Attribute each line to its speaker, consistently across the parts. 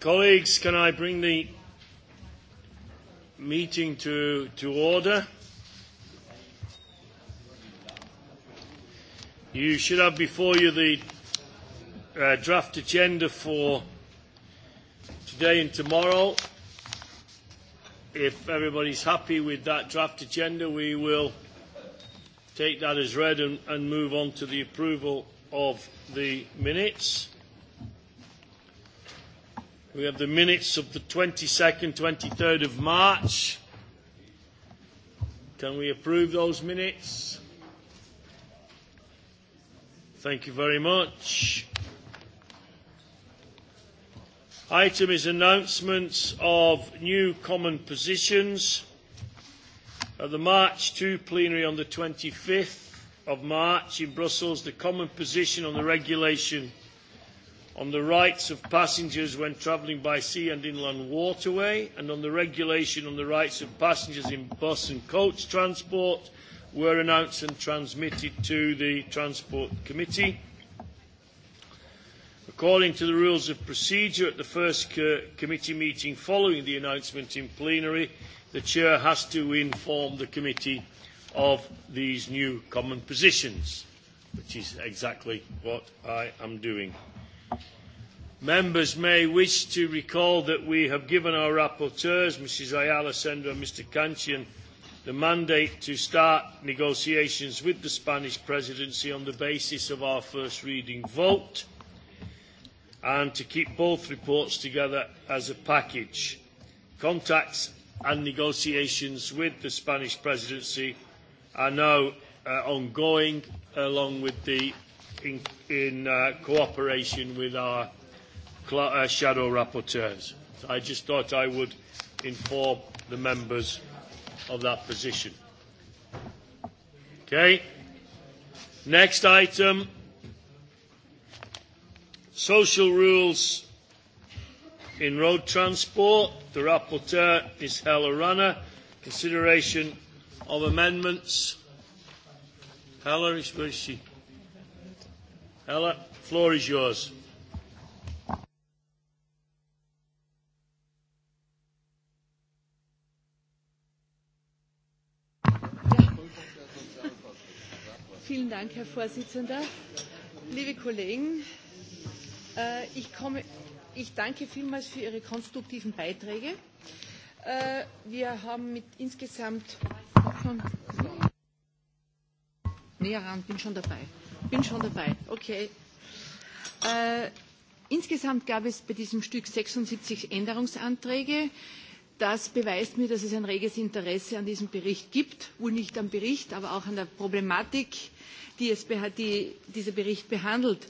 Speaker 1: Colleagues, can I bring the meeting to, to order? You should have before you the uh, draft agenda for today and tomorrow. If everybody's happy with that draft agenda, we will take that as read and, and move on to the approval of the minutes. We have the minutes of the 22nd, 23rd of March. Can we approve those minutes? Thank you very much. Item is announcements of new common positions. At the March 2 plenary on the 25th of March in Brussels, the common position on the regulation on the rights of passengers when travelling by sea and inland waterway, and on the regulation on the rights of passengers in bus and coach transport were announced and transmitted to the Transport Committee. According to the rules of procedure at the first committee meeting following the announcement in plenary, the Chair has to inform the committee of these new common positions, which is exactly what I am doing. Members may wish to recall that we have given our rapporteurs, Mrs Ayala Sender and Mr Kanchian, the mandate to start negotiations with the Spanish presidency on the basis of our first reading vote and to keep both reports together as a package. Contacts and negotiations with the Spanish presidency are now uh, ongoing along with the in, uh, cooperation with our uh, shadow rapporteurs. I just thought I would inform the members of that position. Okay. Next item, social rules in road transport. The rapporteur is Helle Rana. Consideration of amendments. Helle, where is she? Ella, floor is yours.
Speaker 2: Vielen Dank, Herr Vorsitzender. Liebe Kollegen, äh, ich, komme, ich danke vielmals für Ihre konstruktiven Beiträge. Äh, wir haben mit insgesamt näher ran, bin schon dabei bin schon dabei. Okay. Äh, insgesamt gab es bei diesem Stück 76 Änderungsanträge. Das beweist mir, dass es ein reges Interesse an diesem Bericht gibt, wohl nicht am Bericht, aber auch an der Problematik, die, es, die dieser Bericht behandelt.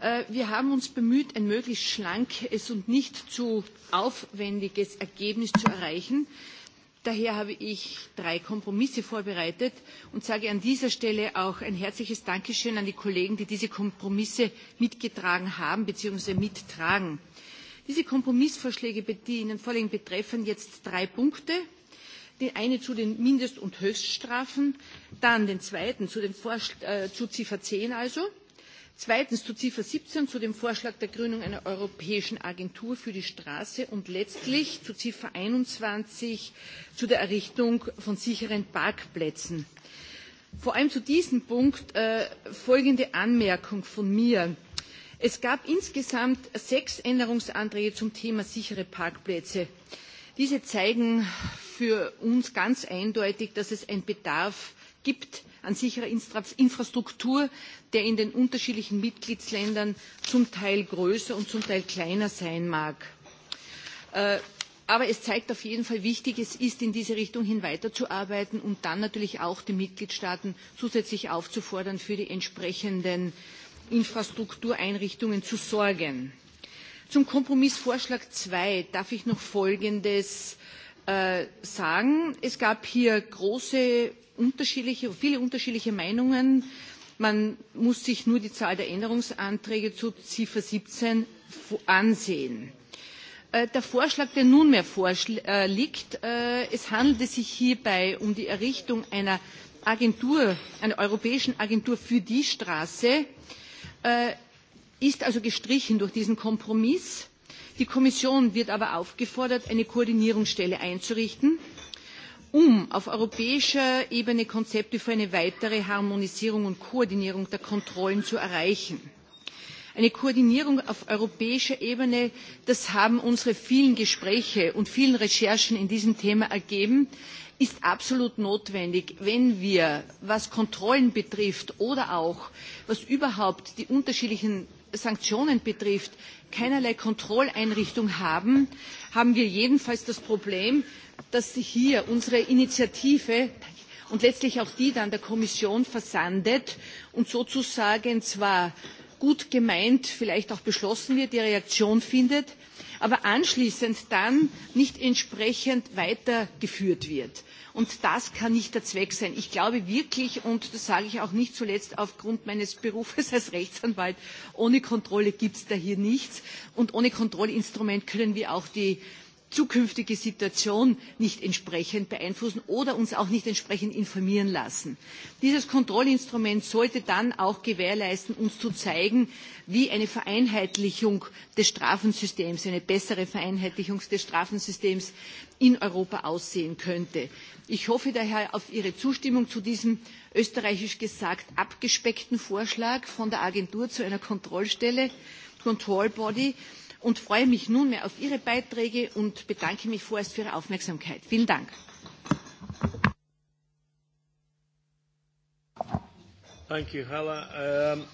Speaker 2: Äh, wir haben uns bemüht, ein möglichst schlankes und nicht zu aufwendiges Ergebnis zu erreichen. Daher habe ich drei Kompromisse vorbereitet und sage an dieser Stelle auch ein herzliches Dankeschön an die Kollegen, die diese Kompromisse mitgetragen haben bzw. mittragen. Diese Kompromissvorschläge, die Ihnen vorliegen, betreffen jetzt drei Punkte. Den einen zu den Mindest- und Höchststrafen, dann den zweiten zu, den äh, zu Ziffer 10 also, zweitens zu ziffer siebzehn zu dem vorschlag der gründung einer europäischen agentur für die straße und letztlich zu ziffer einundzwanzig zu der errichtung von sicheren parkplätzen. vor allem zu diesem punkt äh, folgende anmerkung von mir es gab insgesamt sechs änderungsanträge zum thema sichere parkplätze. diese zeigen für uns ganz eindeutig dass es einen bedarf gibt an sicherer Infrastruktur, der in den unterschiedlichen Mitgliedsländern zum Teil größer und zum Teil kleiner sein mag. Äh, aber es zeigt auf jeden Fall, wie wichtig es ist, in diese Richtung hin weiterzuarbeiten und um dann natürlich auch die Mitgliedstaaten zusätzlich aufzufordern, für die entsprechenden Infrastruktureinrichtungen zu sorgen. Zum Kompromissvorschlag 2 darf ich noch Folgendes äh, sagen. Es gab hier große unterschiedliche, viele unterschiedliche Meinungen. Man muss sich nur die Zahl der Änderungsanträge zu Ziffer 17 ansehen. Äh, der Vorschlag, der nunmehr vorliegt, äh, äh, es handelte sich hierbei um die Errichtung einer Agentur, einer europäischen Agentur für die Straße, ist also gestrichen durch diesen Kompromiss. Die Kommission wird aber aufgefordert, eine Koordinierungsstelle einzurichten um auf europäischer Ebene Konzepte für eine weitere Harmonisierung und Koordinierung der Kontrollen zu erreichen. Eine Koordinierung auf europäischer Ebene, das haben unsere vielen Gespräche und vielen Recherchen in diesem Thema ergeben, ist absolut notwendig, wenn wir, was Kontrollen betrifft oder auch was überhaupt die unterschiedlichen Sanktionen betrifft, keinerlei Kontrolleinrichtung haben, haben wir jedenfalls das Problem, dass sie hier unsere initiative und letztlich auch die dann der kommission versandet und sozusagen zwar gut gemeint vielleicht auch beschlossen wird die reaktion findet aber anschließend dann nicht entsprechend weitergeführt wird. Und das kann nicht der Zweck sein. Ich glaube wirklich, und das sage ich auch nicht zuletzt aufgrund meines Berufes als Rechtsanwalt, ohne Kontrolle gibt es da hier nichts. Und ohne Kontrollinstrument können wir auch die zukünftige situation nicht entsprechend beeinflussen oder uns auch nicht entsprechend informieren lassen. dieses kontrollinstrument sollte dann auch gewährleisten uns zu zeigen wie eine vereinheitlichung des strafensystems eine bessere vereinheitlichung des strafensystems in europa aussehen könnte. ich hoffe daher auf ihre zustimmung zu diesem österreichisch gesagt abgespeckten vorschlag von der agentur zu einer kontrollstelle control body und freue mich nunmehr auf Ihre Beiträge und bedanke mich vorerst für Ihre Aufmerksamkeit. Vielen Dank.
Speaker 1: Thank you, Hala. Um,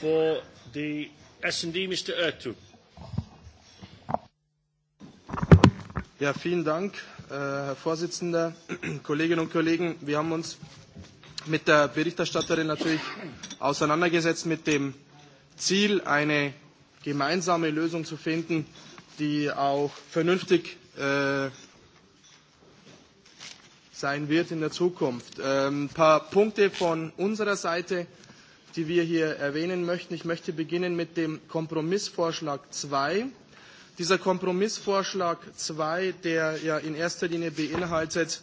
Speaker 1: for the
Speaker 3: S&D, Mr. Ertug. Ja, vielen Dank, äh, Herr Vorsitzender, Kolleginnen und Kollegen. Wir haben uns mit der Berichterstatterin natürlich auseinandergesetzt mit dem Ziel, eine gemeinsame Lösung zu finden, die auch vernünftig äh, sein wird in der Zukunft. Ein ähm, paar Punkte von unserer Seite, die wir hier erwähnen möchten. Ich möchte beginnen mit dem Kompromissvorschlag 2. Dieser Kompromissvorschlag 2, der ja in erster Linie beinhaltet,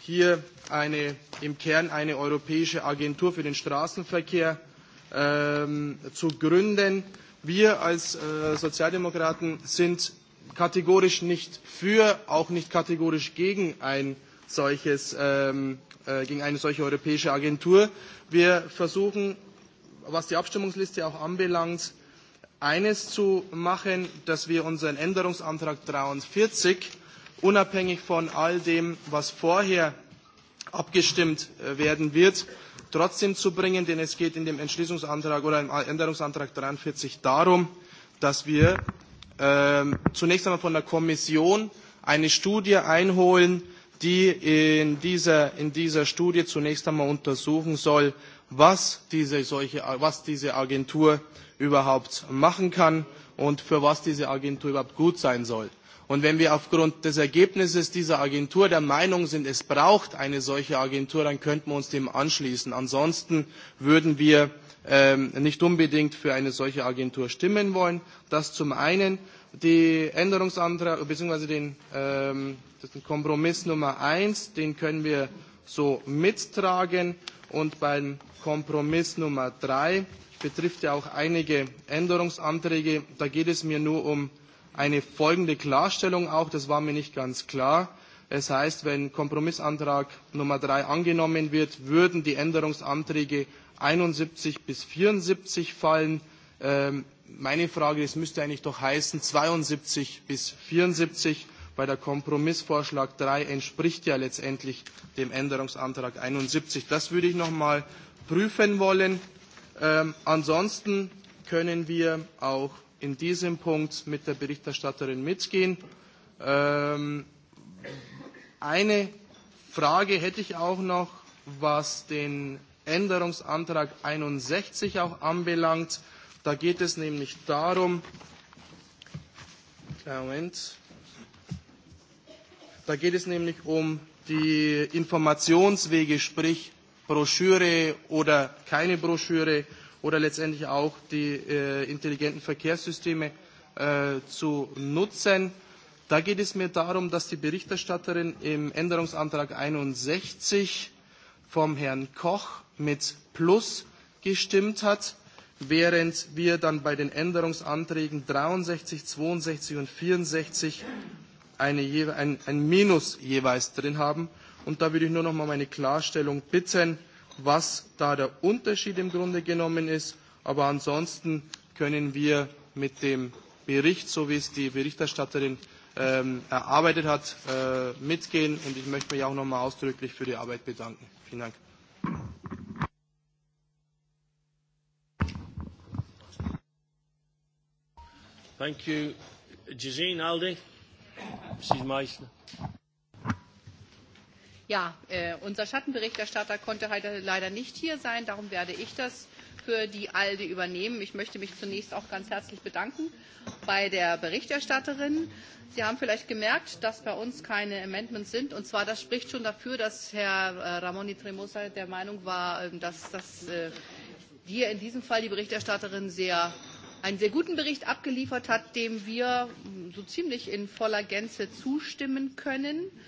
Speaker 3: hier eine, im Kern eine europäische Agentur für den Straßenverkehr ähm, zu gründen. Wir als äh, Sozialdemokraten sind kategorisch nicht für, auch nicht kategorisch gegen ein solches, ähm, äh, gegen eine solche europäische Agentur. Wir versuchen, was die Abstimmungsliste auch anbelangt, eines zu machen, dass wir unseren Änderungsantrag 43 unabhängig von all dem, was vorher abgestimmt äh, werden wird, trotzdem zu bringen, denn es geht in dem Entschließungsantrag oder im Änderungsantrag 43 darum, dass wir äh, zunächst einmal von der Kommission eine Studie einholen, die in dieser, in dieser Studie zunächst einmal untersuchen soll, was diese, solche, was diese Agentur überhaupt machen kann und für was diese Agentur überhaupt gut sein soll. Und wenn wir aufgrund des Ergebnisses dieser Agentur der Meinung sind, es braucht eine solche Agentur, dann könnten wir uns dem anschließen. Ansonsten würden wir ähm, nicht unbedingt für eine solche Agentur stimmen wollen. Das zum einen. Die Änderungsantrag bzw. Den, ähm, den Kompromiss Nummer eins, den können wir so mittragen. Und beim Kompromiss Nummer drei betrifft ja auch einige Änderungsanträge. Da geht es mir nur um eine folgende Klarstellung auch, das war mir nicht ganz klar. Es heißt, wenn Kompromissantrag Nummer 3 angenommen wird, würden die Änderungsanträge 71 bis 74 fallen. Ähm, meine Frage, es müsste eigentlich doch heißen 72 bis 74, weil der Kompromissvorschlag 3 entspricht ja letztendlich dem Änderungsantrag 71. Das würde ich noch mal prüfen wollen. Ähm, ansonsten können wir auch in diesem Punkt mit der Berichterstatterin mitgehen. Ähm, eine Frage hätte ich auch noch, was den Änderungsantrag 61 auch anbelangt. Da geht es nämlich darum, Moment, da geht es nämlich um die Informationswege, sprich Broschüre oder keine Broschüre oder letztendlich auch die äh, intelligenten Verkehrssysteme äh, zu nutzen. Da geht es mir darum, dass die Berichterstatterin im Änderungsantrag 61 vom Herrn Koch mit Plus gestimmt hat, während wir dann bei den Änderungsanträgen 63, 62 und 64 eine, ein, ein Minus jeweils drin haben. Und da würde ich nur noch einmal um eine Klarstellung bitten was da der Unterschied im Grunde genommen ist. Aber ansonsten können wir mit dem Bericht, so wie es die Berichterstatterin ähm, erarbeitet hat, äh, mitgehen. Und ich möchte mich auch nochmal ausdrücklich für die Arbeit bedanken. Vielen Dank.
Speaker 1: Thank you. Jezine Aldi, Mrs. Meissner.
Speaker 4: Ja, äh, unser Schattenberichterstatter konnte heute leider nicht hier sein. Darum werde ich das für die ALDE übernehmen. Ich möchte mich zunächst auch ganz herzlich bedanken bei der Berichterstatterin. Sie haben vielleicht gemerkt, dass bei uns keine Amendments sind. Und zwar, das spricht schon dafür, dass Herr äh, Ramoni Tremosa der Meinung war, ähm, dass, dass äh, hier in diesem Fall die Berichterstatterin sehr, einen sehr guten Bericht abgeliefert hat, dem wir so ziemlich in voller Gänze zustimmen können. Äh,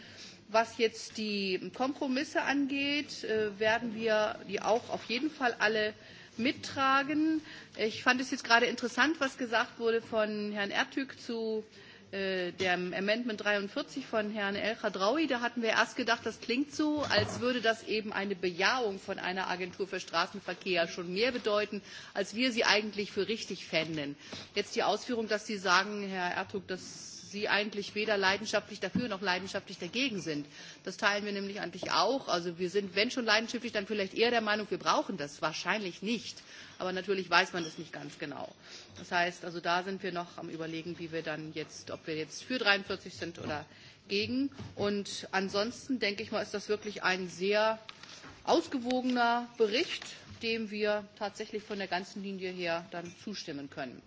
Speaker 4: Was jetzt die Kompromisse angeht, äh, werden wir die auch auf jeden Fall alle mittragen. Ich fand es jetzt gerade interessant, was gesagt wurde von Herrn Ertüg zu äh, dem Amendment 43 von Herrn El Khadraoui. Da hatten wir erst gedacht, das klingt so, als würde das eben eine Bejahung von einer Agentur für Straßenverkehr schon mehr bedeuten, als wir sie eigentlich für richtig fänden. Jetzt die Ausführung, dass Sie sagen, Herr Ertug, das Sie eigentlich weder leidenschaftlich dafür noch leidenschaftlich dagegen sind. Das teilen wir nämlich eigentlich auch. Also wir sind, wenn schon leidenschaftlich, dann vielleicht eher der Meinung, wir brauchen das. Wahrscheinlich nicht. Aber natürlich weiß man das nicht ganz genau. Das heißt, also da sind wir noch am Überlegen, wie wir dann jetzt, ob wir jetzt für 43 sind oder gegen. Und ansonsten denke ich mal, ist das wirklich ein sehr ausgewogener Bericht, dem wir tatsächlich von der ganzen Linie her dann zustimmen können.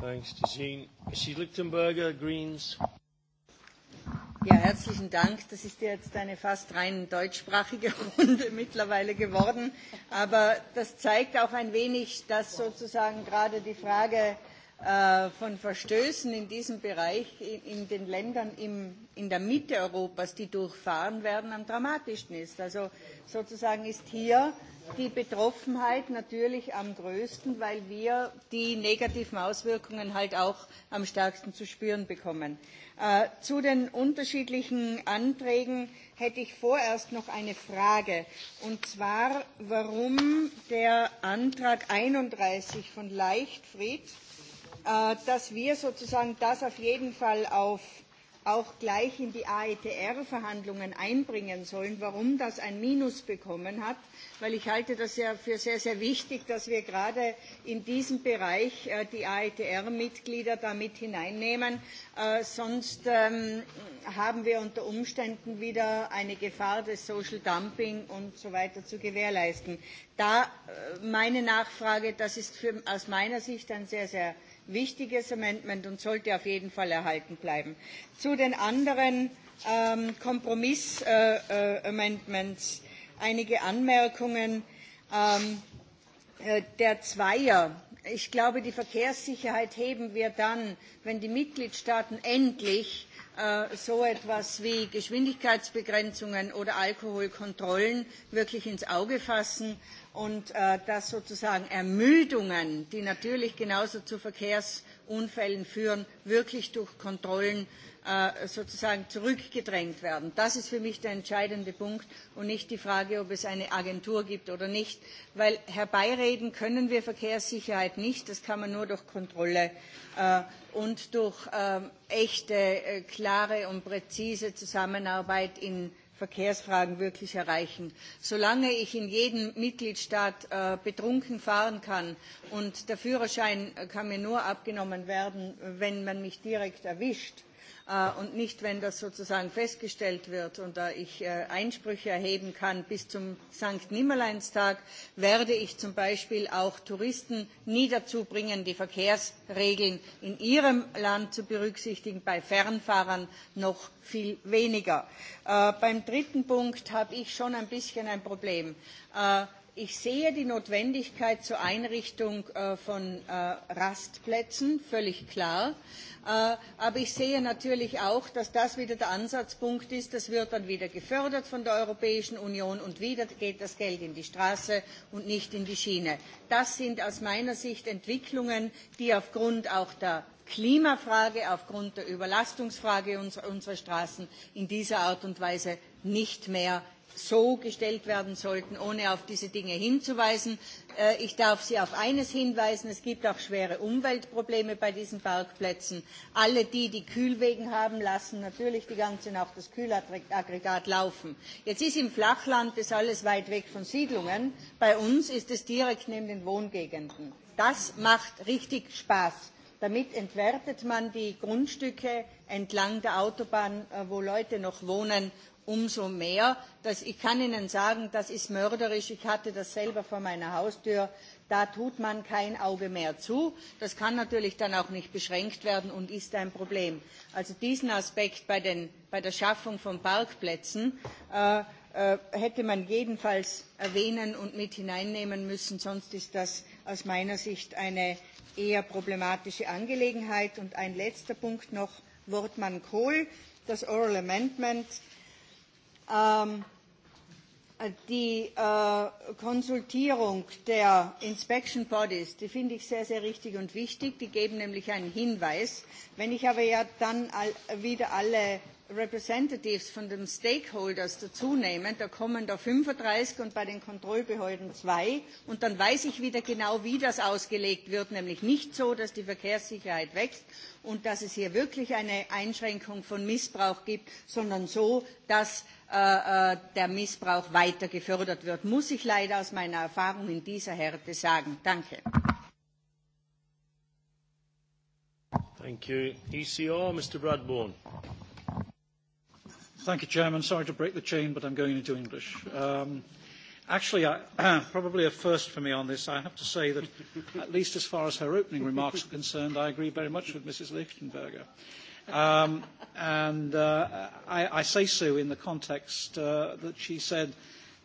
Speaker 1: Thanks to Jean. Mrs. Lichtenberger, Greens.
Speaker 5: Ja, herzlichen Dank. Das ist ja jetzt eine fast rein deutschsprachige Runde mittlerweile geworden. Aber das zeigt auch ein wenig, dass sozusagen gerade die Frage äh, von Verstößen in diesem Bereich in, in den Ländern im, in der Mitte Europas, die durchfahren werden, am dramatischsten ist. Also sozusagen ist hier die Betroffenheit natürlich am größten, weil wir die negativen Auswirkungen halt auch am stärksten zu spüren bekommen. Äh, zu den unterschiedlichen Anträgen hätte ich vorerst noch eine Frage, und zwar, warum der Antrag 31 von Leichtfried, äh, dass wir sozusagen das auf jeden Fall auf auch gleich in die AETR-Verhandlungen einbringen sollen, warum das ein Minus bekommen hat, weil ich halte das ja für sehr, sehr wichtig, dass wir gerade in diesem Bereich äh, die AETR-Mitglieder damit hineinnehmen. Äh, sonst ähm, haben wir unter Umständen wieder eine Gefahr des Social Dumping und so weiter zu gewährleisten. Da äh, meine Nachfrage, das ist für, aus meiner Sicht ein sehr, sehr wichtiges Amendment und sollte auf jeden Fall erhalten bleiben. Zu den anderen ähm, kompromiss äh, äh, einige Anmerkungen. Ähm, äh, der Zweier ich glaube die verkehrssicherheit heben wir dann wenn die mitgliedstaaten endlich Äh, so etwas wie Geschwindigkeitsbegrenzungen oder Alkoholkontrollen wirklich ins Auge fassen und äh, dass sozusagen Ermüdungen, die natürlich genauso zu Verkehrsunfällen führen, wirklich durch Kontrollen äh, sozusagen zurückgedrängt werden. Das ist für mich der entscheidende Punkt und nicht die Frage, ob es eine Agentur gibt oder nicht, weil herbeireden können wir Verkehrssicherheit nicht, das kann man nur durch Kontrolle äh, und durch ähm, echte, äh, klare und präzise Zusammenarbeit in Verkehrsfragen wirklich erreichen. Solange ich in jedem Mitgliedstaat äh, betrunken fahren kann und der Führerschein äh, kann mir nur abgenommen werden, wenn man mich direkt erwischt, Äh, und nicht, wenn das sozusagen festgestellt wird und da ich äh, Einsprüche erheben kann bis zum Sankt nimmerleins tag werde ich zum Beispiel auch Touristen nie dazu bringen, die Verkehrsregeln in ihrem Land zu berücksichtigen, bei Fernfahrern noch viel weniger. Äh, beim dritten Punkt habe ich schon ein bisschen ein Problem. Ich sehe die Notwendigkeit zur Einrichtung äh, von äh, Rastplätzen völlig klar. Äh, aber ich sehe natürlich auch, dass das wieder der Ansatzpunkt ist. Das wird dann wieder gefördert von der Europäischen Union und wieder geht das Geld in die Straße und nicht in die Schiene. Das sind aus meiner Sicht Entwicklungen, die aufgrund auch der Klimafrage, aufgrund der Überlastungsfrage unserer Straßen in dieser Art und Weise nicht mehr so gestellt werden sollten, ohne auf diese Dinge hinzuweisen. Äh, ich darf Sie auf eines hinweisen, es gibt auch schwere Umweltprobleme bei diesen Parkplätzen. Alle die, die Kühlwegen haben, lassen natürlich die ganze Nacht das Kühlaggregat laufen. Jetzt ist im Flachland das alles weit weg von Siedlungen. Bei uns ist es direkt neben den Wohngegenden. Das macht richtig Spaß. Damit entwertet man die Grundstücke entlang der Autobahn, äh, wo Leute noch wohnen umso mehr. Das, ich kann Ihnen sagen, das ist mörderisch. Ich hatte das selber vor meiner Haustür. Da tut man kein Auge mehr zu. Das kann natürlich dann auch nicht beschränkt werden und ist ein Problem. Also diesen Aspekt bei, den, bei der Schaffung von Parkplätzen äh, äh hätte man jedenfalls erwähnen und mit hineinnehmen müssen. Sonst ist das aus meiner Sicht eine eher problematische Angelegenheit. Und ein letzter Punkt noch, Wortmann Kohl, das Oral Amendment ähm, die äh, Konsultierung der Inspection Bodies, die finde ich sehr, sehr richtig und wichtig. Die geben nämlich einen Hinweis. Wenn ich aber ja dann all, wieder alle Representatives von den Stakeholders dazunehmen, da kommen da 35 und bei den Kontrollbehörden zwei. Und dann weiß ich wieder genau, wie das ausgelegt wird, nämlich nicht so, dass die Verkehrssicherheit wächst und dass es hier wirklich eine Einschränkung von Missbrauch gibt, sondern so, dass äh, äh der Missbrauch weiter gefördert wird. Muss ich leider aus meiner Erfahrung in dieser Härte sagen. Danke.
Speaker 6: Thank you. ECR, Mr. Bradbourne. Thank you, Chairman. Sorry to break the chain, but I'm going into English. Um, actually, I, probably a first for me on this. I have to say that, at least as far as her opening remarks are concerned, I agree very much with Mrs. Lichtenberger. Um, and uh, I, I say so in the context uh, that she said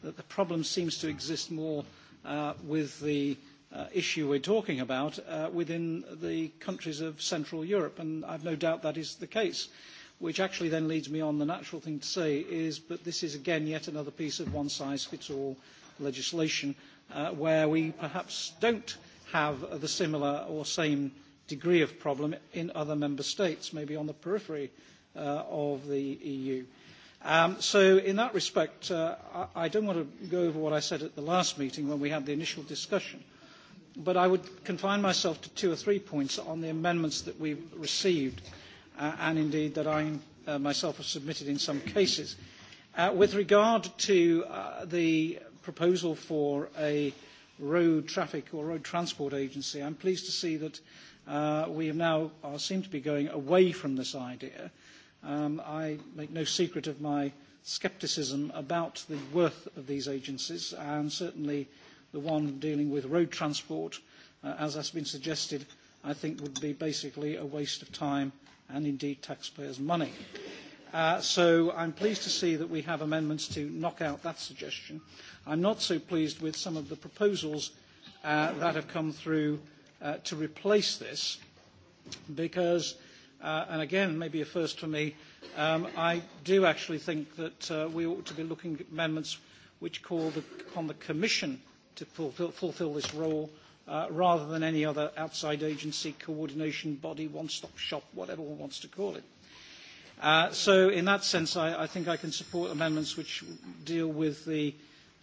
Speaker 6: that the problem seems to exist more uh, with the uh, issue we're talking about uh, within the countries of Central Europe, and I've no doubt that is the case. Uh, which actually then leads me on the natural thing to say is that this is again yet another piece of one-size-fits-all legislation uh, where we perhaps don't have the similar or same degree of problem in other member states, maybe on the periphery uh, of the EU. Um, so in that respect, uh, I, I don't want to go over what I said at the last meeting when we had the initial discussion, but I would confine myself to two or three points on the amendments that we've received uh, and indeed that I uh, myself have submitted in some cases. Uh, with regard to uh, the proposal for a road traffic or road transport agency, I'm pleased to see that uh, we have now uh, seem to be going away from this idea. Um, I make no secret of my scepticism about the worth of these agencies, and certainly the one dealing with road transport, uh, as has been suggested, I think would be basically a waste of time and indeed taxpayers' money. Uh, so I'm pleased to see that we have amendments to knock out that suggestion. I'm not so pleased with some of the proposals uh, that have come through uh, to replace this because, uh, and again, maybe a first for me, um, I do actually think that uh, we ought to be looking at amendments which call the, upon the Commission to fulfil this role Uh, rather than any other outside agency, coordination body, one-stop shop, whatever one wants to call it. Uh, so in that sense, I, I think I can support amendments which deal with the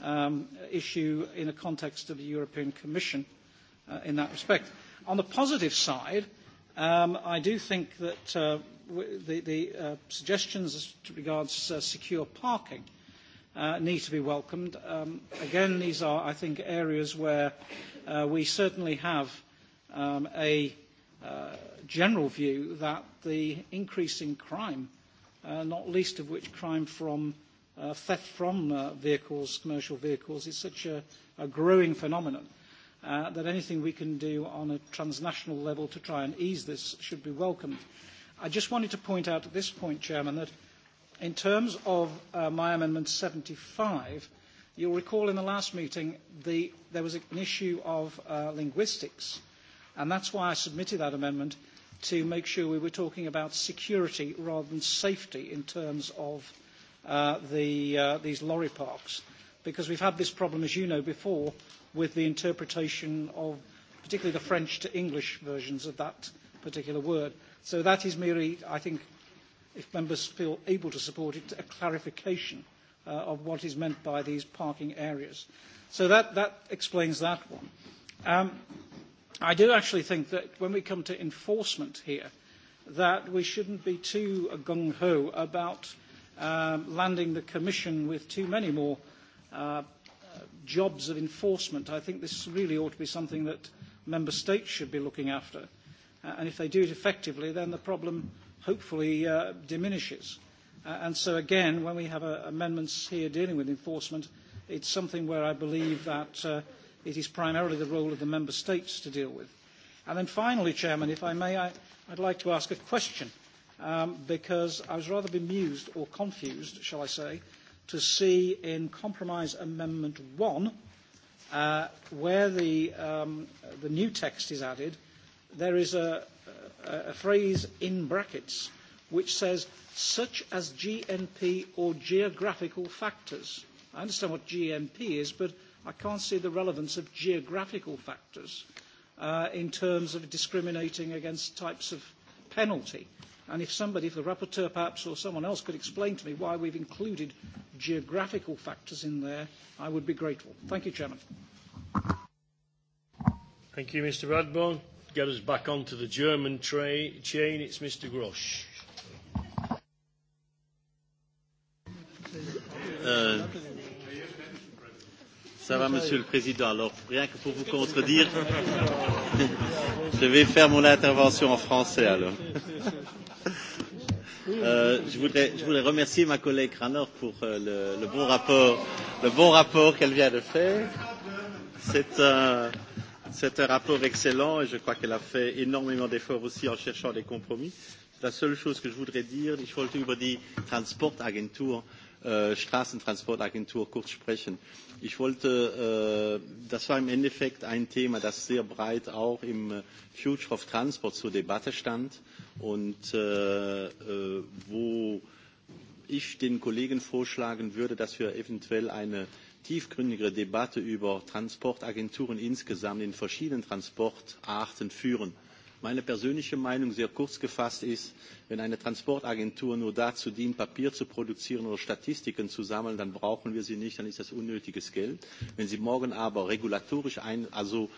Speaker 6: um, issue in the context of the European Commission uh, in that respect. On the positive side, um, I do think that uh, the, the uh, suggestions as regards uh, secure parking uh, need to be welcomed. Um, again, these are, I think, areas where uh, we certainly have um, a uh, general view that the increase in crime, uh, not least of which crime from uh, theft from uh, vehicles, commercial vehicles, is such a, a growing phenomenon. Uh, that anything we can do on a transnational level to try and ease this should be welcomed. I just wanted to point out at this point, Chairman, that in terms of uh, my Amendment 75, You'll recall in the last meeting the, there was an issue of uh, linguistics, and that's why I submitted that amendment to make sure we were talking about security rather than safety in terms of uh, the, uh, these lorry parks, because we've had this problem, as you know, before with the interpretation of particularly the French to English versions of that particular word. So that is merely, I think, if members feel able to support it, a clarification uh, of what is meant by these parking areas. So that, that explains that one. Um, I do actually think that when we come to enforcement here, that we shouldn't be too gung-ho about um, landing the Commission with too many more uh, jobs of enforcement. I think this really ought to be something that member states should be looking after. Uh, and if they do it effectively, then the problem hopefully uh, diminishes. Uh, and so again, when we have uh, amendments here dealing with enforcement, it's something where I believe that uh, it is primarily the role of the member states to deal with. And then finally, Chairman, if I may, I, I'd like to ask a question um, because I was rather bemused or confused, shall I say, to see in Compromise Amendment 1 uh, where the, um, the new text is added, there is a, a, a phrase in brackets which says such as GNP or geographical factors. I understand what GNP is, but I can't see the relevance of geographical factors uh, in terms of discriminating against types of penalty. And if somebody, if the rapporteur perhaps or someone else could explain to me why we've included geographical factors in there, I would be grateful. Thank you, Chairman.
Speaker 1: Thank you, Mr. Radbourne. Get us back onto the German tray, chain. It's Mr. Grosch.
Speaker 7: Euh, ça va, Monsieur le Président. Alors, rien que pour vous contredire, je vais faire mon intervention en français alors. Euh, je, voudrais, je voudrais remercier ma collègue Ranor pour euh, le, le bon rapport, le bon rapport qu'elle vient de faire. C'est un, c'est un rapport excellent et je crois qu'elle a fait énormément d'efforts aussi en cherchant des compromis. La seule chose que je voudrais dire, ich wollte über die Transportagentur Äh, Straßentransportagentur kurz sprechen. Ich wollte, äh, das war im Endeffekt ein Thema, das sehr breit auch im äh, Future of Transport zur Debatte stand und wo ich den Kollegen vorschlagen würde, dass wir eventuell eine tiefgründigere Debatte über Transportagenturen insgesamt in verschiedenen Transportarten führen Meine persönliche Meinung sehr kurz gefasst ist, wenn eine Transportagentur nur dazu dient, Papier zu produzieren oder Statistiken zu sammeln, dann brauchen wir sie nicht, dann ist das unnötiges Geld. Wenn sie morgen aber regulatorisch ein, also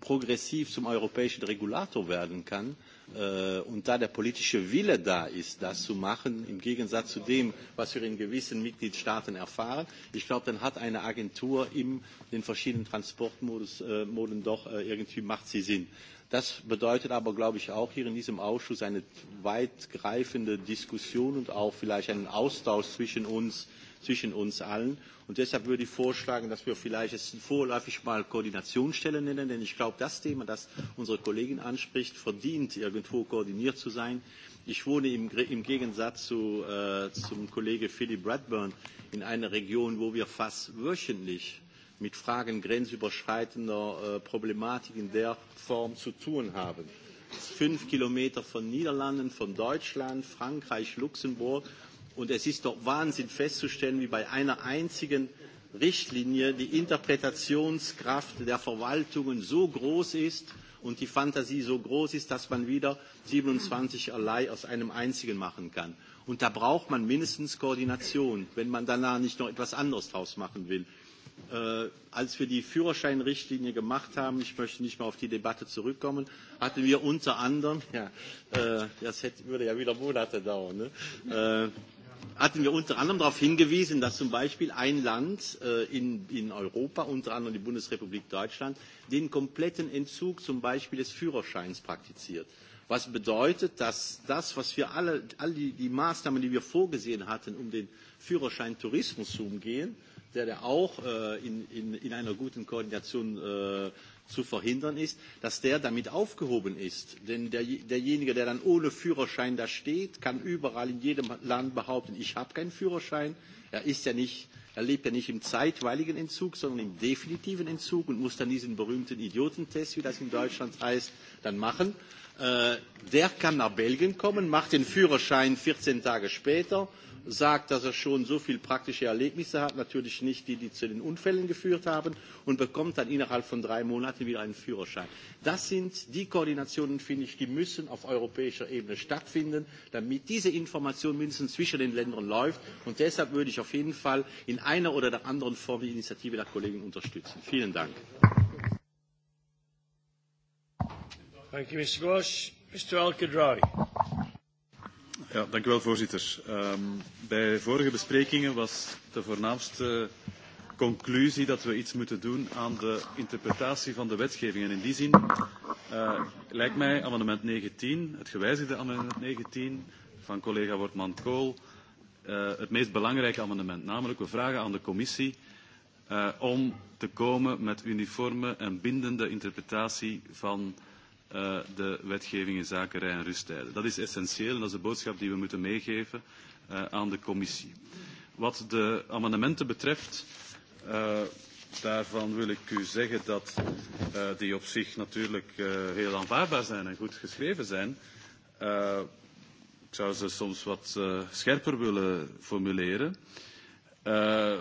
Speaker 7: progressiv zum europäischen Regulator werden kann, äh, und da der politische Wille da ist, das zu machen, im Gegensatz zu dem, was wir in gewissen Mitgliedstaaten erfahren. Ich glaube, dann hat eine Agentur in den verschiedenen Transportmoden äh, doch äh, irgendwie macht sie Sinn. Das bedeutet aber, glaube ich, auch hier in diesem Ausschuss eine weitgreifende Diskussion und auch vielleicht einen Austausch zwischen uns, zwischen uns allen. Und deshalb würde ich vorschlagen, dass wir vielleicht es vorläufig mal Koordinationsstelle nennen, denn ich glaube, das Thema, das unsere Kollegin anspricht, verdient irgendwo koordiniert zu sein. Ich wohne im, im Gegensatz zu, äh, zum Kollege Philip Bradburn in einer Region, wo wir fast wöchentlich mit Fragen grenzüberschreitender äh, Problematik in der Form zu tun haben. Es ist fünf Kilometer von Niederlanden, von Deutschland, Frankreich, Luxemburg. Und es ist doch Wahnsinn festzustellen, wie bei einer einzigen Richtlinie die Interpretationskraft der Verwaltungen so groß ist und die Fantasie so groß ist, dass man wieder 27 allein aus einem einzigen machen kann. Und da braucht man mindestens Koordination, wenn man danach nicht noch etwas anderes draus machen will äh, als wir die Führerscheinrichtlinie gemacht haben, ich möchte nicht mehr auf die Debatte zurückkommen, hatten wir unter anderem, ja, äh, das hätte, würde ja wieder Monate dauern, ne? äh, hatten wir unter anderem darauf hingewiesen, dass zum Beispiel ein Land äh, in, in Europa, unter anderem die Bundesrepublik Deutschland, den kompletten Entzug zum Beispiel des Führerscheins praktiziert. Was bedeutet, dass das, was wir alle, all die, die Maßnahmen, die wir vorgesehen hatten, um den Führerschein Tourismus zu umgehen, äh, der ja auch äh, in, in, in einer guten Koordination äh, zu verhindern ist, dass der damit aufgehoben ist. Denn der, derjenige, der dann ohne Führerschein da steht, kann überall in jedem Land behaupten, ich habe keinen Führerschein. Er, ist ja nicht, er lebt ja nicht im zeitweiligen Entzug, sondern im definitiven Entzug und muss dann diesen berühmten Idiotentest, wie das in Deutschland heißt, dann machen. Äh, der kann nach Belgien kommen, macht den Führerschein 14 Tage später sagt, dass er schon so viele praktische Erlebnisse hat, natürlich nicht die, die zu den Unfällen geführt haben, und bekommt dann innerhalb von drei Monaten wieder einen Führerschein. Das sind die Koordinationen, finde ich, die müssen auf europäischer Ebene stattfinden, damit diese Information mindestens zwischen den Ländern läuft. Und deshalb würde ich auf jeden Fall in einer oder der anderen Form die Initiative der Kollegen unterstützen. Vielen Dank. Thank you, Mr. Mr. al Ja, dank u wel,
Speaker 8: voorzitter. Um, bij vorige besprekingen was de voornaamste conclusie dat we iets moeten doen aan de interpretatie van de wetgeving. En in die zin uh, lijkt mij amendement 19, het gewijzigde amendement 19 van collega Wortman-Kool, uh, eh, het meest belangrijke amendement. Namelijk, we vragen aan de commissie uh, om te komen met uniforme en bindende interpretatie van uh, de wetgeving in zaken rij- en rusttijden. Dat is essentieel en dat is de boodschap die we moeten meegeven uh, aan de commissie. Wat de amendementen betreft, uh, daarvan wil ik u zeggen dat uh, die op zich natuurlijk uh, heel aanvaardbaar zijn en goed geschreven zijn. Uh, ik zou ze soms wat uh, scherper willen formuleren. Uh,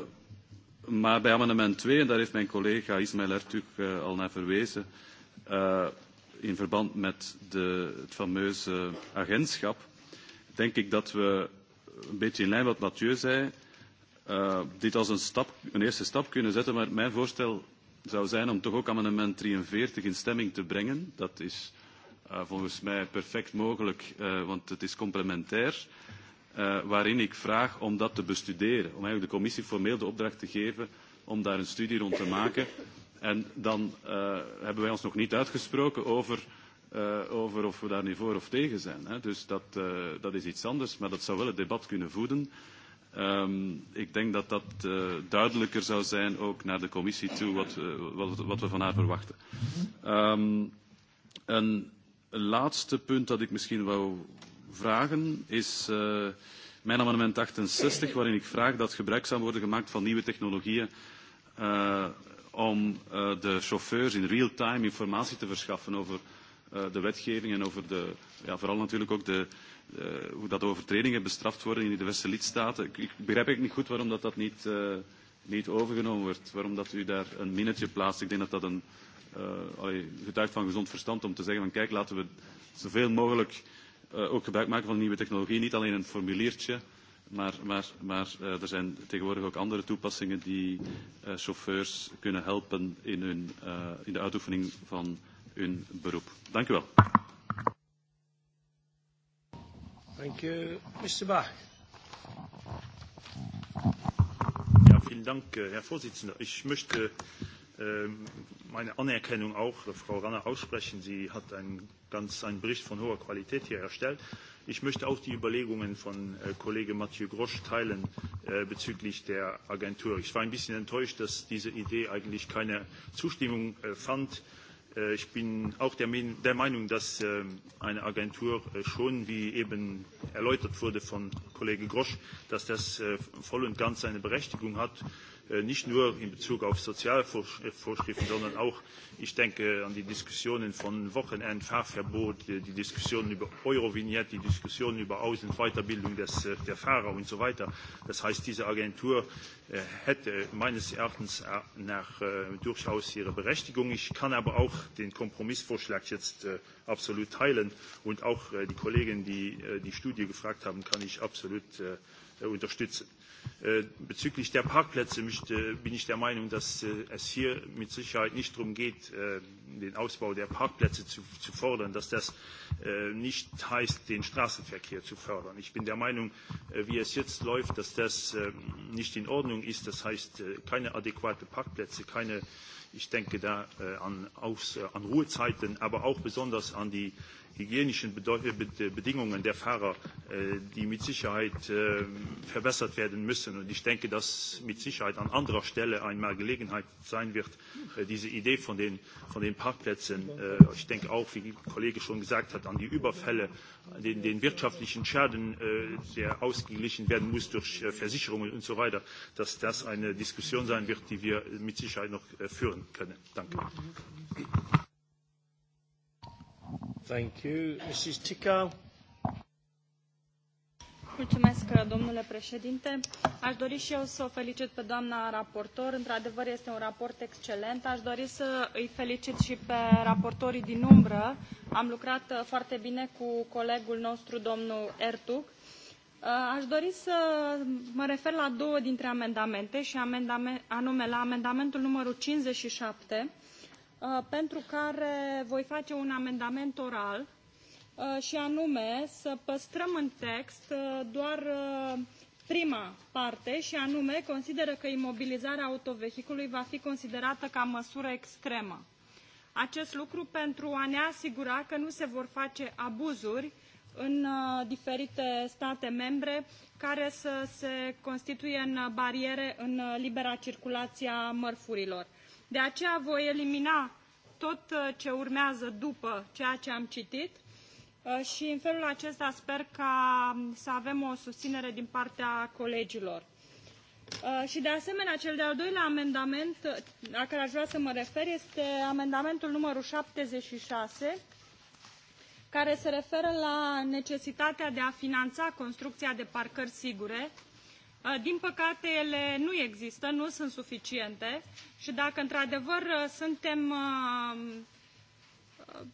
Speaker 8: maar bij amendement 2, en daar heeft mijn collega Ismaël Ertug uh, al naar verwezen, uh, in verband met de, het fameuze agentschap, denk ik dat we een beetje in lijn wat Mathieu zei, uh, dit als een, stap, een eerste stap kunnen zetten. Maar mijn voorstel zou zijn om toch ook amendement 43 in stemming te brengen. Dat is uh, volgens mij perfect mogelijk, uh, want het is complementair. Uh, waarin ik vraag om dat te bestuderen. Om eigenlijk de commissie formeel de opdracht te geven om daar een studie rond te maken. En dan uh, hebben wij ons nog niet uitgesproken over, uh, over of we daar nu voor of tegen zijn. Hè. Dus dat, uh, dat is iets anders, maar dat zou wel het debat kunnen voeden. Um, ik denk dat dat uh, duidelijker zou zijn ook naar de commissie toe wat, uh, wat, wat we van haar verwachten. Um, een laatste punt dat ik misschien wou vragen is uh, mijn amendement 68 waarin ik vraag dat gebruik zou worden gemaakt van nieuwe technologieën uh, om uh, de chauffeurs in real-time informatie te verschaffen over uh, de wetgeving en over de, ja, vooral natuurlijk ook de, uh, hoe dat overtredingen bestraft worden in de diverse lidstaten. Ik, ik begrijp eigenlijk niet goed waarom dat, dat niet, uh, niet overgenomen wordt, waarom dat u daar een minnetje plaatst. Ik denk dat dat een uh, allee, getuigt van gezond verstand om te zeggen van kijk, laten we zoveel mogelijk uh, ook gebruik maken van nieuwe technologie, niet alleen een formuliertje, Maar, maar, maar uh, er zijn tegenwoordig ook andere toepassingen die uh, chauffeurs kunnen helpen in, hun, uh, in de uitoefening van hun beroep. Dank u wel.
Speaker 9: Dank u, Mr. Bach. Ja, vielen Dank, Herr Vorsitzender. Ik möchte uh, ähm, mijn anerkenning ook, mevrouw äh, Ranner uitspreken. Sie hat een, ganz, Bericht van hoge kwaliteit hier erstellt. Ich möchte auch die Überlegungen von äh, Kollege Mathieu Grosch teilen äh, bezüglich der Agentur. Ich war ein bisschen enttäuscht, dass diese Idee eigentlich keine Zustimmung äh, fand. ich bin auch der, Meinung, dass eine Agentur schon, wie eben erläutert wurde von Kollege Grosch, dass das voll und ganz seine Berechtigung hat. Äh, nicht nur in Bezug auf Sozialvorschriften, sondern auch, ich denke an die Diskussionen von Wochenend, Fahrverbot, die Diskussionen über Eurovignette, die Diskussionen über Aus- und Weiterbildung des, äh, der Fahrer und so weiter. Das heißt, diese Agentur äh, hätte meines Erachtens nach durchaus ihre Berechtigung. Ich kann aber auch den Kompromissvorschlag jetzt absolut teilen und auch die Kollegen, die die Studie gefragt haben, kann ich absolut unterstützen. Äh, bezüglich der Parkplätze möchte, bin ich der Meinung, dass äh, es hier mit Sicherheit nicht darum geht, äh, den Ausbau der Parkplätze zu, zu fordern, dass das nicht heißt, den Straßenverkehr zu fördern. Ich bin der Meinung, wie es jetzt läuft, dass das ähm, nicht in Ordnung ist. Das heißt, keine adäquaten Parkplätze, keine, ich denke da an, Aufs-, an Ruhezeiten, aber auch besonders an die hygienischen äh, äh, Bedingungen der Fahrer, äh, die mit Sicherheit verbessert werden müssen. Und ich denke, dass mit Sicherheit an anderer Stelle einmal Gelegenheit sein wird, diese Idee von den, von den Parkplätzen, ich denke auch, wie der Kollege schon gesagt hat, an die Überfälle, den, den wirtschaftlichen Schaden, der ausgeglichen werden muss durch Versicherungen und so weiter, dass das eine Diskussion sein wird, die wir mit Sicherheit noch führen können. Danke.
Speaker 10: Mulțumesc,
Speaker 11: domnule președinte. Aș dori și eu să o felicit pe doamna raportor. Într-adevăr, este un raport excelent. Aș dori să îi felicit și pe raportorii din umbră. Am lucrat uh, foarte bine cu colegul nostru, domnul Ertug. Uh, aș dori să mă refer la două dintre amendamente, și anume la amendamentul numărul 57, Uh, pentru care voi face un amendament oral uh, și anume să păstrăm în text uh, doar prima parte și anume consideră că imobilizarea autovehicului va fi considerată ca măsură extremă. Acest lucru pentru a ne asigura că nu se vor face abuzuri în diferite state membre care să se constituie în bariere în libera circulație a mărfurilor. De aceea voi elimina tot uh, ce urmează după ceea ce am citit uh, și în felul acesta sper ca um, să avem o susținere din partea colegilor. Uh, și de asemenea, cel de-al doilea amendament la care aș vrea să mă refer este amendamentul numărul 76, care se referă la necesitatea de a finanța construcția de parcări sigure, din păcate, ele nu există, nu sunt suficiente și dacă într-adevăr suntem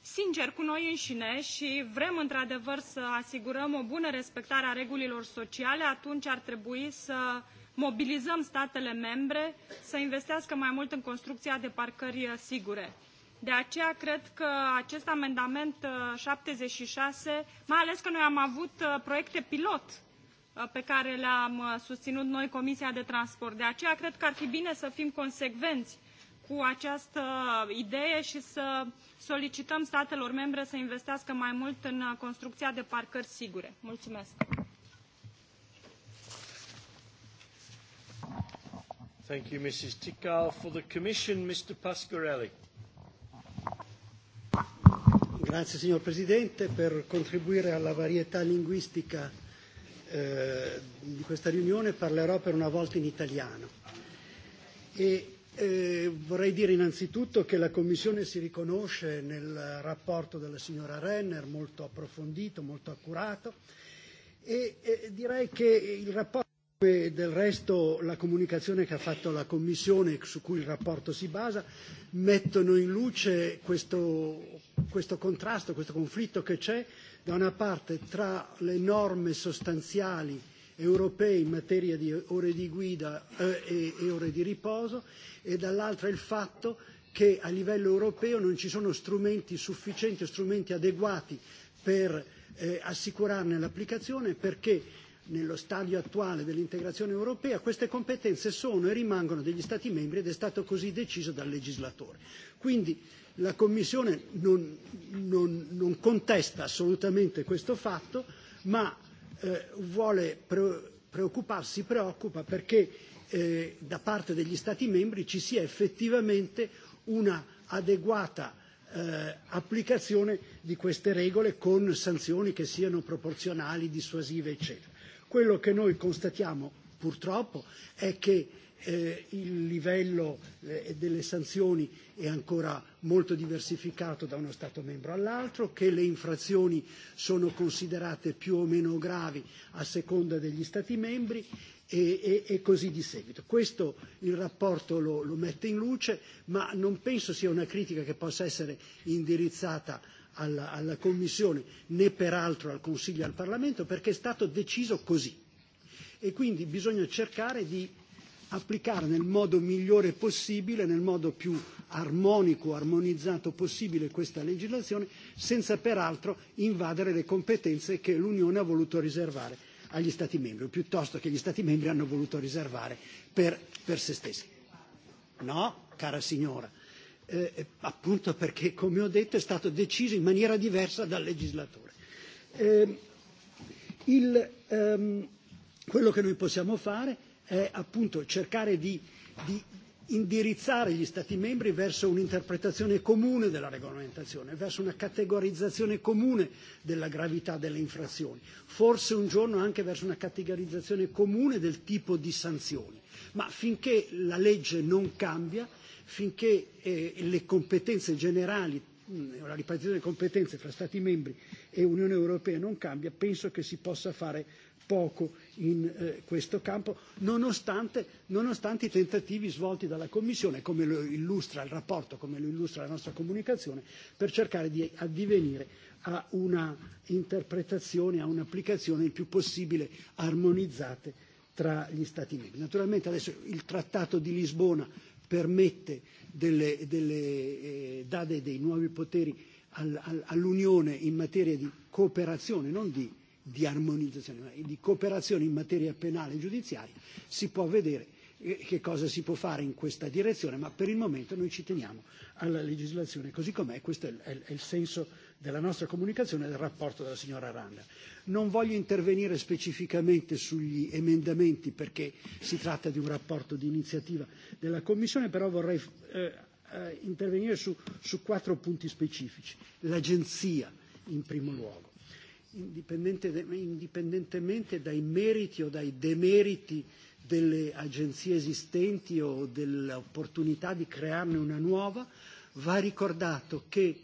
Speaker 11: sinceri cu noi înșine și vrem într-adevăr să asigurăm o bună respectare a regulilor sociale, atunci ar trebui să mobilizăm statele membre să investească mai mult în construcția de parcări sigure. De aceea cred că acest amendament 76, mai ales că noi am avut proiecte pilot Uh, pe care le-am uh, susținut noi Comisia de Transport. De aceea cred că ar fi bine să fim consecvenți cu această idee și să solicităm statelor membre să investească mai mult în uh, construcția de parcări sigure. Mulțumesc!
Speaker 1: Thank you, Mrs. Tikal. For the Commission, Mr. Pasquarelli.
Speaker 12: Grazie, signor Presidente, per contribuire alla varietà linguistica Eh, di questa riunione parlerò per una volta in italiano. E, eh, vorrei dire innanzitutto che la Commissione si riconosce nel rapporto della signora Renner, molto approfondito, molto accurato, e eh, direi che il rapporto E del resto la comunicazione che ha fatto la Commissione, su cui il rapporto si basa, mettono in luce questo, questo contrasto, questo conflitto che c'è da una parte tra le norme sostanziali europee in materia di ore di guida eh, e, e ore di riposo e dall'altra il fatto che a livello europeo non ci sono strumenti sufficienti o strumenti adeguati per eh, assicurarne l'applicazione perché nello stadio attuale dell'integrazione europea queste competenze sono e rimangono degli Stati membri ed è stato così deciso dal legislatore. Quindi la Commissione non, non, non contesta assolutamente questo fatto, ma eh, vuole pre- preoccuparsi, preoccupa perché eh, da parte degli Stati membri ci sia effettivamente una adeguata eh, applicazione di queste regole con sanzioni che siano proporzionali, dissuasive, eccetera. Quello che noi constatiamo purtroppo è che eh, il livello eh, delle sanzioni è ancora molto diversificato da uno Stato membro all'altro, che le infrazioni sono considerate più o meno gravi a seconda degli Stati membri e, e, e così di seguito. Questo il rapporto lo, lo mette in luce, ma non penso sia una critica che possa essere indirizzata alla, alla Commissione né peraltro al Consiglio e al Parlamento perché è stato deciso così. E quindi bisogna cercare di applicare nel modo migliore possibile, nel modo più armonico, armonizzato possibile questa legislazione, senza peraltro invadere le competenze che l'Unione ha voluto riservare agli Stati membri, o piuttosto che gli Stati membri hanno voluto riservare per, per se stessi. No, cara signora, eh, appunto perché, come ho detto, è stato deciso in maniera diversa dal legislatore. Eh, il, ehm, quello che noi possiamo fare è appunto cercare di, di indirizzare gli Stati membri verso un'interpretazione comune della regolamentazione, verso una categorizzazione comune della gravità delle infrazioni, forse un giorno anche verso una categorizzazione comune del tipo di sanzioni. Ma finché la legge non cambia, finché eh, le competenze generali la mm, ripartizione delle competenze fra Stati membri e Unione Europea non cambia, penso che si possa fare poco in eh, questo campo, nonostante, nonostante i tentativi svolti dalla Commissione, come lo illustra il rapporto, come lo illustra la nostra comunicazione, per cercare di addivenire a una interpretazione, a un'applicazione il più possibile armonizzate tra gli Stati membri. Naturalmente adesso il Trattato di Lisbona permette delle, delle eh, date dei nuovi poteri al, al, all'Unione in materia di cooperazione, non di, di armonizzazione, ma di cooperazione in materia penale e giudiziaria, si può vedere eh, che cosa si può fare in questa direzione, ma per il momento noi ci teniamo alla legislazione così com'è, questo è è, è il senso della nostra comunicazione del rapporto della signora Ranner. Non voglio intervenire specificamente sugli emendamenti perché si tratta di un rapporto di iniziativa della Commissione, però vorrei eh, eh, intervenire su, su quattro punti specifici. L'agenzia, in primo luogo. Indipendente, indipendentemente dai meriti o dai demeriti delle agenzie esistenti o dell'opportunità di crearne una nuova, va ricordato che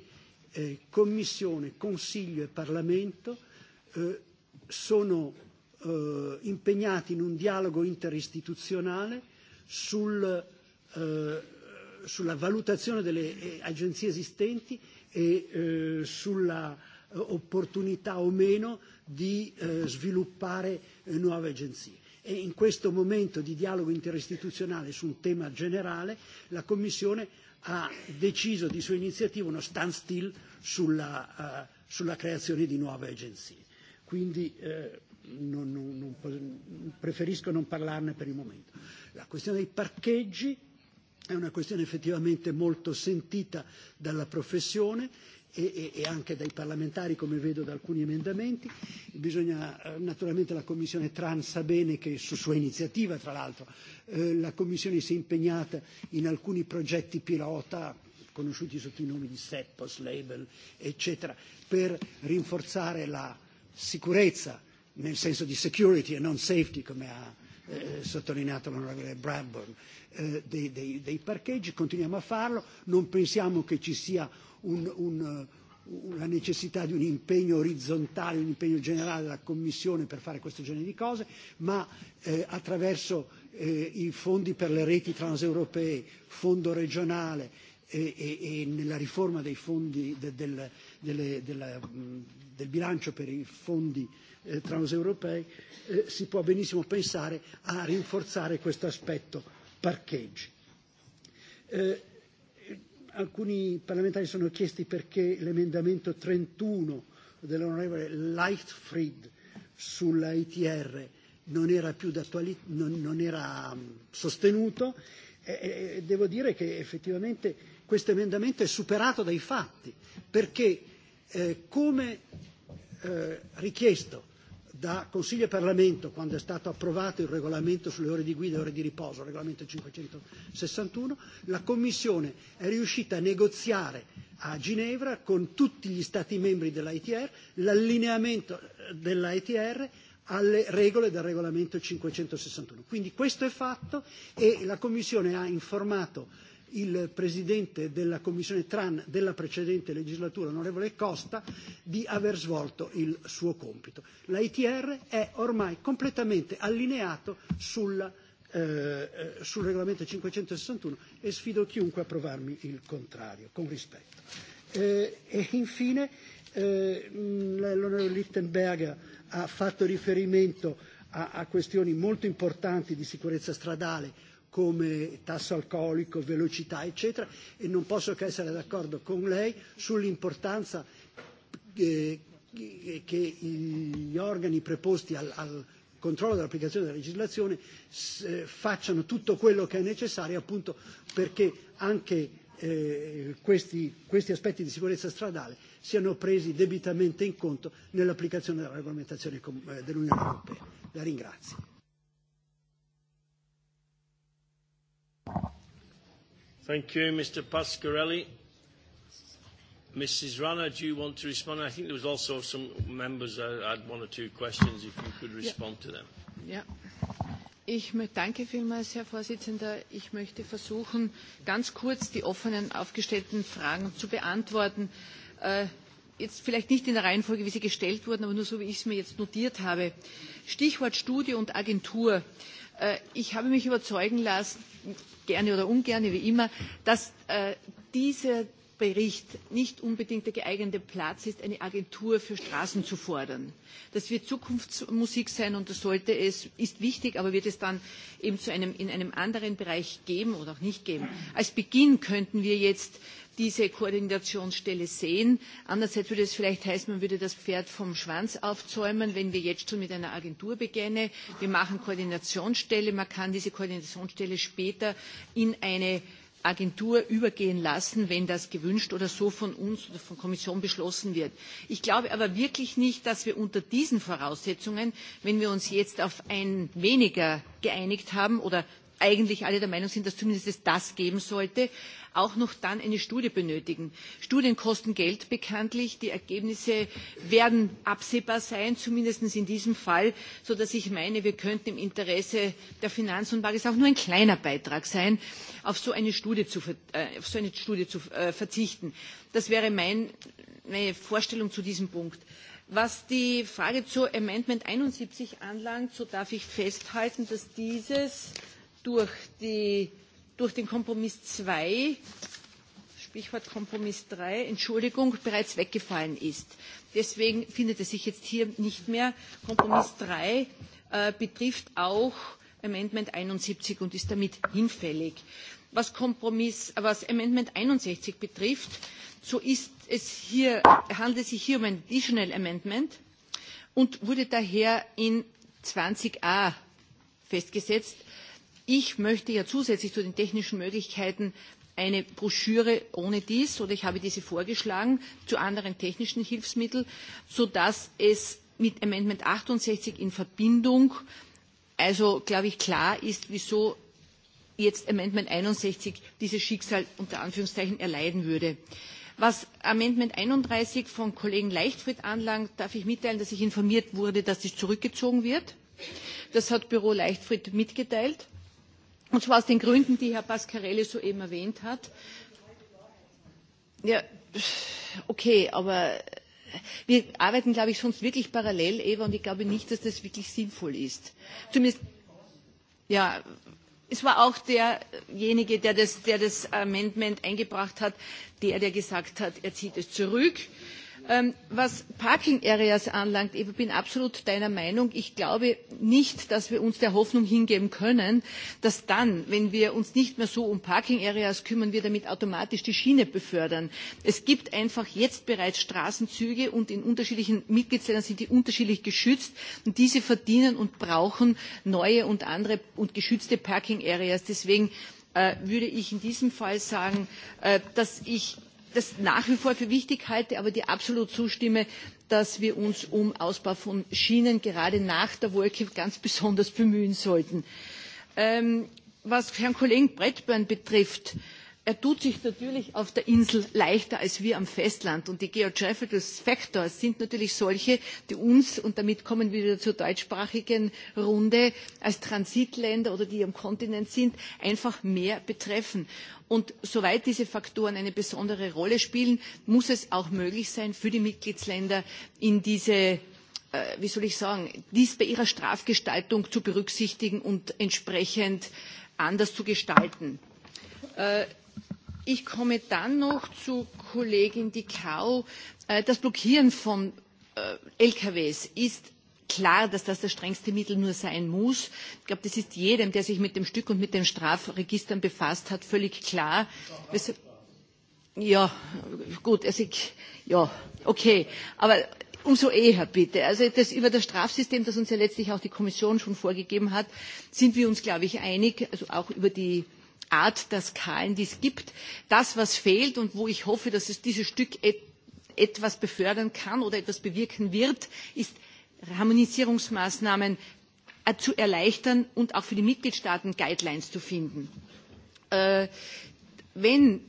Speaker 12: eh, Commissione, Consiglio e Parlamento eh, sono eh, impegnati in un dialogo interistituzionale sul, eh, sulla valutazione delle eh, agenzie esistenti e eh, sulla eh, opportunità o meno di eh, sviluppare eh, nuove agenzie. E in questo momento di dialogo interistituzionale su un tema generale la Commissione ha deciso di sua iniziativa uno standstill sulla, uh, sulla creazione di nuove agenzie. Quindi eh, non, non, non, preferisco non parlarne per il momento. La questione dei parcheggi è una questione effettivamente molto sentita dalla professione e, e, e anche dai parlamentari, come vedo da alcuni emendamenti. Bisogna, eh, naturalmente la Commissione Tran sa bene che su sua iniziativa, tra l'altro, eh, la Commissione si è impegnata in alcuni progetti pilota conosciuti sotto i nomi di Seppos, Label, eccetera, per rinforzare la sicurezza nel senso di security e non safety, come ha Eh, sottolineato l'onorevole Bradburn, eh, dei, dei, dei parcheggi, continuiamo a farlo, non pensiamo che ci sia un, un, la eh, necessità di un impegno orizzontale, un impegno generale della Commissione per fare questo genere di cose, ma eh, attraverso eh, i fondi per le reti transeuropee, fondo regionale e, e, e nella riforma dei fondi de, del, delle, della, del bilancio per i fondi eh, eh, transeuropei, eh, si può benissimo pensare a rinforzare questo aspetto parcheggi. Eh, alcuni parlamentari sono chiesti perché l'emendamento 31 dell'onorevole Lightfried sulla ITR non era più non, non era mm, sostenuto e, e devo dire che effettivamente questo emendamento è superato dai fatti perché eh, come eh, richiesto da Consiglio e Parlamento quando è stato approvato il regolamento sulle ore di guida e ore di riposo, il regolamento 561, la Commissione è riuscita a negoziare a Ginevra con tutti gli Stati membri dell'ITR l'allineamento dell'ITR alle regole del regolamento 561. Quindi questo è fatto e la Commissione ha informato il Presidente della Commissione Tran della precedente legislatura, onorevole Costa, di aver svolto il suo compito. L'ITR è ormai completamente allineato sulla eh, eh, sul regolamento 561 e sfido chiunque a provarmi il contrario, con rispetto. Eh, e infine eh, l'onorevole Lichtenberger ha fatto riferimento a, a questioni molto importanti di sicurezza stradale come tasso alcolico, velocità eccetera e non posso che essere d'accordo con lei sull'importanza eh, che gli organi preposti al, al controllo dell'applicazione della legislazione s- eh, facciano tutto quello che è necessario appunto perché anche eh, questi, questi aspetti di sicurezza stradale siano presi debitamente in conto nell'applicazione della regolamentazione com- eh, dell'Unione Europea. La ringrazio.
Speaker 1: Thank you, Mr. Pasquarelli. Mrs. Rana, do you want to respond? I think there was also some members that uh, had one or two questions, if you could respond yeah. to them.
Speaker 2: Yeah. Ich danke vielmals, Herr Vorsitzender. Ich möchte versuchen, ganz kurz die offenen aufgestellten Fragen zu beantworten. Äh, jetzt vielleicht nicht in der Reihenfolge, wie sie gestellt wurden, aber nur so, wie ich es mir jetzt notiert habe. Stichwort Studie und Agentur. Äh, ich habe mich überzeugen lassen, gerne oder ungerne wie immer, dass äh, diese Bericht nicht unbedingt der geeignete Platz ist, eine Agentur für Straßen zu fordern. Das wird Zukunftsmusik sein und das sollte es, ist wichtig, aber wird es dann eben zu einem, in einem anderen Bereich geben oder auch nicht geben. Als Beginn könnten wir jetzt diese Koordinationsstelle sehen. Andererseits würde es vielleicht heißen, man würde das Pferd vom Schwanz aufzäumen, wenn wir jetzt schon mit einer Agentur beginnen. Wir machen Koordinationsstelle. Man kann diese Koordinationsstelle später in eine Agentur übergehen lassen, wenn das gewünscht oder so von uns oder von Kommission beschlossen wird. Ich glaube aber wirklich nicht, dass wir unter diesen Voraussetzungen, wenn wir uns jetzt auf ein weniger geeinigt haben oder eigentlich alle der Meinung sind, dass zumindest es das geben sollte, auch noch dann eine Studie benötigen. Studien kosten Geld bekanntlich. Die Ergebnisse werden absehbar sein, zumindest in diesem Fall, sodass ich meine, wir könnten im Interesse der Finanz- und mag es auch nur ein kleiner Beitrag sein, auf so eine Studie zu, äh, auf so eine Studie zu äh, verzichten. Das wäre mein, meine Vorstellung zu diesem Punkt. Was die Frage zu Amendment 71 anlangt, so darf ich festhalten, dass dieses durch, die, durch den Kompromiss 2, Stichwort Kompromiss 3, Entschuldigung, bereits weggefallen ist. Deswegen findet es sich jetzt hier nicht mehr. Kompromiss 3 äh, betrifft auch Amendment 71 und ist damit hinfällig. Was, Kompromiss, was Amendment 61 betrifft, so ist es hier, handelt es sich hier um ein Additional Amendment und wurde daher in 20a festgesetzt Ich möchte ja zusätzlich zu den technischen Möglichkeiten eine Broschüre ohne dies oder ich habe diese vorgeschlagen zu anderen technischen Hilfsmitteln, sodass es mit Amendment 68 in Verbindung, also glaube ich klar ist, wieso jetzt Amendment 61 dieses Schicksal unter Anführungszeichen erleiden würde. Was Amendment 31 von Kollegen Leichtfried anlangt, darf ich mitteilen, dass ich informiert wurde, dass dies zurückgezogen wird. Das hat Büro Leichtfried mitgeteilt und zwar aus den gründen die herr pascarelli soeben erwähnt hat. Ja, okay aber wir arbeiten glaube ich sonst wirklich parallel eva und ich glaube nicht dass das wirklich sinnvoll ist. zumindest ja es war auch derjenige der das, der das amendment eingebracht hat der der gesagt hat er zieht es zurück. Ähm, was Parking Areas anlangt, ich bin absolut deiner Meinung. Ich glaube nicht, dass wir uns der Hoffnung hingeben können, dass dann, wenn wir uns nicht mehr so um Parking Areas kümmern, wir damit automatisch die Schiene befördern. Es gibt einfach jetzt bereits Straßenzüge und in unterschiedlichen Mitgliedsländern sind die unterschiedlich geschützt und diese verdienen und brauchen neue und andere und geschützte Parking Areas. Deswegen äh, würde ich in diesem Fall sagen, äh, dass ich das nach wie vor für wichtig halte, aber die absolut zustimme, dass wir uns um Ausbau von Schienen gerade nach der Wolke ganz besonders bemühen sollten. Ähm, was Herrn Kollegen Bradburn betrifft, er tut sich natürlich auf der Insel leichter als wir am Festland. Und die Geographical Factors sind natürlich solche, die uns, und damit kommen wir wieder zur deutschsprachigen Runde, als Transitländer oder die am Kontinent sind, einfach mehr betreffen. Und soweit diese Faktoren eine besondere Rolle spielen, muss es auch möglich sein, für die Mitgliedsländer in diese äh, wie soll ich sagen, dies bei ihrer Strafgestaltung zu berücksichtigen und entsprechend anders zu gestalten. Äh, Ich komme dann noch zu Kollegin Dicau. Äh, das Blockieren von äh, LKWs ist klar, dass das das strengste Mittel nur sein muss. Ich glaube, das ist jedem, der sich mit dem Stück und mit den Strafregistern befasst hat, völlig klar. Ja, gut, also ich, ja, okay. Aber umso eher bitte. Also das, über das Strafsystem, das uns ja letztlich auch die Kommission schon vorgegeben hat, sind wir uns, glaube ich, einig, also auch über die Art der Skalen, die es gibt. Das, was fehlt und wo ich hoffe, dass es dieses Stück et etwas befördern kann oder etwas bewirken wird, ist Harmonisierungsmaßnahmen äh, zu erleichtern und auch für die Mitgliedstaaten Guidelines zu finden. Äh, wenn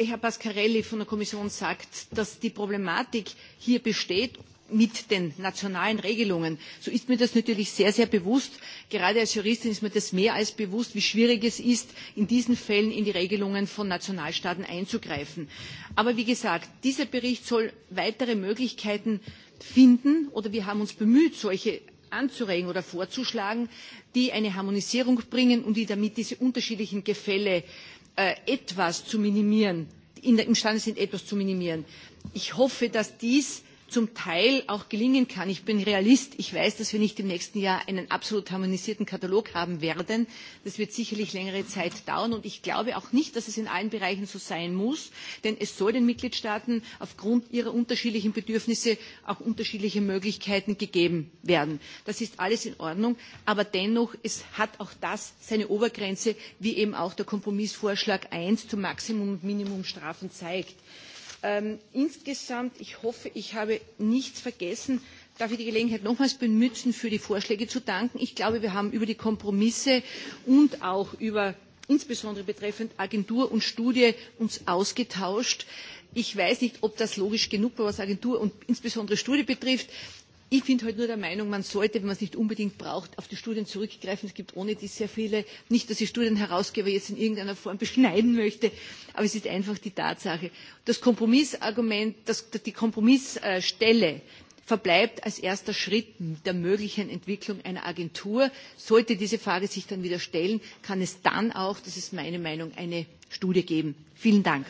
Speaker 2: Herr Pascarelli von der Kommission sagt, dass die Problematik hier besteht mit den nationalen Regelungen. So ist mir das natürlich sehr, sehr bewusst. Gerade als Juristin ist mir das mehr als bewusst, wie schwierig es ist, in diesen Fällen in die Regelungen von Nationalstaaten einzugreifen. Aber wie gesagt, dieser Bericht soll weitere Möglichkeiten finden oder wir haben uns bemüht, solche anzuregen oder vorzuschlagen, die eine Harmonisierung bringen und die damit diese unterschiedlichen Gefälle äh, etwas zu minimieren, in, imstande sind, etwas zu minimieren. Ich hoffe, dass dies zum Teil auch gelingen kann. Ich bin Realist. Ich weiß, dass wir nicht im nächsten Jahr einen absolut harmonisierten Katalog haben werden. Das wird sicherlich längere Zeit dauern. Und ich glaube auch nicht, dass es in allen Bereichen so sein muss. Denn es soll den Mitgliedstaaten aufgrund ihrer unterschiedlichen Bedürfnisse auch unterschiedliche Möglichkeiten gegeben werden. Das ist alles in Ordnung. Aber dennoch, es hat auch das seine Obergrenze, wie eben auch der Kompromissvorschlag 1 zu Maximum und Minimum Strafen zeigt. Ähm, insgesamt, ich hoffe, ich habe nichts vergessen, darf ich die Gelegenheit nochmals benützen, für die Vorschläge zu danken. Ich glaube, wir haben über die Kompromisse und auch über insbesondere betreffend Agentur und Studie uns ausgetauscht. Ich weiß nicht, ob das logisch genug war, was Agentur und insbesondere Studie betrifft. Ich bin halt nur der Meinung, man sollte, wenn man es nicht unbedingt braucht, auf die Studien zurückgreifen. Es gibt ohne dies sehr viele. Nicht, dass ich Studienherausgeber jetzt in irgendeiner Form beschneiden möchte, aber es ist einfach die Tatsache. Das Kompromissargument, das, die Kompromissstelle verbleibt als erster Schritt der möglichen Entwicklung einer Agentur. Sollte diese Frage sich dann wieder stellen, kann es dann auch, das ist meine Meinung, eine Studie geben. Vielen Dank.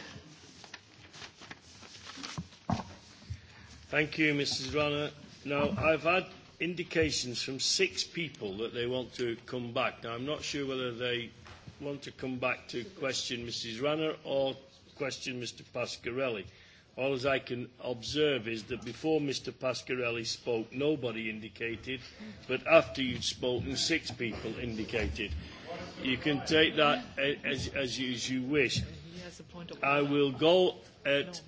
Speaker 1: Thank you, Mrs. Rana. Now, I've had indications from six people that they want to come back. Now, I'm not sure whether they want to come back to question Mrs. Ranner or question Mr. Pasquarelli. All as I can observe is that before Mr. Pasquarelli spoke, nobody indicated, but after you'd spoken, six people indicated. You can take that as, as, as you wish. I will go at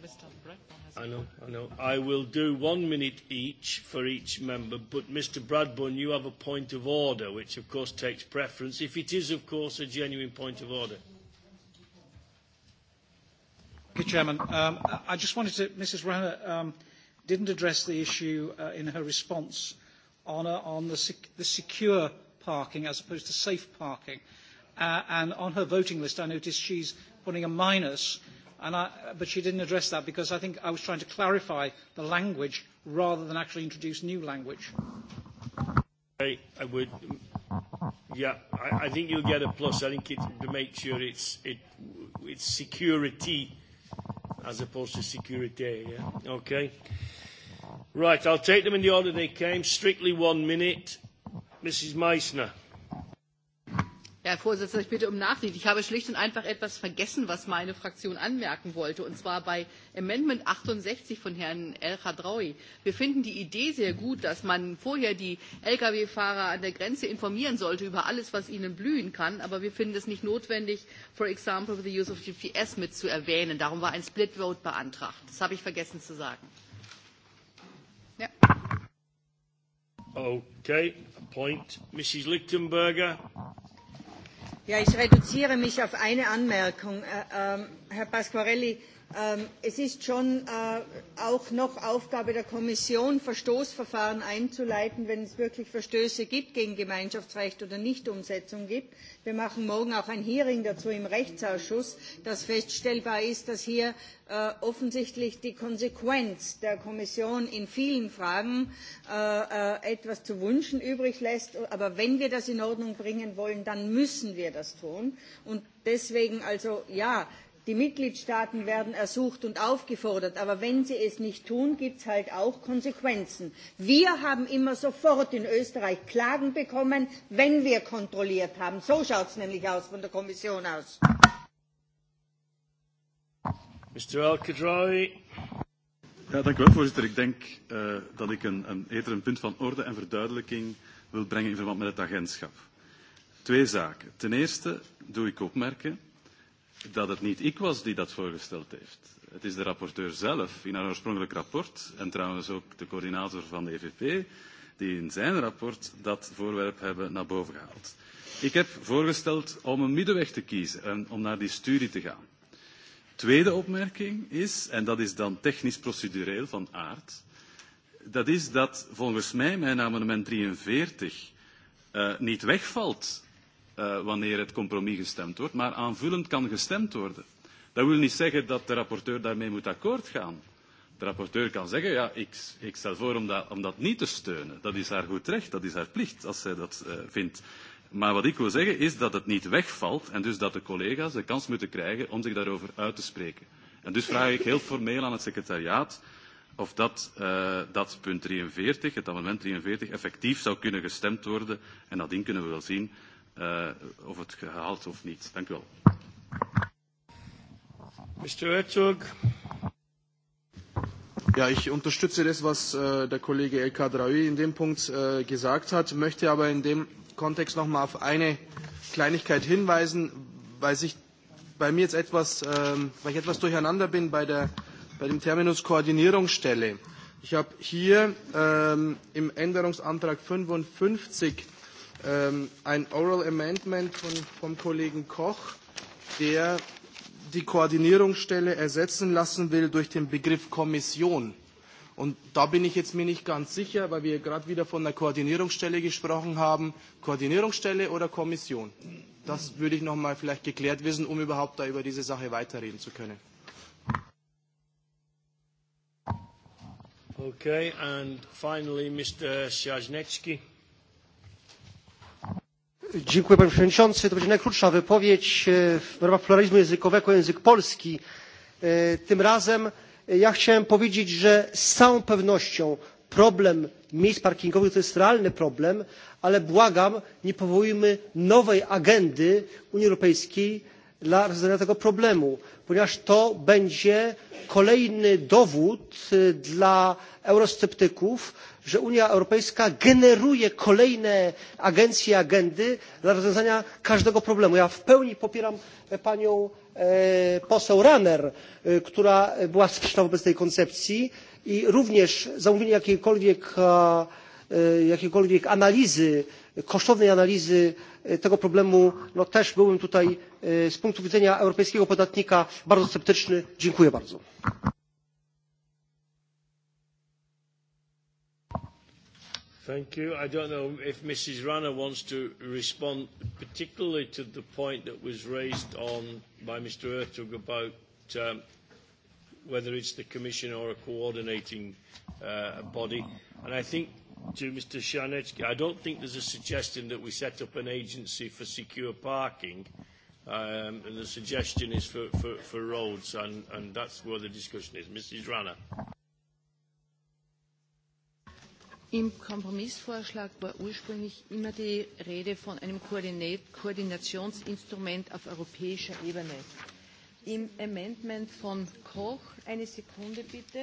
Speaker 1: I know, I know. I will do one minute each for each member, but Mr Bradburn, you have a point of order, which of course takes preference, if it is, of course, a genuine point of order.
Speaker 6: you, Chairman, um, I just wanted to, Mrs Rana um, didn't address the issue uh, in her response on, a, uh, on the, sec the secure parking as opposed to safe parking. Uh, and on her voting list, I noticed she's putting a minus and I, but she didn't address that because I think I was trying to clarify the language rather than actually introduce new language. I, I would,
Speaker 1: yeah, I, I think you'll get a plus. I think it, to make sure it's, it, it's security as opposed to security, yeah? Okay. Right, I'll take them in the order they came. Strictly one minute. Mrs. Meissner.
Speaker 4: Herr Vorsitzender, ich bitte um Nachsicht. Ich habe schlicht und einfach etwas vergessen, was meine Fraktion anmerken wollte, und zwar bei Amendment 68 von Herrn El Khadraoui. Wir finden die Idee sehr gut, dass man vorher die Lkw-Fahrer an der Grenze informieren sollte über alles, was ihnen blühen kann, aber wir finden es nicht notwendig, for example the use of GPS mit zu erwähnen. Darum war ein Split Vote beantragt. Das habe ich vergessen zu sagen. Ja.
Speaker 1: Okay, point. Mrs. Lichtenberger.
Speaker 5: Ja, ich reduziere mich auf eine Anmerkung. Äh, ähm, Herr Pasquarelli, Ähm, es ist schon äh, auch noch Aufgabe der Kommission, Verstoßverfahren einzuleiten, wenn es wirklich Verstöße gibt gegen Gemeinschaftsrecht oder Nichtumsetzung gibt. Wir machen morgen auch ein Hearing dazu im Rechtsausschuss, dass feststellbar ist, dass hier äh, offensichtlich die Konsequenz der Kommission in vielen Fragen äh, etwas zu wünschen übrig lässt. Aber wenn wir das in Ordnung bringen wollen, dann müssen wir das tun. Und deswegen also ja, Die Mitgliedstaaten werden ersucht und aufgefordert, aber wenn sie es nicht tun, gibt es halt auch Konsequenzen. Wir haben immer sofort in Österreich Klagen bekommen, wenn wir kontrolliert haben. So schaut es nämlich aus von der Kommission aus.
Speaker 8: Mr. el Ja, dank u wel, voorzitter. Ik denk uh, dat ik een, een, eerder een punt van orde en verduidelijking wil brengen in verband met het agentschap. Twee zaken. Ten eerste doe ik opmerken dat het niet ik was die dat voorgesteld heeft. Het is de rapporteur zelf in haar oorspronkelijk rapport en trouwens ook de coördinator van de EVP die in zijn rapport dat voorwerp hebben naar boven gehaald. Ik heb voorgesteld om een middenweg te kiezen en om naar die studie te gaan. Tweede opmerking is, en dat is dan technisch-procedureel van aard, dat is dat volgens mij mijn amendement 43 uh, eh, niet wegvalt uh, wanneer het compromis gestemd wordt. Maar aanvullend kan gestemd worden. Dat wil niet zeggen dat de rapporteur daarmee moet akkoord gaan. De rapporteur kan zeggen, ja, ik, ik stel voor om dat, om dat niet te steunen. Dat is haar goed recht, dat is haar plicht als zij dat uh, vindt. Maar wat ik wil zeggen is dat het niet wegvalt en dus dat de collega's de kans moeten krijgen om zich daarover uit te spreken. En dus vraag ik heel formeel aan het secretariaat of dat, uh, dat punt 43, het amendement 43, effectief zou kunnen gestemd worden. En nadien kunnen we wel zien uh, of het gehaald of niet. Dank u wel.
Speaker 3: Mr. Herzog. Ja, ich unterstütze das, was äh, der Kollege El Kadraoui in dem Punkt äh, gesagt hat, möchte aber in dem Kontext noch mal auf eine Kleinigkeit hinweisen, weil sich bei mir jetzt etwas, ähm, weil ich etwas durcheinander bin bei, der, bei dem Terminus Koordinierungsstelle. Ich habe hier ähm, im Änderungsantrag 55 ähm, ein Oral Amendment von, vom Kollegen Koch, der die Koordinierungsstelle ersetzen lassen will durch den Begriff Kommission. Und da bin ich jetzt mir nicht ganz sicher, weil wir gerade wieder von der Koordinierungsstelle gesprochen haben. Koordinierungsstelle oder Kommission? Das würde ich noch mal vielleicht geklärt wissen, um überhaupt da über diese Sache weiterreden zu können.
Speaker 1: Okay, and finally Mr. Sjajnecki
Speaker 13: panie przewodniczący! to będzie najkrótsza wypowiedź w ramach pluralizmu językowego język polski. tym razem ja chciałem powiedzieć że z całą pewnością problem miejsc parkingowych to jest realny problem ale błagam nie powołujmy nowej agendy unii europejskiej dla rozwiązania tego problemu ponieważ to będzie kolejny dowód dla eurosceptyków że unia europejska generuje kolejne agencje i agendy dla rozwiązania każdego problemu. ja w pełni popieram panią poseł rahner która była sprzeczna wobec tej koncepcji i również zamówienie jakiejkolwiek analizy kosztownej analizy tego problemu no też byłbym tutaj z punktu widzenia europejskiego podatnika bardzo sceptyczny. dziękuję bardzo.
Speaker 1: Thank you. I don't know if Mrs. Rana wants to respond particularly to the point that was raised on by Mr. Ertug about um, whether it's the Commission or a coordinating uh, body. And I think to Mr. Sharnetsky, I don't think there's a suggestion that we set up an agency for secure parking. Um, and the suggestion is for, for, for roads, and, and that's where the discussion is. Mrs. Rana.
Speaker 2: Im Kompromissvorschlag war ursprünglich immer die Rede von einem Koordinationsinstrument auf europäischer Ebene. Im Amendment von Koch, eine Sekunde bitte.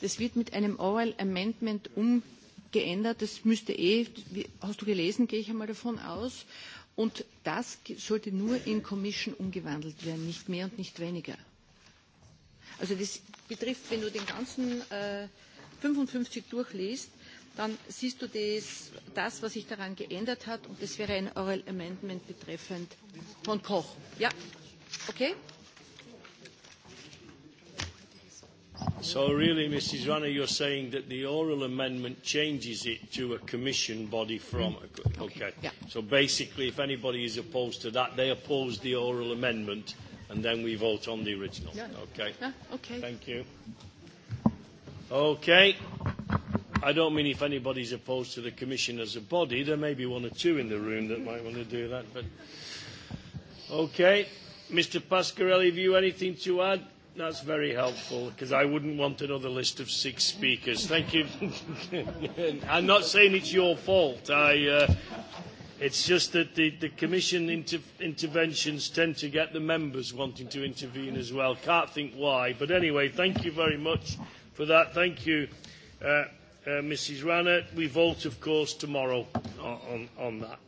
Speaker 2: Das wird mit einem Oral Amendment um geändert. Das müsste eh, hast du gelesen, gehe ich einmal davon aus. Und das sollte nur in Commission umgewandelt werden, nicht mehr und nicht weniger. Also das betrifft, wenn du den ganzen äh, 55 durchliest, dann siehst du das, das, was sich daran geändert hat. Und das wäre ein Oral Amendment betreffend von Koch. Ja, okay?
Speaker 1: So really, Mrs. Rana, you're saying that the oral amendment changes it to a commission body from... A, okay. okay. Yeah. So basically, if anybody is opposed to that, they oppose the oral amendment, and then we vote on the original. Yeah. Okay. Yeah, okay. Thank you. Okay. I don't mean if anybody's opposed to the commission as a body. There may be one or two in the room that might want to do that, but... Okay. Mr. Pasquarelli, have you anything to add? That's very helpful because I wouldn't want another list of six speakers. Thank you. I'm not saying it's your fault. I, uh, it's just that the, the commission inter- interventions tend to get the members wanting to intervene as well. Can't think why. But anyway, thank you very much for that. Thank you, uh, uh, Mrs. Rannett. We vote, of course, tomorrow on, on, on that.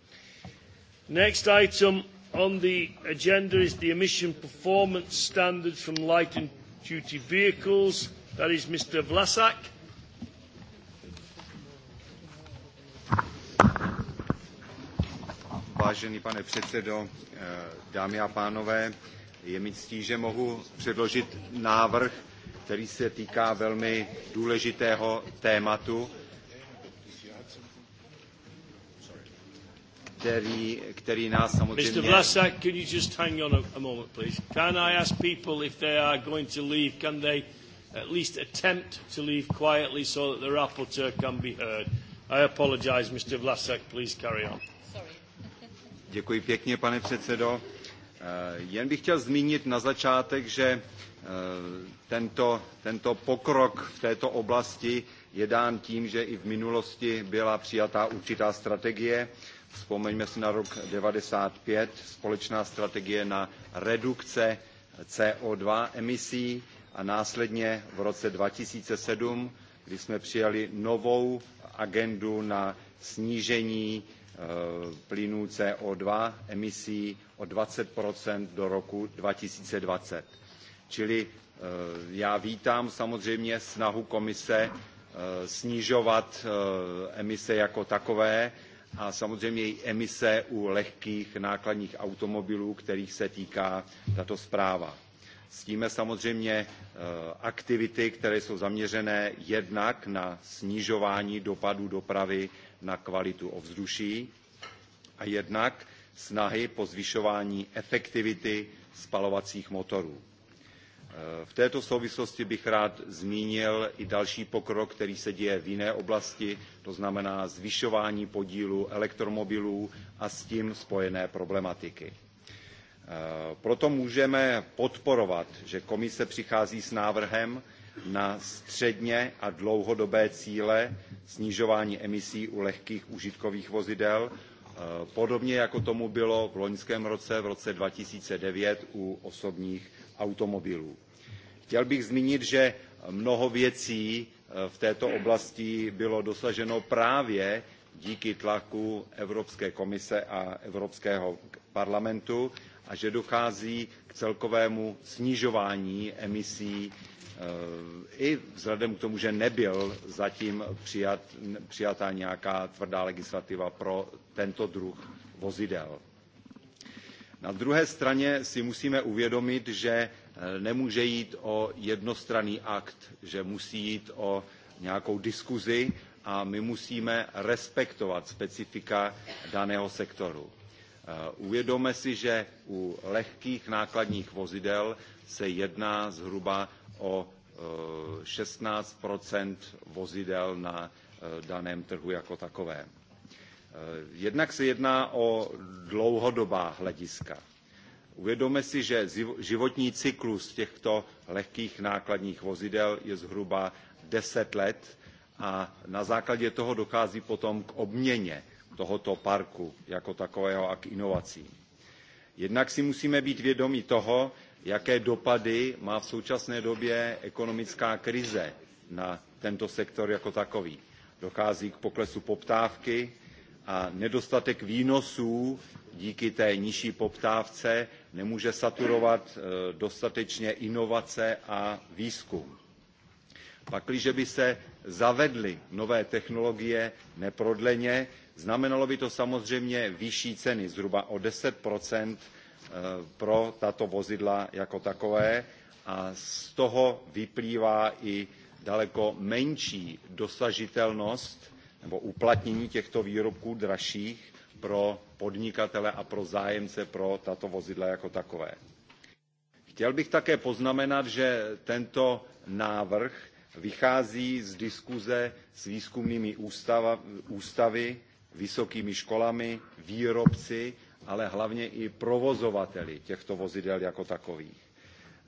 Speaker 1: Next item on the agenda is the emission performance standards from light and duty vehicles. That is Mr. Vlasak.
Speaker 14: Vážený pane předsedo, eh, dámy a pánové, je mi ctí, že mohu předložit návrh, který se týká velmi důležitého tématu který, který nás samozřejmě... Mr. Vlasak,
Speaker 1: could you just hang on a, a moment, please? Can I ask people if they are going to leave, can they at least attempt to leave quietly so that the rapporteur can be heard? I apologize, Mr. Vlasak, please carry on.
Speaker 14: Děkuji pěkně, pane předsedo. Eh, jen bych chtěl zmínit na začátek, že eh, tento, tento pokrok v této oblasti je dán tím, že i v minulosti byla přijatá určitá strategie, Vzpomeňme si na rok 1995, společná strategie na redukce CO2 emisí a následně v roce 2007, kdy jsme přijali novou agendu na snížení plynů CO2 emisí o 20 do roku 2020. Čili já vítám samozřejmě snahu komise snižovat emise jako takové, a samozřejmě i emise u lehkých nákladních automobilů, kterých se týká tato zpráva. Ctíme samozřejmě aktivity, které jsou zaměřené jednak na snižování dopadů dopravy na kvalitu ovzduší a jednak snahy po zvyšování efektivity spalovacích motorů. V této souvislosti bych rád zmínil i další pokrok, který se děje v jiné oblasti, to znamená zvyšování podílu elektromobilů a s tím spojené problematiky. Proto můžeme podporovat, že komise přichází s návrhem na středně a dlouhodobé cíle snižování emisí u lehkých užitkových vozidel, podobně jako tomu bylo v loňském roce, v roce 2009 u osobních automobilů. Chtěl bych zmínit, že mnoho věcí eh, v této oblasti bylo dosaženo právě díky tlaku Evropské komise a Evropského parlamentu a že dochází k celkovému snižování emisí eh, i vzhledem k tomu, že nebyl zatím přijat, přijatá nějaká tvrdá legislativa pro tento druh vozidel. Na druhé straně si musíme uvědomit, že eh, nemůže jít o jednostranný akt, že musí jít o nějakou diskuzi a my musíme respektovat specifika daného sektoru. Eh, uvědomme si, že u lehkých nákladních vozidel se jedná zhruba o 16 eh, vozidel na daném trhu jako takovém. Eh, jednak se jedná o dlouhodobá hlediska. Uvědomme si, že životní cyklus těchto lehkých nákladních vozidel je zhruba 10 let a na základě toho dochází potom k obměně tohoto parku jako takového a k inovacím. Jednak si musíme být vědomi toho, jaké dopady má v současné době ekonomická krize na tento sektor jako takový. Dochází k poklesu poptávky, a nedostatek výnosů díky té nižší poptávce nemůže saturovat dostatečně inovace a výzkum. Pakliže by se zavedly nové technologie neprodleně, znamenalo by to samozřejmě vyšší ceny, zhruba o 10 pro tato vozidla jako takové a z toho vyplývá i daleko menší dosažitelnost nebo uplatnění těchto výrobků dražších pro podnikatele a pro zájemce pro tato vozidla jako takové. Chtěl bych také poznamenat, že tento návrh vychází z diskuze s výzkumnými ústava, ústavy, vysokými školami, výrobci, ale hlavně i provozovateli těchto vozidel jako takových.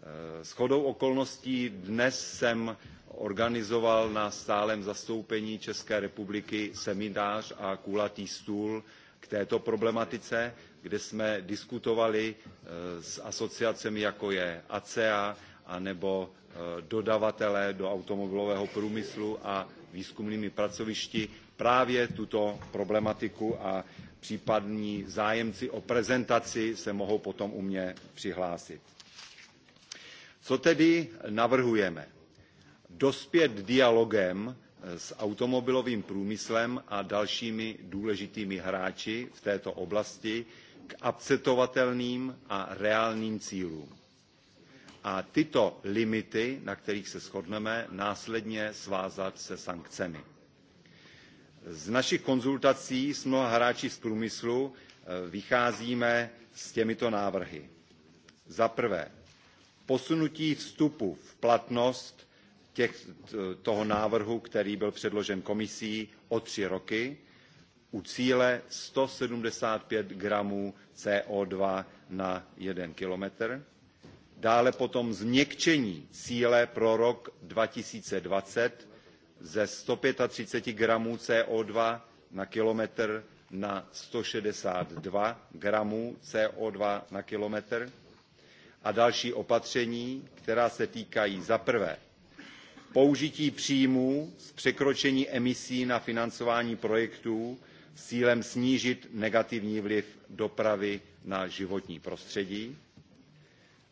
Speaker 14: Eh, shodou okolností dnes jsem organizoval na stálem zastoupení České republiky seminář a kulatý stůl k této problematice, kde jsme diskutovali eh, s asociacemi, jako je ACEA, anebo eh, dodavatele do automobilového průmyslu a výzkumnými pracovišti právě tuto problematiku a případní zájemci o prezentaci se mohou potom u mě přihlásit. Co tedy navrhujeme? Dospět dialogem eh, s automobilovým průmyslem a dalšími důležitými hráči v této oblasti k akceptovatelným a reálným cílům. A tyto limity, na kterých se shodneme, následně svázat se sankcemi. Z našich konzultací s mnoha hráči z průmyslu eh, vycházíme s těmito návrhy. Za prvé, posunutí vstupu v platnost těch, toho návrhu, který byl předložen komisí o tři roky, u cíle 175 gramů CO2 na jeden kilometr. Dále potom změkčení cíle pro rok 2020 ze 135 gramů CO2 na kilometr na 162 gramů CO2 na kilometr a další opatření, která se týkají za prvé použití příjmů z překročení emisí na financování projektů s cílem snížit negativní vliv dopravy na životní prostředí,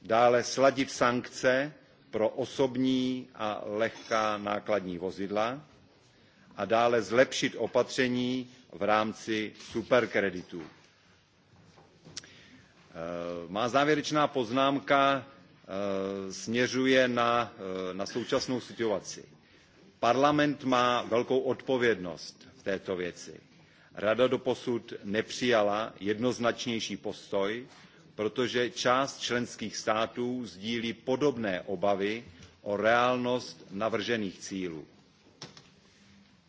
Speaker 14: dále sladit sankce pro osobní a lehká nákladní vozidla a dále zlepšit opatření v rámci superkreditů. Má závěrečná poznámka eh, směřuje na, eh, na současnou situaci. Parlament má velkou odpovědnost v této věci. Rada doposud nepřijala jednoznačnější postoj, protože část členských států sdílí podobné obavy o reálnost navržených cílů.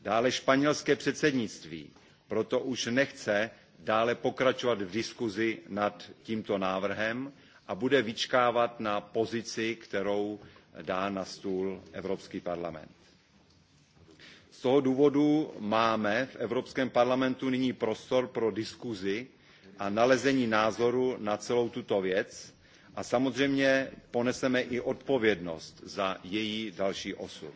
Speaker 14: Dále španělské předsednictví proto už nechce dále pokračovat v diskuzi nad tímto návrhem a bude vyčkávat na pozici, kterou dá na stůl Evropský parlament. Z toho důvodu máme v Evropském parlamentu nyní prostor pro diskuzi a nalezení názoru na celou tuto věc a samozřejmě poneseme i odpovědnost za její další osud.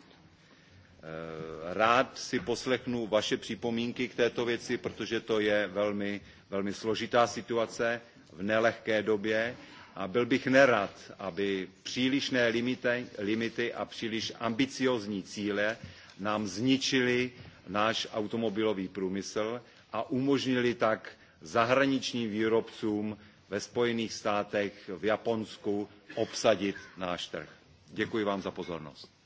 Speaker 14: Eh, rád si poslechnu vaše připomínky k této věci, protože to je velmi, velmi složitá situace v nelehké době a byl bych nerad, aby přílišné limity, limity a příliš ambiciózní cíle nám zničili náš automobilový průmysl a umožnili tak zahraničním výrobcům ve Spojených státech, v Japonsku obsadit náš trh. Děkuji vám za pozornost.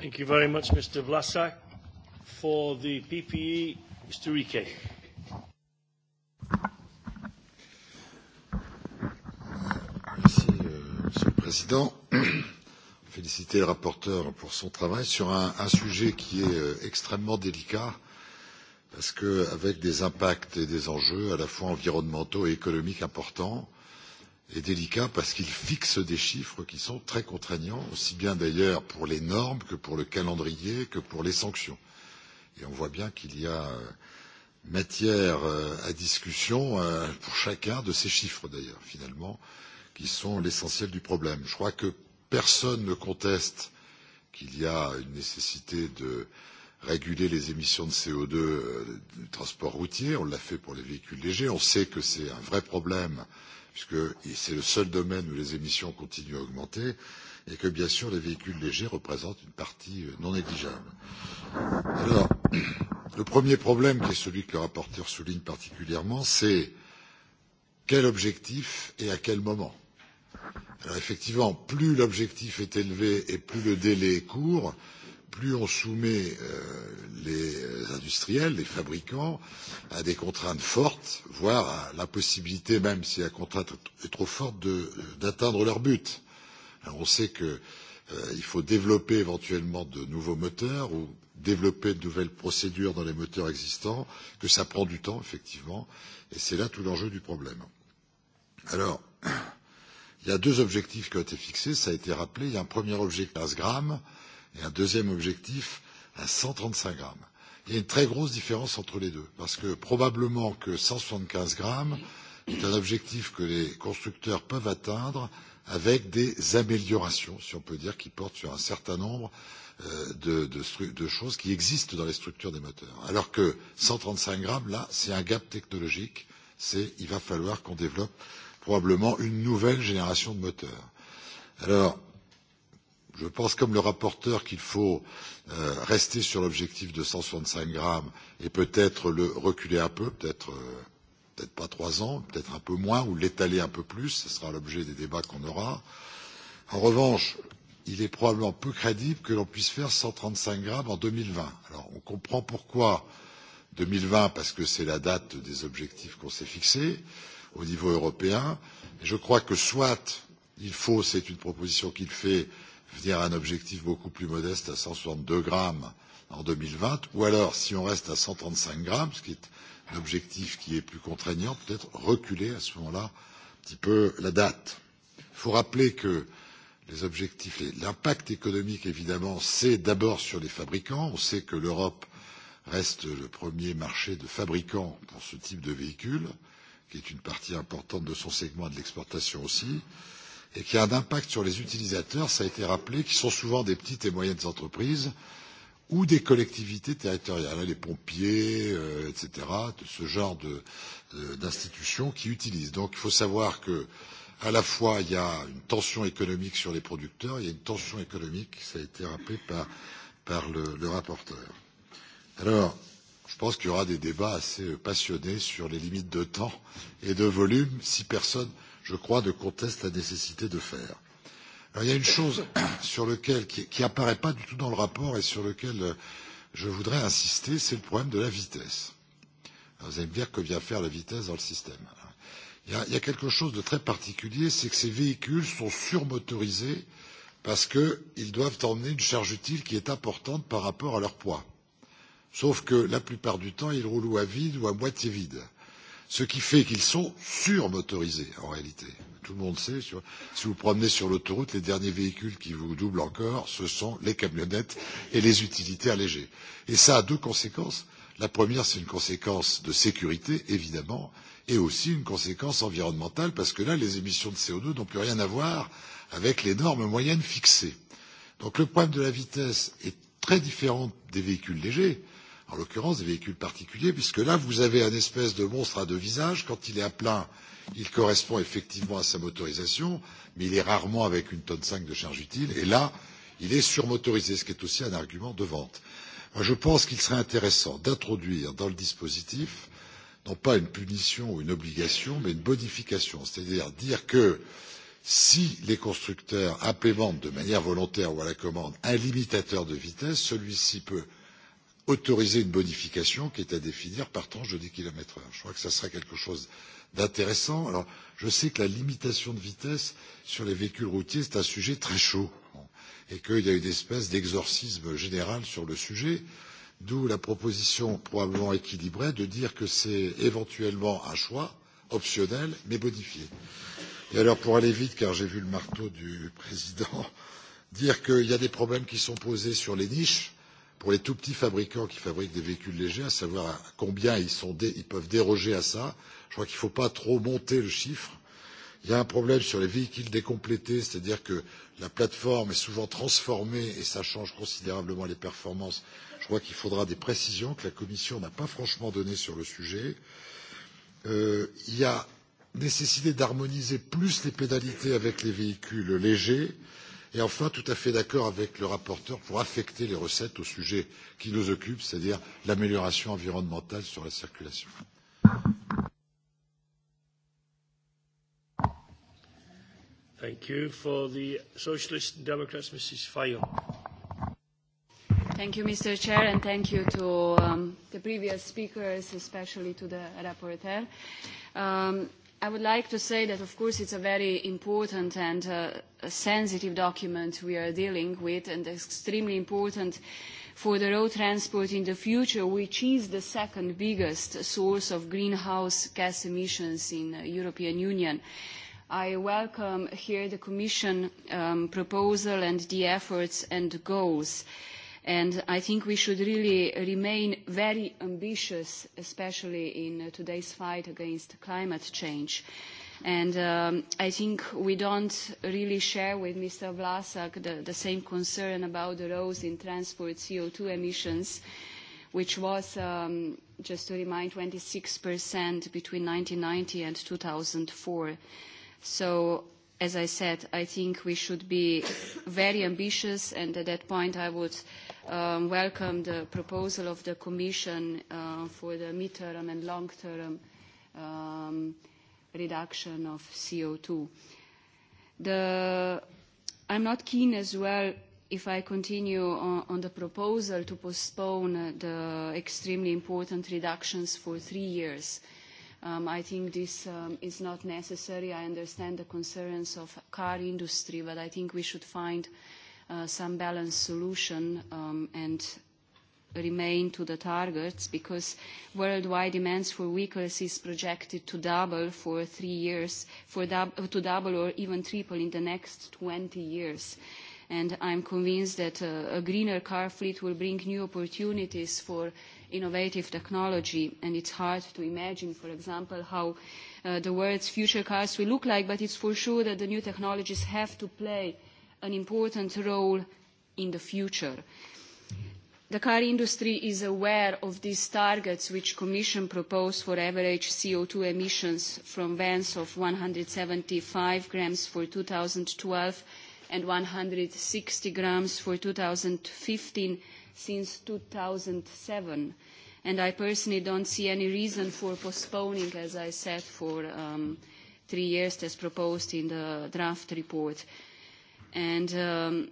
Speaker 1: Thank you very much, Mr. Vlasak. For the PPE, Mr. Rike.
Speaker 15: Merci, euh, Monsieur le Président. Féliciter le rapporteur pour son travail sur un, un sujet qui est euh, extrêmement délicat parce qu'avec des impacts et des enjeux à la fois environnementaux et économiques importants, est délicat parce qu'il fixe des chiffres qui sont très contraignants, aussi bien d'ailleurs pour les normes que pour le calendrier que pour les sanctions. Et on voit bien qu'il y a euh, matière euh, à discussion euh, pour chacun de ces chiffres d'ailleurs, finalement, qui sont l'essentiel du problème. Je crois que personne ne conteste qu'il y a une nécessité de réguler les émissions de CO2 du transport routier. On l'a fait pour les véhicules légers. On sait que c'est un vrai problème euh, puisque c'est le seul domaine où les émissions continuent à augmenter, et que bien sûr les véhicules légers représentent une partie euh, non négligeable. Alors, le premier problème, qui est celui que le rapporteur souligne particulièrement, c'est quel objectif et à quel moment. Alors effectivement, plus l'objectif est élevé et plus le délai est court, plus on soumet euh, les industriels, les fabricants, à des contraintes fortes, voire à l'impossibilité, même si la contrainte est trop forte, d'atteindre leur but. Alors on sait qu'il euh, faut développer éventuellement de nouveaux moteurs ou développer de nouvelles procédures dans les moteurs existants, que ça prend du temps, effectivement, et c'est là tout l'enjeu du problème. Alors, il y a deux objectifs qui ont été fixés, ça a été rappelé. Il y a un premier objectif, 15 grammes, euh, et un deuxième objectif à 135 grammes. Il y a une très grosse différence entre les deux, parce que probablement que 175 grammes est un objectif que les constructeurs peuvent atteindre avec des améliorations, si on peut dire, qui portent sur un certain nombre euh, de, de, de choses qui existent dans les structures des moteurs. Alors que 135 grammes, là, c'est un gap technologique. C'est, il va falloir qu'on développe probablement une nouvelle génération de moteurs. Alors, Je pense, comme le rapporteur, qu'il faut euh, rester sur l'objectif de 165 grammes et peut-être le reculer un peu, peut-être euh, peut pas trois ans, peut-être un peu moins, ou l'étaler un peu plus. Ce sera l'objet des débats qu'on aura. En revanche, il est probablement peu crédible que l'on puisse faire 135 grammes en 2020. Alors, on comprend pourquoi 2020, parce que c'est la date des objectifs qu'on s'est fixés au niveau européen. Et je crois que soit il faut, c'est une proposition qu'il fait, je veux dire, un objectif beaucoup plus modeste à 162 grammes en 2020, ou alors, si on reste à 135 grammes, ce qui est un objectif qui est plus contraignant, peut-être reculer à ce moment-là un petit peu la date. Il faut rappeler que les objectifs, l'impact économique, évidemment, c'est d'abord sur les fabricants. On sait que l'Europe reste le premier marché de fabricants pour ce type de véhicule, qui est une partie importante de son segment et de l'exportation aussi. Euh, et qui a un impact sur les utilisateurs, ça a été rappelé, qui sont souvent des petites et moyennes entreprises ou des collectivités territoriales, les pompiers, euh, etc., de ce genre d'institutions qui utilisent. Donc il faut savoir que à la fois il y a une tension économique sur les producteurs, il y a une tension économique, ça a été rappelé par, par le, le rapporteur. Alors, je pense qu'il y aura des débats assez euh, passionnés sur les limites de temps et de volume si personne je crois, de conteste la nécessité de faire. Alors, il y a une chose sur lequel, qui, qui apparaît pas du tout dans le rapport et sur lequel euh, je voudrais insister, c'est le problème de la vitesse. Alors, vous allez me dire que vient faire la vitesse dans le système. Il y a, il y a quelque chose de très particulier, c'est que ces véhicules sont surmotorisés parce qu'ils doivent emmener une charge utile qui est importante par rapport à leur poids. Sauf que la plupart du temps, ils roulent ou à vide ou à moitié vide ce qui fait qu'ils sont surmotorisés en réalité. Tout le monde sait, sur, si vous promenez sur l'autoroute, les derniers véhicules qui vous doublent encore, ce sont les camionnettes et les utilités allégées. Et ça a deux conséquences. La première, c'est une conséquence de sécurité, évidemment, et aussi une conséquence environnementale, parce que là, les émissions de CO2 n'ont plus rien à voir avec les normes moyennes fixées. Donc le problème de la vitesse est très différent des véhicules légers en l'occurrence des véhicules particuliers, puisque là, vous avez un espèce de monstre à deux visages. Quand il est à plein, il correspond effectivement à sa motorisation, mais il est rarement avec une tonne 5 de charge utile. Et là, il est surmotorisé, ce qui est aussi un argument de vente. Moi, je pense qu'il serait intéressant d'introduire dans le dispositif non pas une punition ou une obligation, mais une bonification, c'est-à-dire dire que si les constructeurs implémentent de manière volontaire ou à la commande un limitateur de vitesse, celui-ci peut autoriser une bonification qui est à définir par tranche de 10 km heure. Je crois que ça serait quelque chose d'intéressant. Alors, je sais que la limitation de vitesse sur les véhicules routiers, c'est un sujet très chaud et qu'il y a une espèce d'exorcisme général sur le sujet, d'où la proposition probablement équilibrée de dire que c'est éventuellement un choix optionnel mais bonifié. Et alors pour aller vite, car j'ai vu le marteau du président, dire qu'il y a des problèmes qui sont posés sur les niches pour les tout petits fabricants qui fabriquent des véhicules légers, à savoir combien ils, sont dé ils peuvent déroger à ça. Je crois qu'il ne faut pas trop monter le chiffre. Il y a un problème sur les véhicules décomplétés, c'est-à-dire que la plateforme est souvent transformée et ça change considérablement les performances. Je crois qu'il faudra des précisions que la Commission n'a pas franchement données sur le sujet. Euh, il y a nécessité d'harmoniser plus les pénalités avec les véhicules légers. Euh, Et enfin, tout à fait d'accord avec le rapporteur pour affecter les recettes au sujet qui nous occupe, c'est-à-dire l'amélioration environnementale sur la circulation.
Speaker 1: Thank you. For the Socialists and Democrats, Mrs. Fayon.
Speaker 16: Thank you, Mr. Chair, and thank you to um, the previous speakers, especially to the rapporteur. Um, I would like to say that, of course, it's a very important and uh, sensitive document we are dealing with and extremely important for the road transport in the future, which is the second biggest source of greenhouse gas emissions in the uh, European Union. I welcome here the Commission um, proposal and the efforts and goals. Uh, And I think we should really remain very ambitious, especially in uh, today's fight against climate change. And um, I think we don't really share with Mr. Vlasak the, same concern about the rose in transport CO2 emissions, which was, um, just to remind, 26% between 1990 and 2004. So as I said, I think we should be very ambitious, and at that point I would um, welcome the proposal of the Commission uh, for the mid-term and long-term um, reduction of CO2. The, I'm not keen as well if I continue on, on the proposal to postpone the extremely important reductions for three years. Um, I think this um, is not necessary. I understand the concerns of car industry, but I think we should find uh, Uh, some balanced solution um, and remain to the targets because worldwide demands for vehicles is projected to double for three years, for to double or even triple in the next 20 years. And I'm convinced that uh, a greener car fleet will bring new opportunities for innovative technology. And it's hard to imagine, for example, how uh, the world's future cars will look like, but it's for sure that the new technologies have to play an important role in the future. The car industry is aware of these targets which Commission proposed for average CO2 emissions from vans of 175 grams for 2012 and 160 grams for 2015 since 2007. And I personally don't see any reason for postponing, as I said, for um, three years as proposed in the draft report. And um,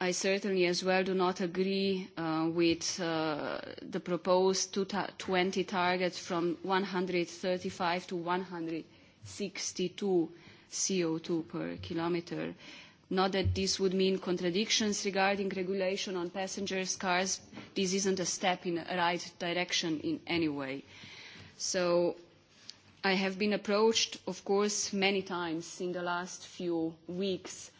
Speaker 16: I certainly as well do not agree uh, with uh, the proposed 20 targets from 135 to 162 CO2 per kilometre. Not that this would mean contradictions regarding regulation on passenger cars. This isn't a step in the right direction in any way. So I have been approached, of course, many times in the last few weeks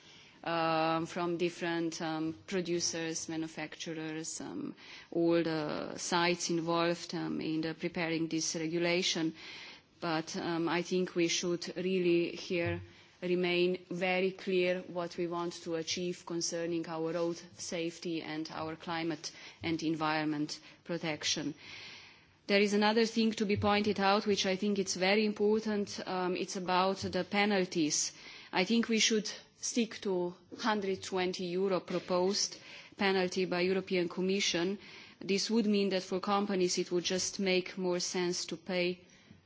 Speaker 16: uh, from different um, producers, manufacturers, um, all the sites involved um, in the preparing this regulation. But um, I think we should really here remain very clear what we want to achieve concerning our road safety and our climate and environment protection. Uh, There is another thing to be pointed out, which I think is very important. Um, it's about the penalties. I think we should stick to 120 euro proposed penalty by European Commission. This would mean that for companies it would just make more sense to pay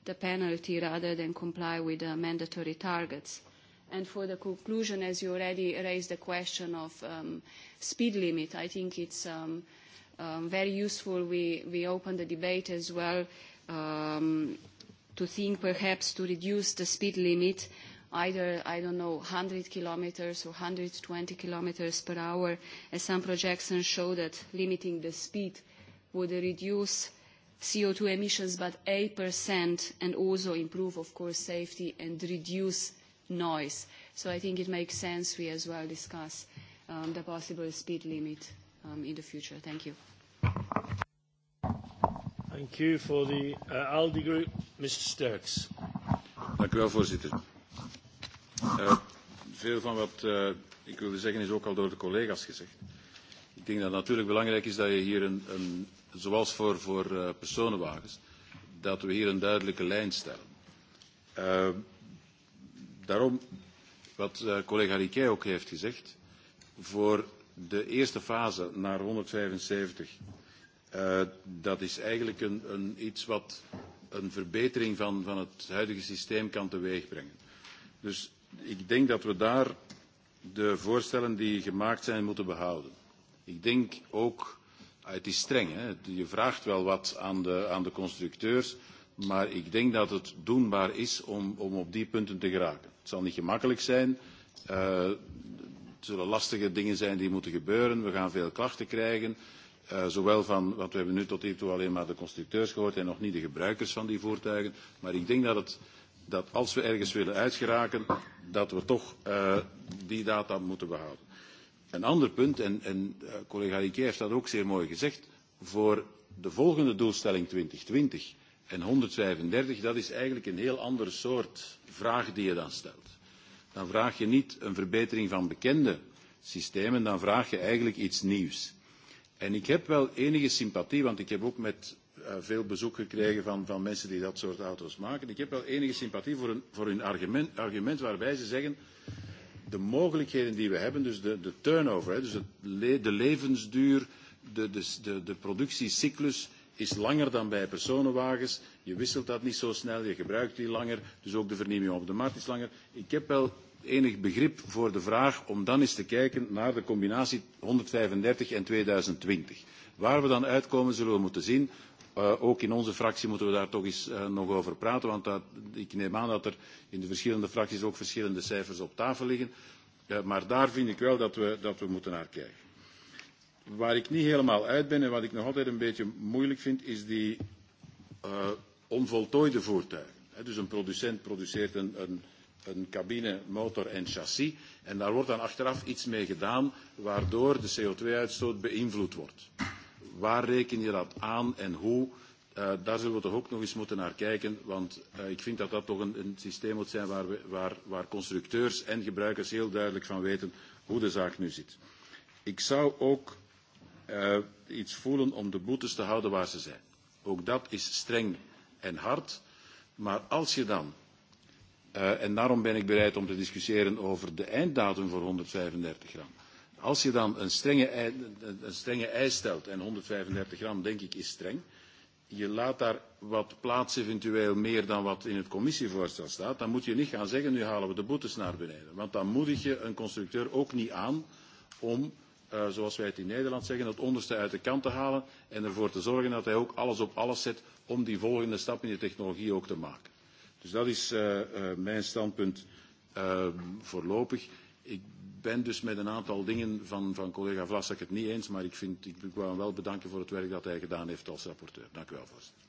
Speaker 16: the penalty rather than comply with the mandatory targets. And for the conclusion, as you already raised the question of um, speed limit, I think it's um, um, very useful we, we open the debate as well um, to think perhaps to reduce the speed limit either, I don't know, 100 kilometers or 120 kilometers per hour, as some projections show that limiting the speed would reduce CO2 emissions by 8% and also improve, of course, safety and reduce noise. So I think it makes sense we as well discuss um, the possible speed limit um, in the future. Thank you.
Speaker 1: Uh,
Speaker 17: voorzitter. Eh, veel van wat eh, ik wilde zeggen is ook al door de collega's gezegd. Ik denk dat het natuurlijk belangrijk is dat je hier, een, een, zoals voor, voor eh, personenwagens, dat we hier een duidelijke lijn stellen. Uh, daarom, wat collega Riquet ook heeft gezegd, voor de eerste fase naar 175 Eh, dat is eigenlijk een, een, iets wat een verbetering van, van het huidige systeem kan teweegbrengen. Dus ik denk dat we daar de voorstellen die gemaakt zijn moeten behouden. Ik denk ook, ah, het is streng, hè? je vraagt wel wat aan de, aan de constructeurs, maar ik denk dat het doenbaar is om, om op die punten te geraken. Het zal niet gemakkelijk zijn. Uh, het zullen lastige dingen zijn die moeten gebeuren. We gaan veel klachten krijgen. Eh, zowel van, want we hebben nu tot hiertoe alleen maar de constructeurs gehoord en nog niet de gebruikers van die voertuigen. Maar ik denk dat, het, dat als we ergens willen uitgeraken, dat we toch uh, die data moeten behouden. Een ander punt, en, en uh, collega Riquet heeft dat ook zeer mooi gezegd, voor de volgende doelstelling 2020 en 135, dat is eigenlijk een heel ander soort vraag die je dan stelt. Dan vraag je niet een verbetering van bekende systemen, dan vraag je eigenlijk iets nieuws. En ik heb wel enige sympathie, want ik heb ook met uh, veel bezoek gekregen van, van mensen die dat soort auto's maken. Ik heb wel enige sympathie voor hun, voor hun argument, argument waarbij ze zeggen de mogelijkheden die we hebben, dus de, de turnover, hè, dus het le de levensduur, de, de, de, de productiecyclus is langer dan bij personenwagens. Je wisselt dat niet zo snel, je gebruikt die langer, dus ook de vernieuwing op de markt is langer. Ik heb wel enig begrip voor de vraag om dan eens te kijken naar de combinatie 135 en 2020. Waar we dan uitkomen zullen we moeten zien. Uh, ook in onze fractie moeten we daar toch eens uh, nog over praten, want dat, ik neem aan dat er in de verschillende fracties ook verschillende cijfers op tafel liggen. Uh, maar daar vind ik wel dat we, dat we moeten naar kijken. Waar ik niet helemaal uit ben en wat ik nog altijd een beetje moeilijk vind, is die uh, onvoltooide voertuigen. He, dus een producent produceert een, een, een cabine, motor en chassis. En daar wordt dan achteraf iets mee gedaan waardoor de CO2-uitstoot beïnvloed wordt. Waar reken je dat aan en hoe? Uh, daar zullen we toch ook nog eens moeten naar kijken, want uh, ik vind dat dat toch een, een systeem moet zijn waar, we, waar, waar constructeurs en gebruikers heel duidelijk van weten hoe de zaak nu zit. Ik zou ook uh, iets voelen om de boetes te houden waar ze zijn. Ook dat is streng en hard. Maar als je dan Uh, en daarom ben ik bereid om te discussiëren over de einddatum voor 135 gram. Als je dan een strenge, een strenge eis stelt, en 135 gram denk ik is streng, je laat daar wat plaats eventueel meer dan wat in het commissievoorstel staat, dan moet je niet gaan zeggen nu halen we de boetes naar beneden. Want dan moedig je een constructeur ook niet aan om, uh, zoals wij het in Nederland zeggen, het onderste uit de kant te halen en ervoor te zorgen dat hij ook alles op alles zet om die volgende stap in de technologie ook te maken. Dus dat is uh, uh, mijn standpunt uh, voorlopig. Ik ben dus met een aantal dingen van, van collega Vlasak het niet eens, maar ik, vind, ik, wil hem wel bedanken voor het werk dat hij gedaan heeft als rapporteur. Dank u wel, voorzitter.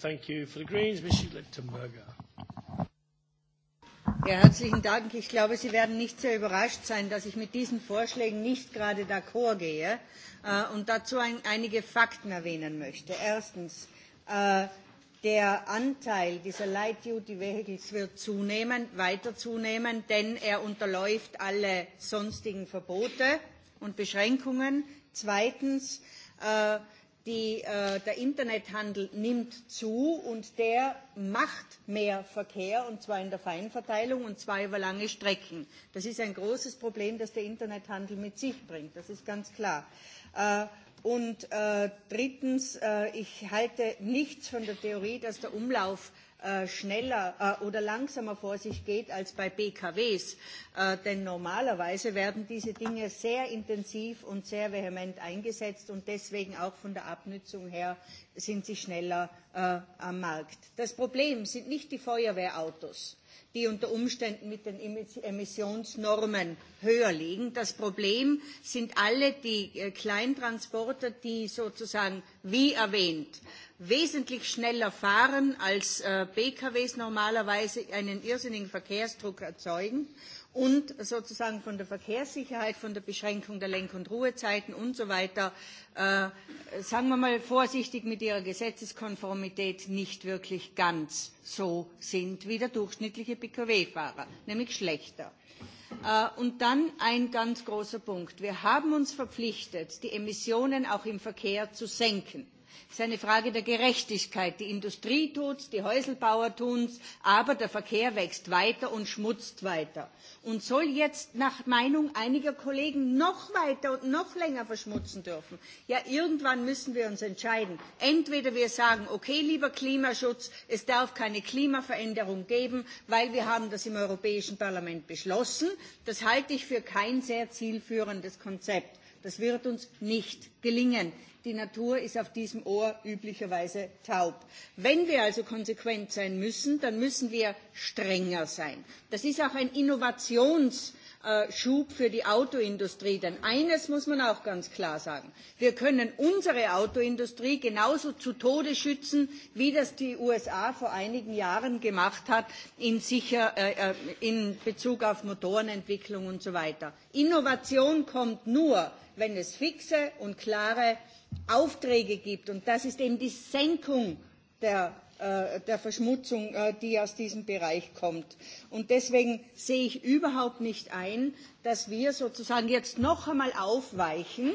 Speaker 1: Thank you. For the Greens, Mrs. Lichtenberger.
Speaker 5: Ja, herzlichen Dank. Ich glaube, Sie werden nicht sehr überrascht sein, dass ich mit diesen Vorschlägen nicht gerade d'accord gehe äh, und dazu ein, einige Fakten erwähnen möchte. Erstens, äh, der Anteil dieser Light Duty Vehicles wird zunehmen, weiter zunehmen, denn er unterläuft alle sonstigen Verbote und Beschränkungen. Zweitens, äh, die, äh, der Internethandel nimmt zu und der macht mehr Verkehr, und zwar in der Feinverteilung, und zwar über lange Strecken. Das ist ein großes Problem, das der Internethandel mit sich bringt, das ist ganz klar. Äh, und äh, drittens, äh, ich halte nichts von der Theorie, dass der Umlauf Äh, schneller äh, oder langsamer vor sich geht als bei PKWs. Äh, denn normalerweise werden diese Dinge sehr intensiv und sehr vehement eingesetzt und deswegen auch von der Abnutzung her sind sie schneller am Markt. Das Problem sind nicht die Feuerwehrautos die unter Umständen mit den Emissionsnormen höher liegen. Das Problem sind alle die äh, Kleintransporter, die sozusagen, wie erwähnt, wesentlich schneller fahren als äh, PKWs normalerweise einen irrsinnigen Verkehrsdruck erzeugen und sozusagen von der Verkehrssicherheit, von der Beschränkung der Lenk- und Ruhezeiten und so weiter, äh, sagen wir mal vorsichtig mit ihrer Gesetzeskonformität nicht wirklich ganz so sind wie der durchschnittliche Pkw-Fahrer, nämlich schlechter. Äh, und dann ein ganz großer Punkt. Wir haben uns verpflichtet, die Emissionen auch im Verkehr zu senken. Es ist eine Frage der Gerechtigkeit. Die Industrie tut es die Häuselbauer es aber der Verkehr wächst weiter und schmutzt weiter und soll jetzt nach Meinung einiger Kollegen noch weiter und noch länger verschmutzen dürfen. Ja, irgendwann müssen wir uns entscheiden. Entweder wir sagen, okay, lieber Klimaschutz, es darf keine Klimaveränderung geben, weil wir haben das im Europäischen Parlament beschlossen. Das halte ich für kein sehr zielführendes Konzept Das wird uns nicht gelingen. Die Natur ist auf diesem Ohr üblicherweise taub. Wenn wir also konsequent sein müssen, dann müssen wir strenger sein. Das ist auch ein Innovations- Äh, Schub für die Autoindustrie. Denn eines muss man auch ganz klar sagen. Wir können unsere Autoindustrie genauso zu Tode schützen, wie das die USA vor einigen Jahren gemacht hat in, sicher, äh, äh, in Bezug auf Motorenentwicklung und so weiter. Innovation kommt nur, wenn es fixe und klare Aufträge gibt. Und das ist eben die Senkung der Äh, der Verschmutzung, äh, die aus diesem Bereich kommt. Und deswegen sehe ich überhaupt nicht ein, dass wir sozusagen jetzt noch einmal aufweichen,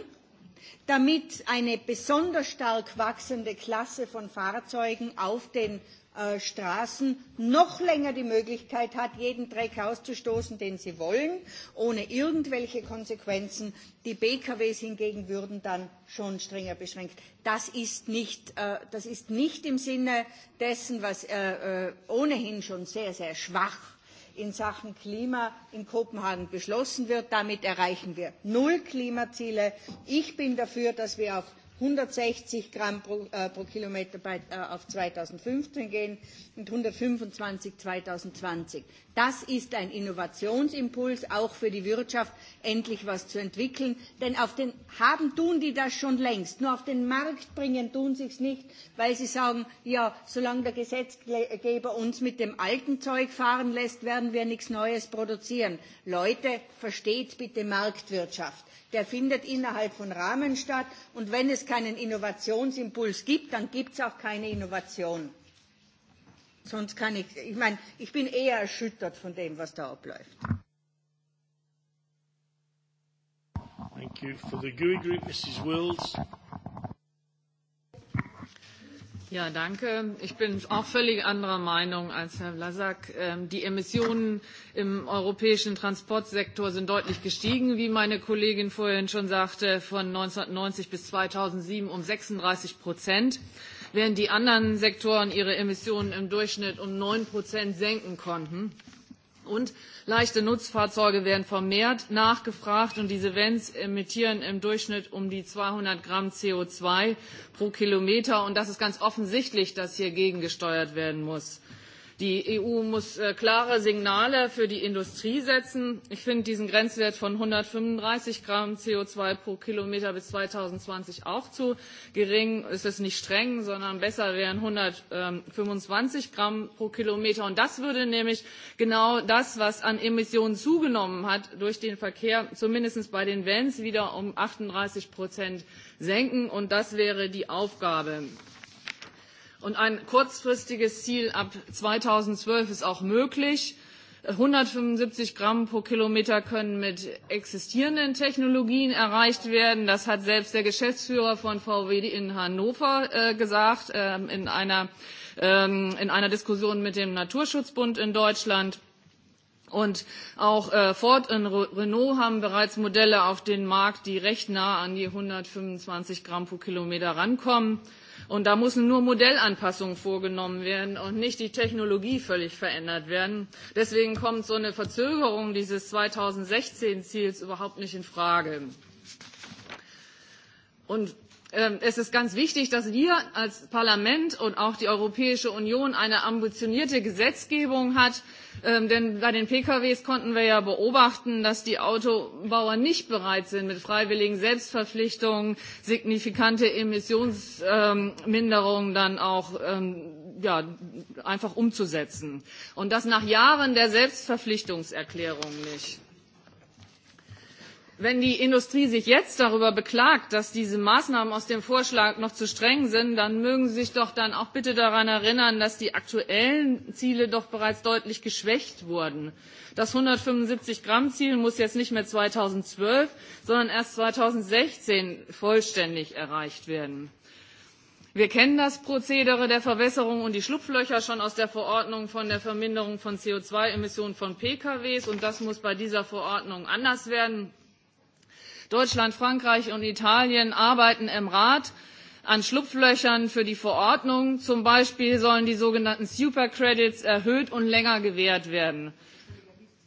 Speaker 5: damit eine besonders stark wachsende Klasse von Fahrzeugen auf den Äh, Straßen noch länger die Möglichkeit hat, jeden Dreck auszustoßen, den sie wollen, ohne irgendwelche Konsequenzen. Die PKWs hingegen würden dann schon strenger beschränkt. Das ist nicht, äh, das ist nicht im Sinne dessen, was äh, äh ohnehin schon sehr, sehr schwach in Sachen Klima in Kopenhagen beschlossen wird. Damit erreichen wir null Klimaziele. Ich bin dafür, dass wir auf 160 Gramm pro, äh, pro Kilometer bei, äh, auf 2015 gehen und 125 2020. Das ist ein Innovationsimpuls, auch für die Wirtschaft endlich was zu entwickeln. Denn auf den haben tun die das schon längst. Nur auf den Markt bringen tun sie es nicht, weil sie sagen, ja, solange der Gesetzgeber uns mit dem alten Zeug fahren lässt, werden wir nichts Neues produzieren. Leute, versteht bitte Marktwirtschaft der findet innerhalb von Rahmen statt. Und wenn es keinen Innovationsimpuls gibt, dann gibt es auch keine Innovation. Sonst kann ich, ich meine, ich bin eher erschüttert von dem, was da abläuft.
Speaker 1: Thank you. For the GUI Group, Mrs. Wills.
Speaker 18: Ja, danke. Ich bin auch völlig anderer Meinung als Herr Vlasak. Ähm, die Emissionen im europäischen Transportsektor sind deutlich gestiegen, wie meine Kollegin vorhin schon sagte, von 1990 bis 2007 um 36 Prozent während die anderen Sektoren ihre Emissionen im Durchschnitt um 9 Prozent senken konnten. Und leichte Nutzfahrzeuge werden vermehrt nachgefragt und diese Vans emittieren im Durchschnitt um die 200 Gramm CO2 pro Kilometer. Und das ist ganz offensichtlich, dass hier gegengesteuert werden muss. Die EU muss äh, klare Signale für die Industrie setzen. Ich finde diesen Grenzwert von 135 Gramm CO2 pro Kilometer bis 2020 auch zu gering. Es Ist nicht streng, sondern besser wären 125 Gramm pro Kilometer. Und das würde nämlich genau das, was an Emissionen zugenommen hat durch den Verkehr, zumindest bei den Vans wieder um 38 Prozent senken. Und das wäre die Aufgabe. Und ein kurzfristiges Ziel ab 2012 ist auch möglich. 175 Gramm pro Kilometer können mit existierenden Technologien erreicht werden. Das hat selbst der Geschäftsführer von VW in Hannover äh, gesagt äh, in, einer, ähm, in einer Diskussion mit dem Naturschutzbund in Deutschland. Und auch äh, Ford und Renault haben bereits Modelle auf den Markt, die recht nah an die 125 Gramm pro Kilometer rankommen. Und da müssen nur Modellanpassungen vorgenommen werden und nicht die Technologie völlig verändert werden. Deswegen kommt so eine Verzögerung dieses 2016-Ziels überhaupt nicht in Frage. Und ähm, es ist ganz wichtig, dass wir als Parlament und auch die Europäische Union eine ambitionierte Gesetzgebung haben, Ähm, denn bei den PKWs konnten wir ja beobachten, dass die Autobauer nicht bereit sind, mit freiwilligen Selbstverpflichtungen signifikante Emissionsminderungen ähm, dann auch ähm, ja, einfach umzusetzen. Und das nach Jahren der Selbstverpflichtungserklärung nicht. Wenn die Industrie sich jetzt darüber beklagt, dass diese Maßnahmen aus dem Vorschlag noch zu streng sind, dann mögen Sie sich doch dann auch bitte daran erinnern, dass die aktuellen Ziele doch bereits deutlich geschwächt wurden. Das 175-Gramm-Ziel muss jetzt nicht mehr 2012, sondern erst 2016 vollständig erreicht werden. Wir kennen das Prozedere der Verwässerung und die Schlupflöcher schon aus der Verordnung von der Verminderung von CO2-Emissionen von PKWs und das muss bei dieser Verordnung anders werden Deutschland, Frankreich und Italien arbeiten im Rat an Schlupflöchern für die Verordnung. Zum Beispiel sollen die sogenannten Supercredits erhöht und länger gewährt werden.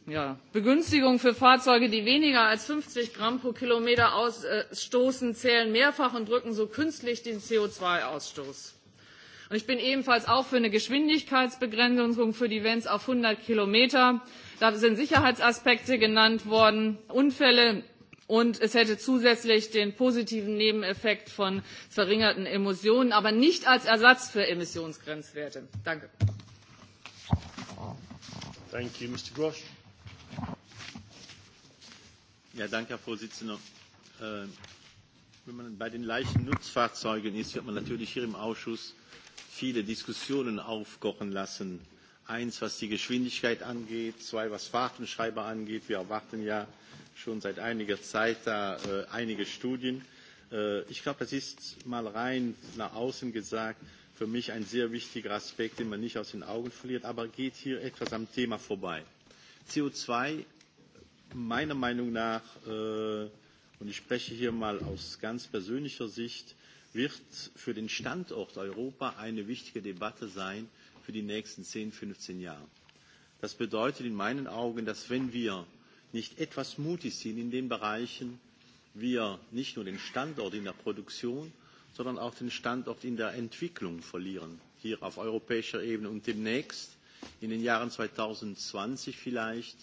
Speaker 18: Ja. Begünstigungen für Fahrzeuge, die weniger als 50 Gramm pro Kilometer ausstoßen, zählen mehrfach und drücken so künstlich den CO2-Ausstoß. Und ich bin ebenfalls auch für eine Geschwindigkeitsbegrenzung für die Vents auf 100 Kilometer. Da sind Sicherheitsaspekte genannt worden. Unfälle und es hätte zusätzlich den positiven Nebeneffekt von verringerten Emissionen, aber nicht als Ersatz für Emissionsgrenzwerte. Danke.
Speaker 7: Thank you, Mr. Grosch. Ja, danke, Herr Vorsitzender. Ähm, wenn man bei den leichten Nutzfahrzeugen ist, wird man natürlich hier im Ausschuss viele Diskussionen aufkochen lassen. Eins, was die Geschwindigkeit angeht, zwei, was Fahrtenschreiber angeht. Wir erwarten ja schon seit einiger Zeit da äh, einige Studien. Äh, ich glaube, das ist mal rein nach außen gesagt für mich ein sehr wichtiger Aspekt, den man nicht aus den Augen verliert, aber geht hier etwas am Thema vorbei. CO2, meiner Meinung nach, äh, und ich spreche hier mal aus ganz persönlicher Sicht, wird für den Standort Europa eine wichtige Debatte sein für die nächsten 10, 15 Jahre. Das bedeutet in meinen Augen, dass wenn wir nicht etwas mutig sind in den Bereichen, wir er nicht nur den Standort in der Produktion, sondern auch den Standort in der Entwicklung verlieren, hier auf europäischer Ebene und demnächst in den Jahren 2020 vielleicht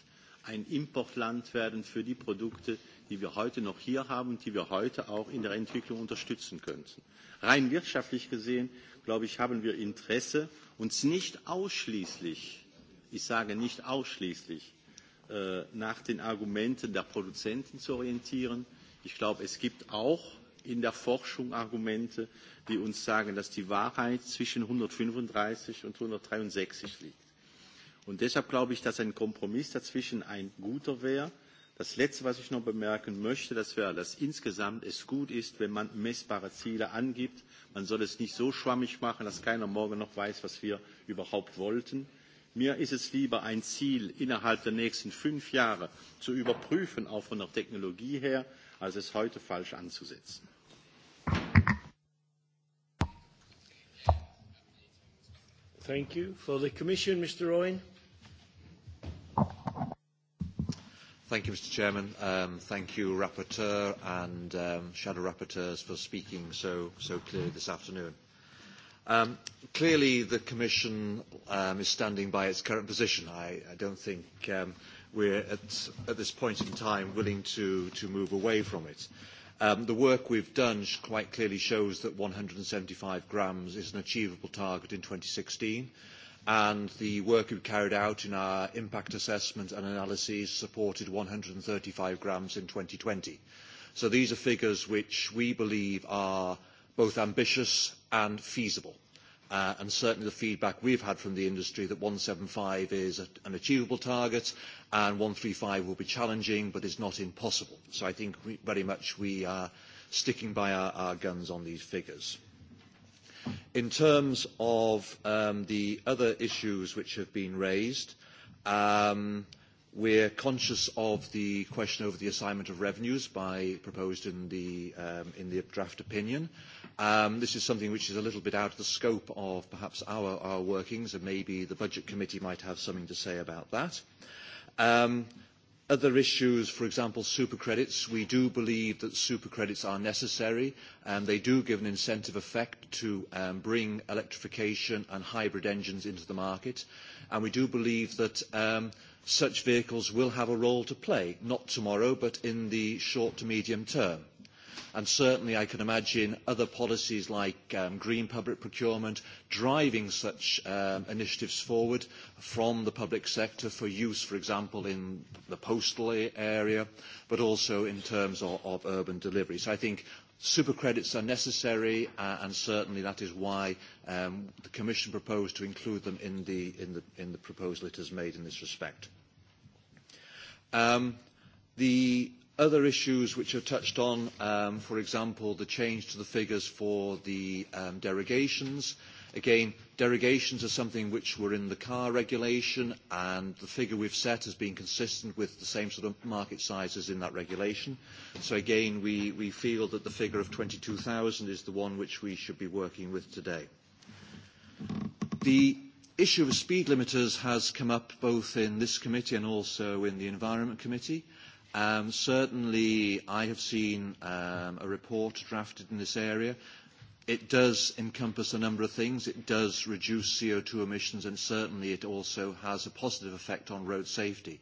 Speaker 7: ein Importland werden für die Produkte, die wir heute noch hier haben und die wir heute auch in der Entwicklung unterstützen könnten. Rein wirtschaftlich gesehen, glaube ich, haben wir Interesse, uns nicht ausschließlich, ich sage nicht ausschließlich, Äh, nach den Argumenten der Produzenten zu orientieren. Ich glaube, es gibt auch in der Forschung Argumente, die uns sagen, dass die Wahrheit zwischen 135 und 163 liegt. Und deshalb glaube ich, dass ein Kompromiss dazwischen ein guter wäre. Das Letzte, was ich noch bemerken möchte, das wäre, dass insgesamt es gut ist, wenn man messbare Ziele angibt. Man soll es nicht so schwammig machen, dass keiner morgen noch weiß, was wir überhaupt wollten. Mir ist es lieber, ein Ziel innerhalb der nächsten fünf Jahre zu überprüfen, auch von der Technologie her, als es heute falsch anzusetzen. Thank you. For the Commission, Mr. Owen.
Speaker 19: Thank you, Mr. Chairman. Um, thank you, Rapporteur and um, Shadow Rapporteurs, for speaking so, so clearly this afternoon. Um, clearly, the Commission um, is standing by its current position. I, I don't think um, we're at, at this point in time willing to, to move away from it. Um, the work we've done quite clearly shows that 175 grams is an achievable target in 2016, and the work we've carried out in our impact assessment and analyses supported 135 grams in 2020. So these are figures which we believe are both ambitious and feasible. Uh, and certainly the feedback we've had from the industry that 175 is a, an achievable target and 135 will be challenging but is not impossible. So I think we, very much we are sticking by our, our guns on these figures. In terms of um, the other issues which have been raised, um, We're conscious of the question over the assignment of revenues by, proposed in the, um, in the draft opinion. Um, this is something which is a little bit out of the scope of perhaps our, our workings, and maybe the Budget Committee might have something to say about that. Um, other issues, for example, supercredits. We do believe that supercredits are necessary, and they do give an incentive effect to um, bring electrification and hybrid engines into the market. And we do believe that um, such vehicles will have a role to play, not tomorrow, but in the short to medium term. And certainly I can imagine other policies like um, green public procurement driving such um, initiatives forward from the public sector for use, for example, in the postal area, but also in terms of, of urban delivery. So I think Super credits are necessary, uh, and certainly that is why um, the Commission proposed to include them in the, in the, in the proposal it has made in this respect. Um, the other issues which are touched on, um, for example, the change to the figures for the um, derogations, uh, Again, derogations are something which were in the car regulation, and the figure we've set has been consistent with the same sort of market sizes in that regulation. So again, we, we feel that the figure of 22,000 is the one which we should be working with today. The issue of speed limiters has come up both in this committee and also in the Environment Committee. Um, certainly, I have seen um, a report drafted in this area, it does encompass a number of things. It does reduce CO2 emissions and certainly it also has a positive effect on road safety.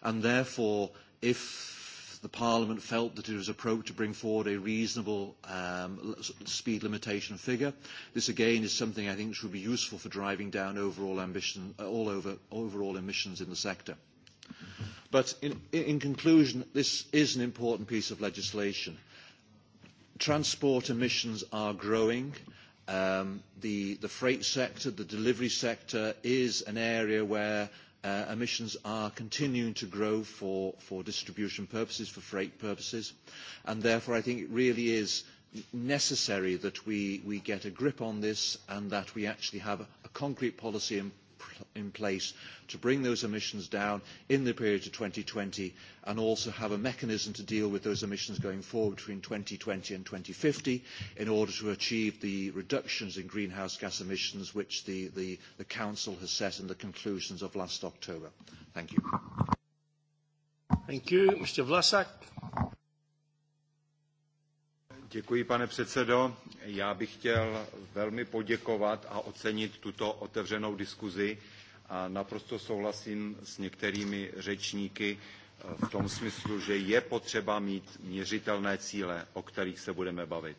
Speaker 19: And therefore, if the Parliament felt that it was appropriate to bring forward a reasonable um, speed limitation figure, this again is something I think should be useful for driving down overall, ambition, uh, all over, overall emissions in the sector. But in, in conclusion, this is an important piece of legislation transport emissions are growing. Um, the, the freight sector, the delivery sector is an area where uh, emissions are continuing to grow for, for distribution purposes, for freight purposes. And therefore, I think it really is necessary that we, we get a grip on this and that we actually have a, a concrete policy in in place to bring those emissions down in the period to 2020 and also have a mechanism to deal with those emissions going forward between 2020 and 2050 in order to achieve the reductions in greenhouse gas emissions which the, the, the Council has set in the conclusions of last October. Thank you.
Speaker 14: Thank you. Mr. Vlasak pane předsedající Já bych chtěl velmi poděkovat a ocenit tuto otevřenou diskusi a naprosto souhlasím s některými řečníky eh, v tom smyslu, že je potřeba mít měřitelné cíle, o kterých se budeme bavit.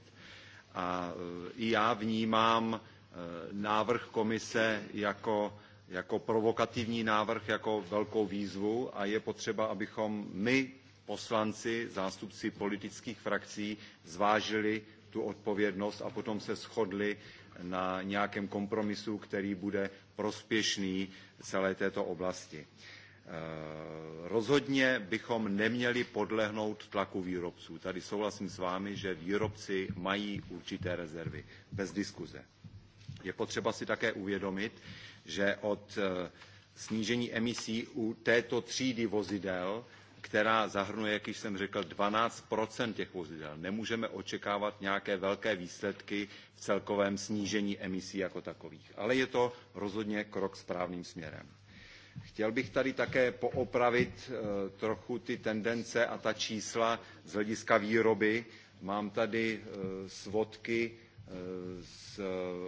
Speaker 14: A eh, i já vnímám eh, návrh komise jako, jako provokativní návrh, jako velkou výzvu a je potřeba, abychom my poslanci, zástupci politických frakcí zvážili tu odpovědnost a potom se shodli na nějakém kompromisu, který bude prospěšný celé této oblasti. Rozhodně bychom neměli podlehnout tlaku výrobců. Tady souhlasím s vámi, že výrobci mají určité rezervy, bez diskuze. Je potřeba si také uvědomit, že od snížení emisí u této třídy vozidel která zahrnuje, jak již jsem řekl, 12 těch vozidel. Nemůžeme očekávat nějaké velké výsledky v celkovém snížení emisí jako takových, ale je to rozhodně krok správným směrem. Chtěl bych tady také poopravit eh, trochu ty tendence a ta čísla z hlediska výroby. Mám tady eh, svodky eh,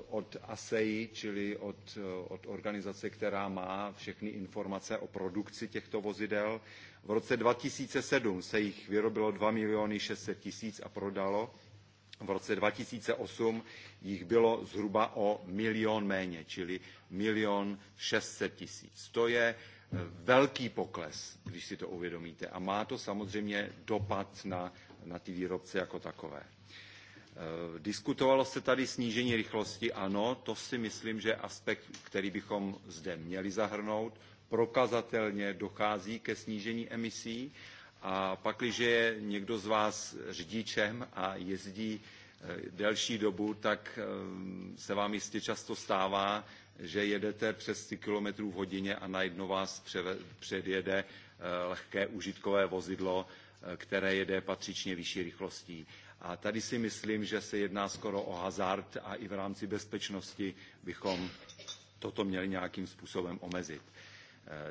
Speaker 14: od ASEI, čili od, od organizace, která má všechny informace o produkci těchto vozidel. V roce 2007 se jich vyrobilo 2 miliony 600 tisíc a prodalo. V roce 2008 jich bylo zhruba o milion méně, čili milion 600 tisíc. To je eh, velký pokles, když si to uvědomíte. A má to samozřejmě dopad na, na ty výrobce jako takové. Eh, diskutovalo se tady snížení rychlosti. Ano, to si myslím, že je aspekt, který bychom zde měli zahrnout prokazatelně dochází ke snížení emisí a pakliže je někdo z vás řidičem a jezdí delší dobu, tak se vám jistě často stává, že jedete přes 100 kilometrů v hodině a najednou vás předjede lehké užitkové vozidlo, které jede patřičně vyšší rychlostí. A tady si myslím, že se jedná skoro o hazard a i v rámci bezpečnosti bychom toto měli nějakým způsobem omezit.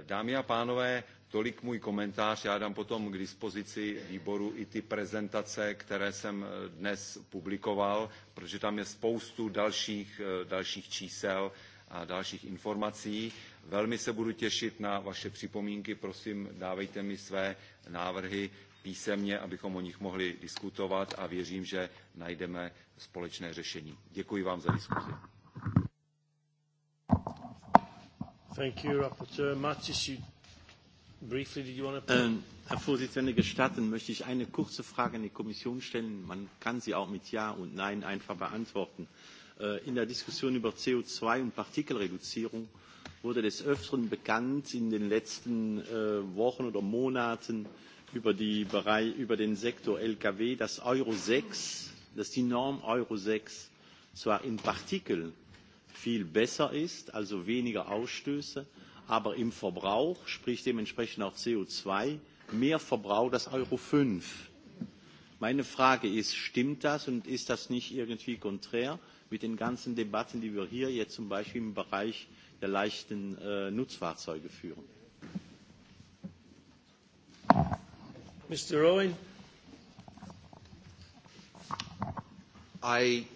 Speaker 14: Dámy a pánové, tolik můj komentář. Já dám potom k dispozici výboru i ty prezentace, které jsem eh, dnes publikoval, protože tam je spoustu dalších, eh, dalších čísel a dalších informací. Velmi se budu těšit na vaše připomínky. Prosím, dávejte mi své návrhy písemně, abychom o nich mohli diskutovat a věřím, že najdeme společné řešení. Děkuji vám za diskuzi.
Speaker 1: Thank you, Rapporteur. Matis,
Speaker 7: ähm, Herr Vorsitzender, gestatten möchte ich eine kurze Frage an die Kommission stellen. Man kann sie auch mit Ja und Nein einfach beantworten. Äh, in der Diskussion über CO2 und Partikelreduzierung wurde des Öfteren bekannt in den letzten äh, Wochen oder Monaten über, die Bereich, über den Sektor Lkw, dass Euro 6, dass die Norm Euro 6 zwar in Partikel viel besser ist, also weniger Ausstöße, aber im Verbrauch, sprich dementsprechend auch CO2, mehr Verbrauch als Euro 5. Meine Frage ist, stimmt das und ist das nicht irgendwie konträr mit den ganzen Debatten, die wir hier jetzt zum Beispiel im Bereich der leichten äh, Nutzfahrzeuge führen? Mr. Owen.
Speaker 19: I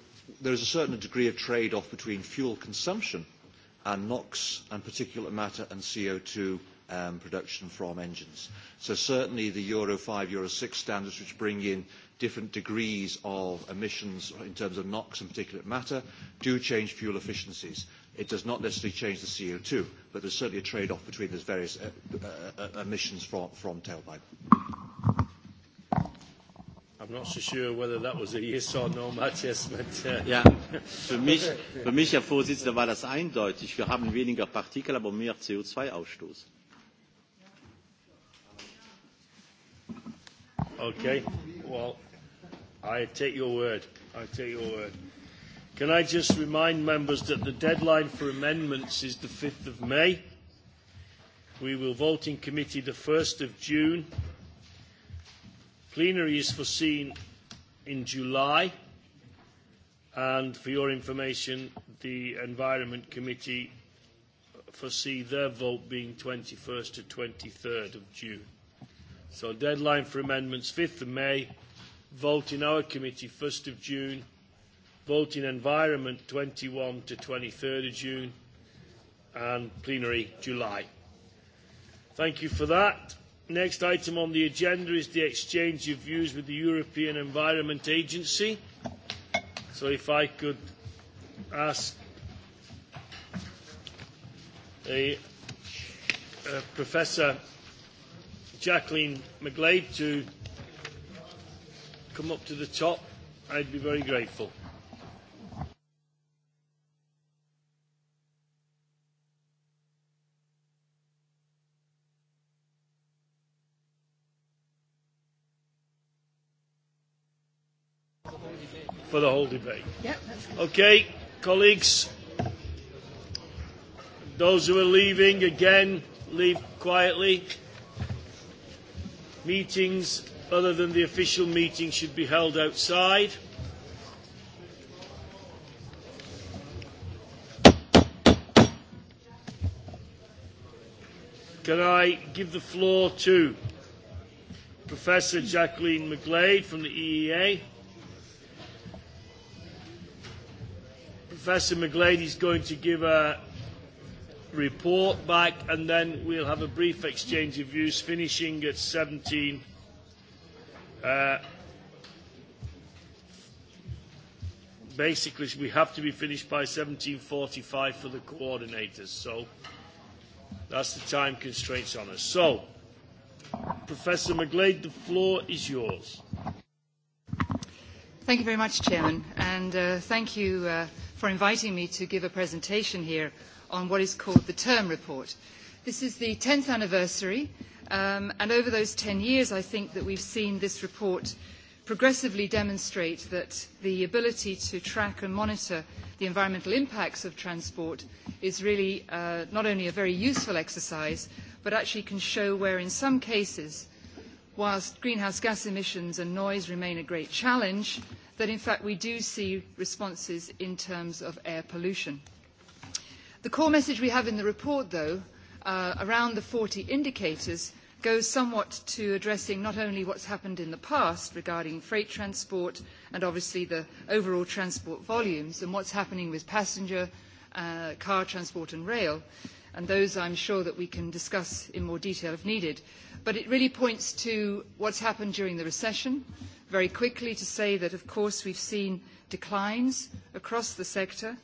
Speaker 19: there is a certain degree of trade-off between fuel consumption and NOx and particulate matter and CO2 um, production from engines. So certainly the Euro 5, Euro 6 standards, which bring in different degrees of emissions in terms of NOx and particulate matter, do change fuel efficiencies. It does not necessarily change the CO2, but there's certainly a trade-off between those various uh, uh, uh emissions from, from tailpipe. I'm not so sure
Speaker 1: whether that was a yes or no match, yes, but, uh... Ja, für mich, für mich, Herr
Speaker 7: Vorsitzender, war das eindeutig. Wir haben weniger Partikel, aber mehr CO2-Ausstoß.
Speaker 1: Okay, well, I take your word. I take your word. Can I just remind members that the deadline for amendments is the 5th of May. We will vote in committee the 1st of June Plenary is foreseen in July, and for your information, the Environment Committee foresee their vote being 21st to 23rd of June. So deadline for amendments 5th of May, vote in our committee 1st of June, vote in environment 21 to 23rd of June, and plenary July. Thank you for that. Next item on the agenda is the exchange of views with the European Environment Agency. So if I could ask the, uh, Professor Jacqueline McGlade to come up to the top, I'd be very grateful. for the whole debate. Yep, that's Okay, colleagues, those who are leaving, again, leave quietly. Meetings other than the official meeting should be held outside. Can I give the floor to Professor Jacqueline McGlade from the EEA? Professor McGlade is going to give a report back and then we'll have a brief exchange of views finishing at 17. Uh, basically we have to be finished by 17.45 for the coordinators so that's the time constraints on us. So, Professor McGlade, the floor is yours.
Speaker 10: Thank you very much, Chairman, and uh, thank you uh, for inviting me to give a presentation here on what is called the Term Report. This is the 10th anniversary, um, and over those 10 years, I think that we've seen this report progressively demonstrate that the ability to track and monitor the environmental impacts of transport is really uh, not only a very useful exercise, but actually can show where in some cases whilst greenhouse gas emissions and noise remain a great challenge, that in fact we do see responses in terms of air pollution. The core message we have in the report, though, uh, around the 40 indicators, goes somewhat to addressing not only what's happened in the past regarding freight transport and obviously the overall transport volumes and what's happening with passenger, uh, car transport and rail, and those I'm sure that we can discuss in more detail if needed. But it really points to what's happened during the recession. Very quickly to say that, of course, we've seen declines across the sector,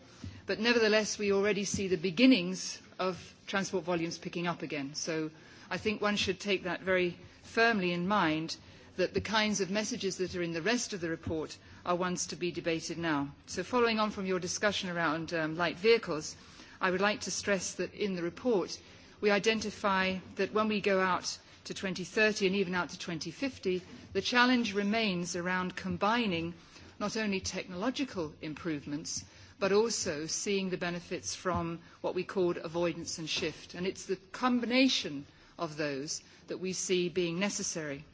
Speaker 10: but nevertheless, we already see the beginnings of transport volumes picking up again. So I think one should take that very firmly in mind that the kinds of messages that are in the rest of the report are ones to be debated now. So following on from your discussion around um, light vehicles, I would like to stress that in the report we identify that when we go out to 2030 and even out to 2050, the challenge remains around combining not only technological improvements, but also seeing the benefits from what we called avoidance and shift. And it's the combination of those that we see being necessary.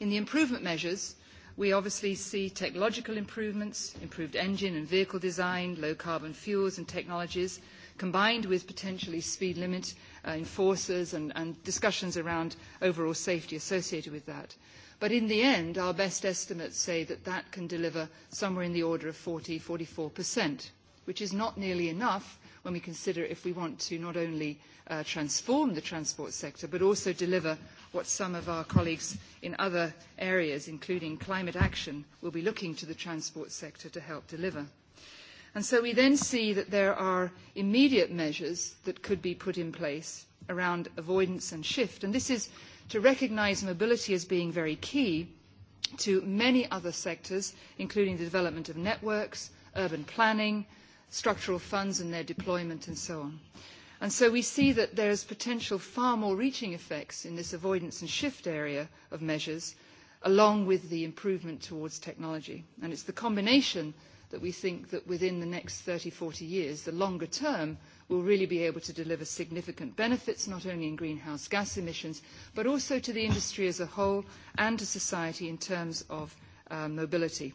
Speaker 10: In the improvement measures, We obviously see technological improvements, improved engine and vehicle design, low carbon fuels and technologies, combined with potentially speed limit uh, enforcers and, discussions around overall safety associated with that. But in the end, our best estimates say that that can deliver somewhere in the order of 40, 44%, which is not nearly enough when we consider if we want to not only uh, transform the transport sector, but also deliver what some of our colleagues in other areas, including climate action, will be looking to the transport sector to help deliver. And so we then see that there are immediate measures that could be put in place around avoidance and shift. And this is to recognise mobility as being very key to many other sectors, including the development of networks, urban planning, structural funds and their deployment, and so on. And so we see that there is potential far more reaching effects in this avoidance and shift area of measures, along with the improvement towards technology. And it's the combination that we think that within the next 30, 40 years, the longer term, will really be able to deliver significant benefits, not only in greenhouse gas emissions, but also to the industry as a whole and to society in terms of uh, mobility.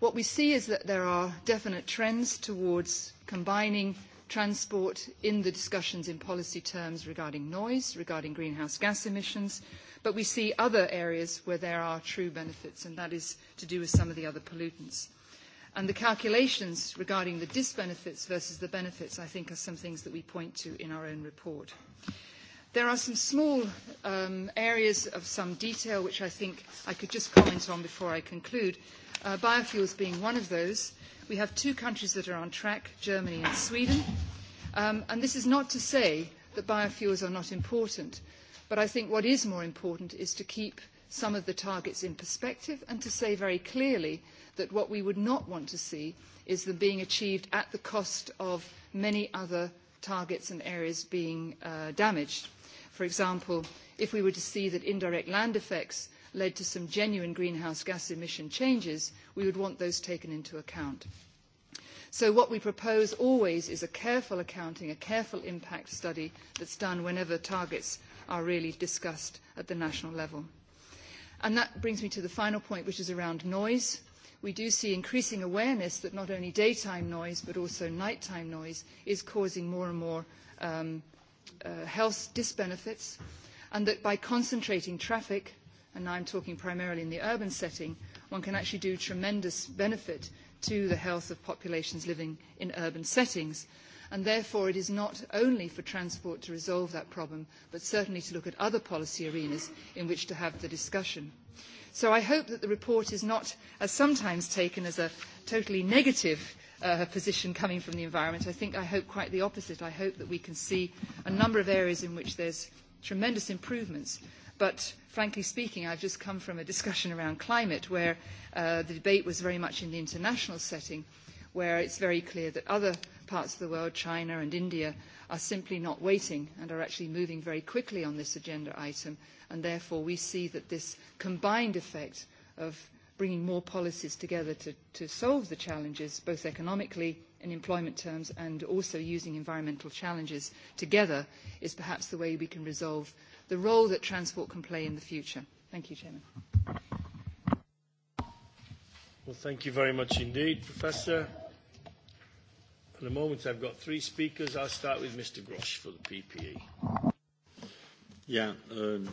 Speaker 10: What we see is that there are definite trends towards combining transport in the discussions in policy terms regarding noise, regarding greenhouse gas emissions, but we see other areas where there are true benefits, and that is to do with some of the other pollutants. And the calculations regarding the disbenefits versus the benefits, I think, are some things that we point to in our own report. There are some small um, areas of some detail which I think I could just comment on before I conclude, uh, biofuels being one of those. We have two countries that are on track, Germany and Sweden. Um, and this is not to say that biofuels are not important, but I think what is more important is to keep some of the targets in perspective and to say very clearly that what we would not want to see is them being achieved at the cost of many other targets and areas being uh, damaged. For example, if we were to see that indirect land effects led to some genuine greenhouse gas emission changes, we would want those taken into account. So what we propose always is a careful accounting, a careful impact study that's done whenever targets are really discussed at the national level. And that brings me to the final point, which is around noise. We do see increasing awareness that not only daytime noise, but also nighttime noise is causing more and more um, uh, health disbenefits, and that by concentrating traffic, and I'm talking primarily in the urban setting, one can actually do tremendous benefit to the health of populations living in urban settings. And therefore, it is not only for transport to resolve that problem, but certainly to look at other policy arenas in which to have the discussion. So I hope that the report is not, as sometimes taken, as a totally negative uh, position coming from the environment. I think I hope quite the opposite. I hope that we can see a number of areas in which there's tremendous improvements But frankly speaking, I've just come from a discussion around climate where uh, the debate was very much in the international setting, where it's very clear that other parts of the world, China and India, are simply not waiting and are actually moving very quickly on this agenda item. And therefore, we see that this combined effect of bringing more policies together to, to solve the challenges, both economically in employment terms and also using environmental challenges together, is perhaps the way we can resolve the role that transport can play in the future. Thank you, Chairman.
Speaker 1: Well, thank you very much indeed, Professor. For the moment, I've got three speakers. I'll start with Mr. Grosch for the PPE.
Speaker 7: Ja, ähm,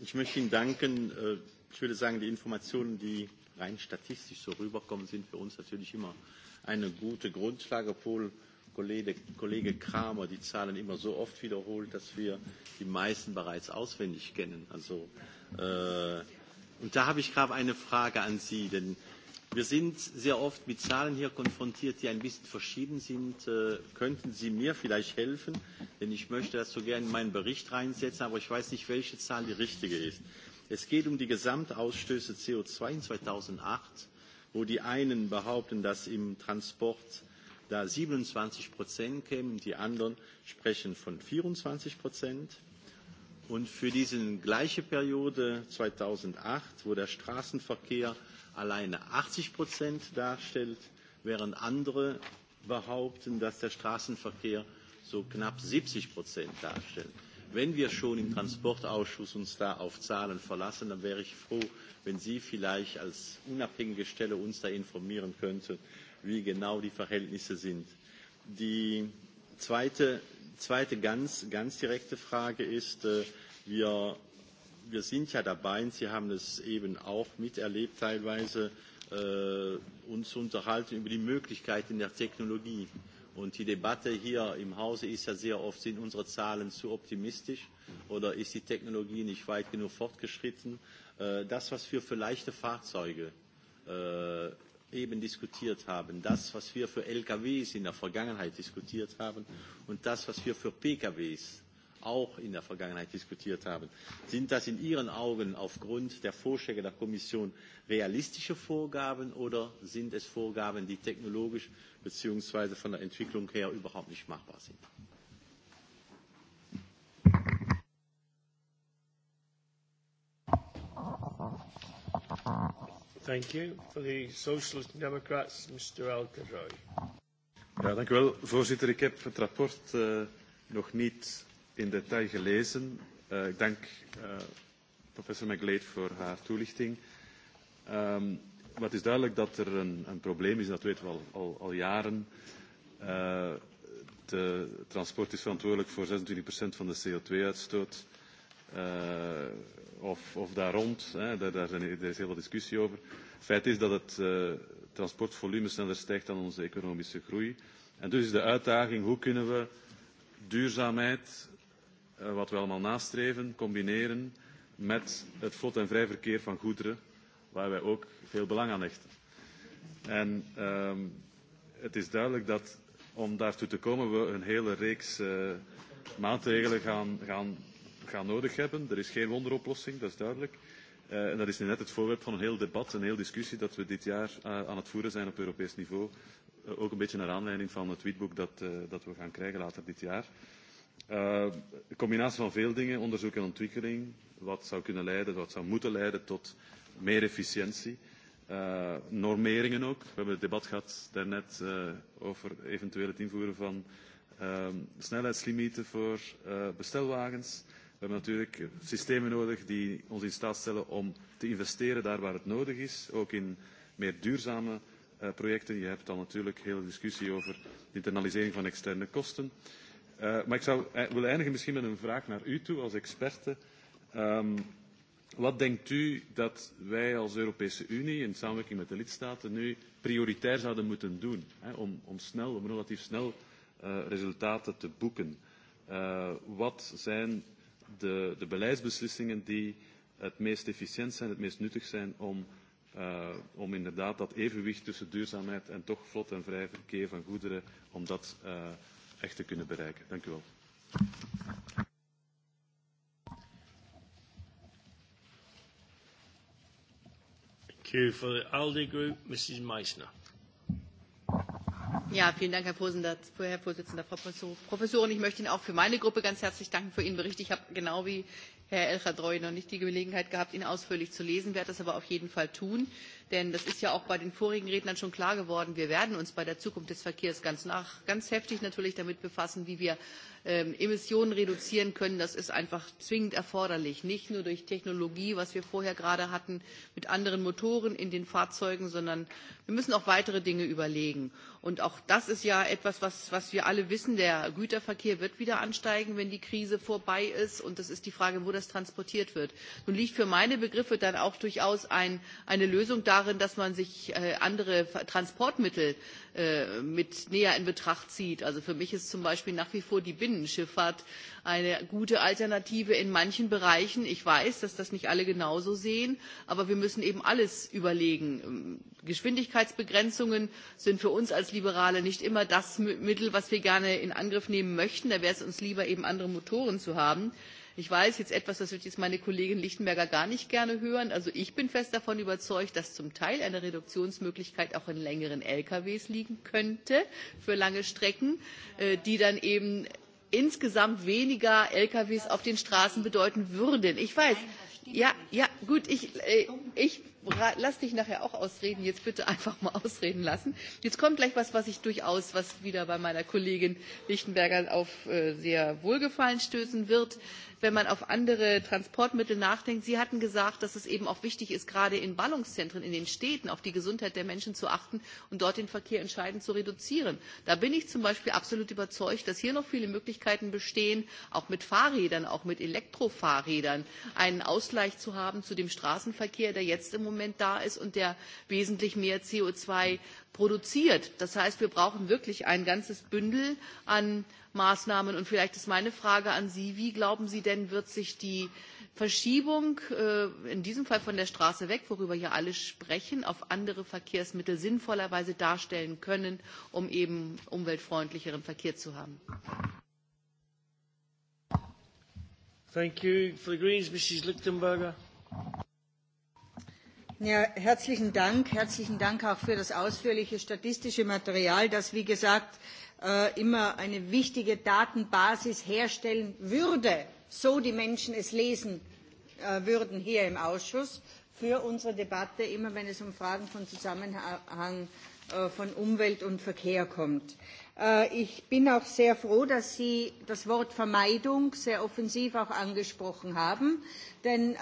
Speaker 7: ich möchte Ihnen danken. Äh, ich würde sagen, die Informationen, die rein statistisch so rüberkommen, sind für uns natürlich immer eine gute Grundlage, obwohl Kollege, Kollege Kramer die Zahlen immer so oft wiederholt, dass wir die meisten bereits auswendig kennen. Also, äh, und da habe ich gerade eine Frage an Sie, denn wir sind sehr oft mit Zahlen hier konfrontiert, die ein bisschen verschieden sind. Äh, könnten Sie mir vielleicht helfen? Denn ich möchte das so gerne in meinen Bericht reinsetzen, aber ich weiß nicht, welche Zahl die richtige ist. Es geht um die Gesamtausstöße CO2 in 2008, wo die einen behaupten, dass im Transport da 27 Prozent kämen. Die anderen sprechen von 24 Prozent. Und für diese gleiche Periode 2008, wo der Straßenverkehr alleine 80 Prozent darstellt, während andere behaupten, dass der Straßenverkehr so knapp 70 Prozent darstellt. Wenn wir schon im Transportausschuss uns da auf Zahlen verlassen, dann wäre ich froh, wenn Sie vielleicht als unabhängige Stelle uns da informieren könnten, wie genau die Verhältnisse sind. Die zweite, zweite ganz, ganz direkte Frage ist, äh, wir, wir sind ja dabei, und Sie haben es eben auch miterlebt teilweise, äh, uns zu unterhalten über die Möglichkeiten der Technologie. Und die Debatte hier im Hause ist ja sehr oft, sind unsere Zahlen zu optimistisch oder ist die Technologie nicht weit genug fortgeschritten? Äh, das, was wir für leichte Fahrzeuge äh, eben diskutiert haben, das, was wir für LKWs in der Vergangenheit diskutiert haben und das, was wir für PKWs auch in der Vergangenheit diskutiert haben. Sind das in Ihren Augen aufgrund der Vorschläge der Kommission realistische Vorgaben oder sind es Vorgaben, die technologisch bzw. von der Entwicklung her überhaupt nicht machbar sind?
Speaker 8: voorzitter. Ik heb het verslag eh, nog niet in detail gelezen. Eh, ik dank eh, professor McGlade voor haar toelichting. maar ehm, het is duidelijk dat er een, probleem is, dat weten we al, jaren. de transport is verantwoordelijk voor 26% van de co twee uitstoot uh, of, of daar rond. Hè, daar, daar, zijn, daar er is heel veel discussie over. Het Feit is dat het uh, eh, transportvolume sneller stijgt dan onze economische groei. En dus is de uitdaging hoe kunnen we duurzaamheid, uh, wat we allemaal nastreven, combineren met het vlot en vrij verkeer van goederen, waar wij ook veel belang aan hechten. En uh, het is duidelijk dat om daartoe te komen we een hele reeks uh, maatregelen gaan, gaan gaan nodig hebben. Er is geen wonderoplossing, dat is duidelijk. Uh, en dat is nu net het voorwerp van een heel debat, een heel discussie dat we dit jaar uh, aan het voeren zijn op Europees niveau. Uh, ook een beetje naar aanleiding van het witboek dat, uh, dat we gaan krijgen later dit jaar. Uh, een combinatie van veel dingen, onderzoek en ontwikkeling, wat zou kunnen leiden, wat zou moeten leiden tot meer efficiëntie. Uh, normeringen ook. We hebben het debat gehad daarnet uh, over eventueel het invoeren van uh, snelheidslimieten voor uh, bestelwagens. Uh, We hebben natuurlijk systemen nodig die ons in staat stellen om te investeren daar waar het nodig is, ook in meer duurzame eh, projecten. Je hebt dan natuurlijk de hele discussie over de internalisering van externe kosten. Uh, maar ik zou uh, eh, willen eindigen misschien met een vraag naar u toe als experte. Um, wat denkt u dat wij als Europese Unie in samenwerking met de lidstaten nu prioritair zouden moeten doen hè, om, om, snel, om relatief snel uh, resultaten te boeken? Uh, wat zijn de, de beleidsbeslissingen die het meest efficiënt zijn, het meest nuttig zijn om, uh, om inderdaad dat evenwicht tussen duurzaamheid en toch vlot en vrij verkeer van goederen, om dat uh, echt te kunnen bereiken. Dank u wel. Thank you for
Speaker 1: the ALDE group, Mrs. Meissner.
Speaker 4: Ja, vielen Dank, Herr Vorsitzender, Herr Vorsitzender Frau Professorin. Ich möchte Ihnen auch für meine Gruppe ganz herzlich danken für Ihren Bericht. Ich habe genau wie Herr El Khadroui noch nicht die Gelegenheit gehabt, ihn ausführlich zu lesen, werde das aber auf jeden Fall tun Denn das ist ja auch bei den vorigen Rednern schon klar geworden, wir werden uns bei der Zukunft des Verkehrs ganz, ganz heftig natürlich damit befassen, wie wir ähm, Emissionen reduzieren können. Das ist einfach zwingend erforderlich, nicht nur durch Technologie, was wir vorher gerade hatten, mit anderen Motoren in den Fahrzeugen, sondern wir müssen auch weitere Dinge überlegen. Und auch das ist ja etwas, was, wir alle wissen. Der Güterverkehr wird wieder ansteigen, wenn die Krise vorbei ist. Und es ist die Frage, wo das transportiert wird. Nun liegt für meine Begriffe dann auch durchaus eine Lösung da, darin dass man sich äh, andere transportmittel äh, mit näher in betracht zieht. also für mich ist zum beispiel nach wie vor die binnenschifffahrt eine gute alternative in manchen bereichen. ich weiß dass das nicht alle genauso sehen aber wir müssen eben alles überlegen. Ähm, geschwindigkeitsbegrenzungen sind für uns als liberale nicht immer das mittel das wir gerne in angriff nehmen möchten da wäre es uns lieber eben andere motoren zu haben ich weiß jetzt etwas das wird jetzt meine kollegin lichtenberger gar nicht gerne hören also ich bin fest davon überzeugt dass zum teil eine reduktionsmöglichkeit auch in längeren lkw liegen könnte für lange strecken äh, die dann eben insgesamt weniger lkw auf den straßen bedeuten würden. ich weiß ja ja gut ich äh, lass dich nachher auch ausreden, jetzt bitte einfach mal ausreden lassen. Jetzt kommt gleich was, was ich durchaus, was wieder bei meiner Kollegin Lichtenberger auf äh, sehr Wohlgefallen stößen wird, wenn man auf andere Transportmittel nachdenkt. Sie hatten gesagt, dass es eben auch wichtig ist, gerade in Ballungszentren, in den Städten auf die Gesundheit der Menschen zu achten und dort den Verkehr entscheidend zu reduzieren. Da bin ich zum Beispiel absolut überzeugt, dass hier noch viele Möglichkeiten bestehen, auch mit Fahrrädern, auch mit Elektrofahrrädern einen Ausgleich zu haben zu dem Straßenverkehr, der jetzt im moment da ist und der wesentlich mehr co zwei produziert. das heißt wir brauchen wirklich ein ganzes bündel an maßnahmen und vielleicht ist meine frage an sie wie glauben sie denn wird sich die verschiebung äh, in diesem fall von der straße weg worüber hier alle sprechen auf andere verkehrsmittel sinnvollerweise darstellen können um eben umweltfreundlicheren verkehr zu haben?
Speaker 1: Thank you. For the Greens, Mrs. Lichtenberger.
Speaker 5: Ja, herzlichen Dank. Herzlichen Dank auch für das ausführliche statistische Material, das, wie gesagt, äh, immer eine wichtige Datenbasis herstellen würde, so die Menschen es lesen äh, würden hier im Ausschuss für unsere Debatte, immer wenn es um Fragen von Zusammenhang äh, von Umwelt und Verkehr kommt. Ich bin auch sehr froh, dass Sie das Wort Vermeidung sehr offensiv auch angesprochen haben, denn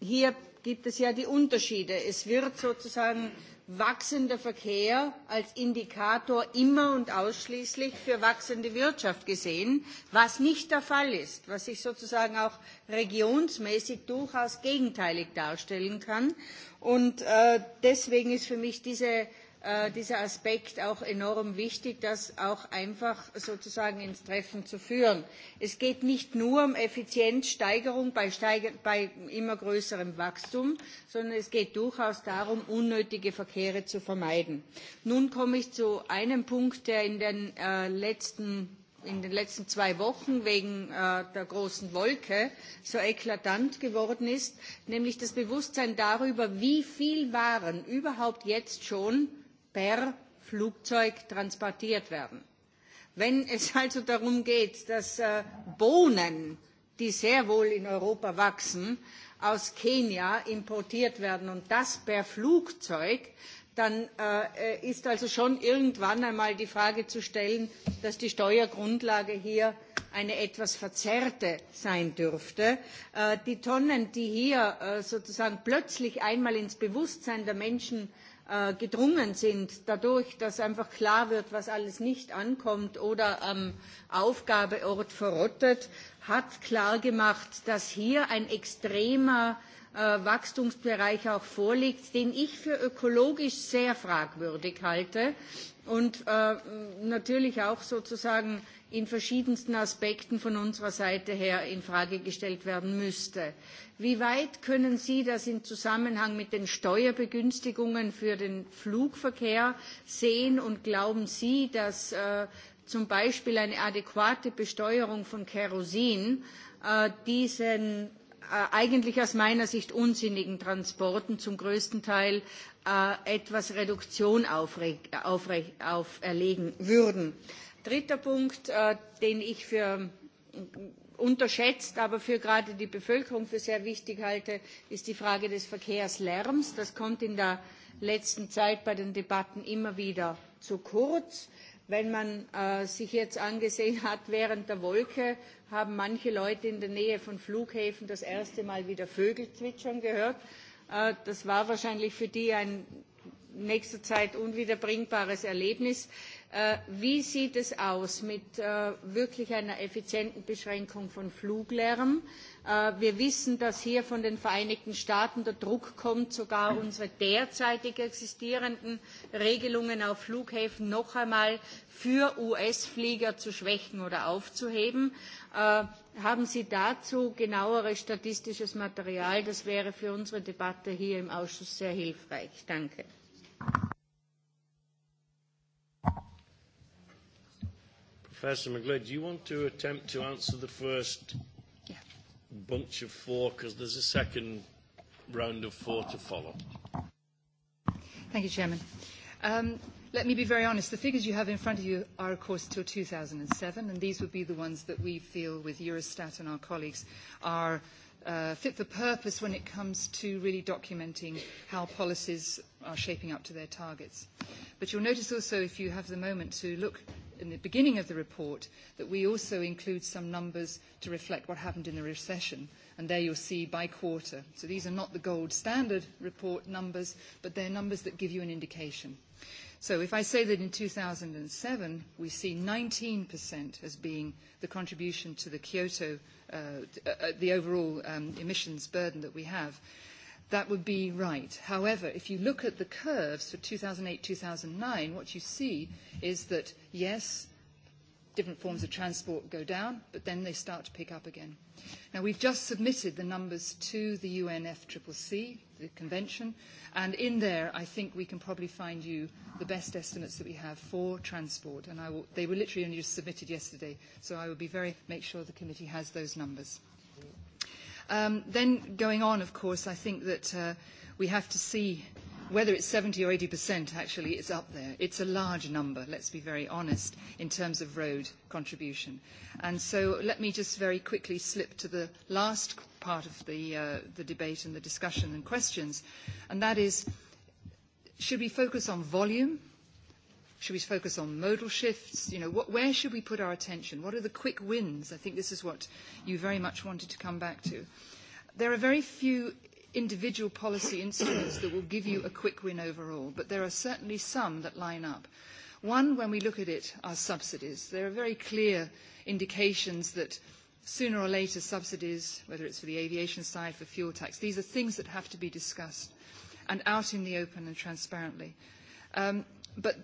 Speaker 5: hier gibt es ja die Unterschiede. Es wird sozusagen wachsender Verkehr als Indikator immer und ausschließlich für wachsende Wirtschaft gesehen, was nicht der Fall ist, was sich sozusagen auch regionsmäßig durchaus gegenteilig darstellen kann. Und äh, deswegen ist für mich diese Äh, dieser Aspekt auch enorm wichtig, das auch einfach sozusagen ins Treffen zu führen. Es geht nicht nur um Effizienzsteigerung bei, Steiger bei immer größerem Wachstum, sondern es geht durchaus darum, unnötige Verkehre zu vermeiden. Nun komme ich zu einem Punkt, der in den äh, letzten in den letzten zwei Wochen wegen äh, der großen Wolke so eklatant geworden ist, nämlich das Bewusstsein darüber, wie viel Waren überhaupt jetzt schon per Flugzeug transportiert werden. Wenn es also darum geht, dass äh, Bohnen, die sehr wohl in Europa wachsen, aus Kenia importiert werden und das per Flugzeug, dann äh, ist also schon irgendwann einmal die Frage zu stellen, dass die Steuergrundlage hier eine etwas verzerrte sein dürfte. Äh, die Tonnen, die hier äh, sozusagen plötzlich einmal ins Bewusstsein der Menschen Äh, gedrungen sind, dadurch, dass einfach klar wird, was alles nicht ankommt oder am Aufgabeort verrottet, hat klar gemacht, dass hier ein extremer äh, Wachstumsbereich auch vorliegt, den ich für ökologisch sehr fragwürdig halte, und äh, natürlich auch sozusagen in verschiedensten Aspekten von unserer Seite her in Frage gestellt werden müsste. Wie weit können Sie das im Zusammenhang mit den Steuerbegünstigungen für den Flugverkehr sehen und glauben Sie, dass äh, zum Beispiel eine adäquate Besteuerung von Kerosin äh, diesen äh, eigentlich aus meiner Sicht unsinnigen Transporten zum größten Teil Äh, etwas Reduktion auferlegen würden. Dritter Punkt, äh, den ich für unterschätzt, aber für gerade die Bevölkerung für sehr wichtig halte, ist die Frage des Verkehrslärms. Das kommt in der letzten Zeit bei den Debatten immer wieder zu kurz. Wenn man äh, sich jetzt angesehen hat, während der Wolke haben manche Leute in der Nähe von Flughäfen das erste Mal wieder Vögel zwitschern gehört. Äh, das war wahrscheinlich für die ein in nächster Zeit unwiederbringbares Erlebnis. Äh, wie sieht es aus mit äh, wirklich einer effizienten Beschränkung von Fluglärm? Wir wissen, dass hier von den Vereinigten Staaten der Druck kommt, sogar unsere derzeitig existierenden Regelungen auf Flughäfen noch einmal für US-Flieger zu schwächen oder aufzuheben haben Sie dazu genaueres statistisches Material? Das wäre für unsere Debatte hier im Ausschuss sehr hilfreich. Danke.
Speaker 1: Professor McGlade, do you want to attempt to answer the first yeah. bunch of four? Because there's a second round of four to follow.
Speaker 10: Thank you, Chairman. Um, Let me be very honest. The figures you have in front of you are, of course, till 2007, and these would be the ones that we feel with Eurostat and our colleagues are uh, fit for purpose when it comes to really documenting how policies are shaping up to their targets. But you'll notice also, if you have the moment, to look in the beginning of the report that we also include some numbers to reflect what happened in the recession. And there you'll see by quarter. So these are not the gold standard report numbers, but they're numbers that give you an indication. So if I say that in 2007 we see 19% as being the contribution to the Kyoto, uh, uh, the overall um, emissions burden that we have, that would be right. However, if you look at the curves for 2008-2009, what you see is that, yes, different forms of transport go down, but then they start to pick up again. Now, we've just submitted the numbers to the UNFCCC the convention. And in there, I think we can probably find you the best estimates that we have for transport. And I will, they were literally only just submitted yesterday, so I will be very make sure the committee has those numbers. Um, then going on, of course, I think that uh, we have to see whether it's 70 or 80 percent, actually, it's up there. It's a large number, let's be very honest, in terms of road contribution. And so let me just very quickly slip to the last part of the, uh, the debate and the discussion and questions, and that is, should we focus on volume? Should we focus on modal shifts? You know, what, where should we put our attention? What are the quick wins? I think this is what you very much wanted to come back to. There are very few individual policy instruments that will give you a quick win overall, but there are certainly some that line up. One, when we look at it, are subsidies. There are very clear indications that sooner or later subsidies, whether it's for the aviation side, for fuel tax, these are things that have to be discussed and out in the open and transparently. Um, but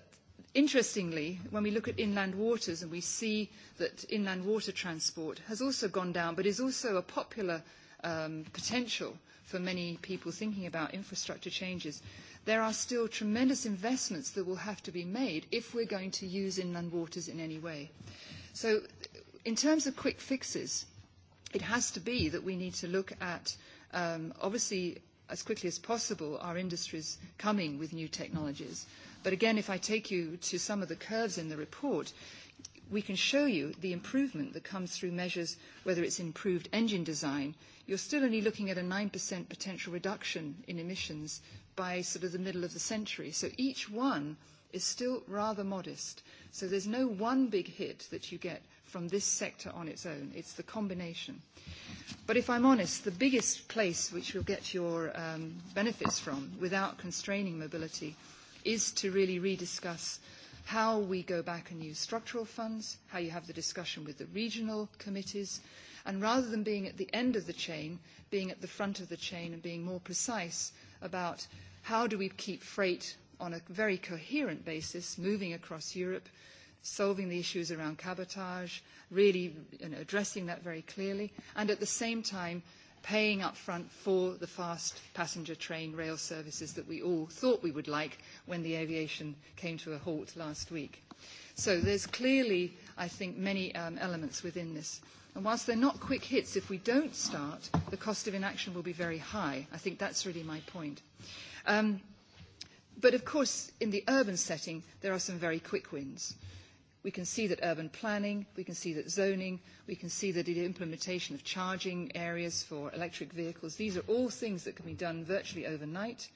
Speaker 10: Interestingly, when we look at inland waters and we see that inland water transport has also gone down, but is also a popular um, potential for many people thinking about infrastructure changes, there are still tremendous investments that will have to be made if we're going to use inland waters in any way. So in terms of quick fixes, it has to be that we need to look at, um, obviously, as quickly as possible, our industries coming with new technologies. But again, if I take you to some of the curves in the report, we can show you the improvement that comes through measures, whether it's improved engine design, you're still only looking at a 9% potential reduction in emissions by sort of the middle of the century. So each one is still rather modest. So there's no one big hit that you get from this sector on its own. It's the combination. But if I'm honest, the biggest place which you'll get your um, benefits from without constraining mobility is to really rediscuss how we go back and use structural funds, how you have the discussion with the regional committees, and rather than being at the end of the chain, being at the front of the chain and being more precise about how do we keep freight on a very coherent basis moving across Europe, solving the issues around cabotage, really you know, addressing that very clearly, and at the same time paying up front for the fast passenger train rail services that we all thought we would like when the aviation came to a halt last week. So there's clearly, I think, many um, elements within this. And whilst they're not quick hits, if we don't start, the cost of inaction will be very high. I think that's really my point. Um, but of course, in the urban setting, there are some very quick wins. We can see that urban planning, we can see that zoning, we can see that the implementation of charging areas for electric vehicles, these are all things that can be done virtually overnight.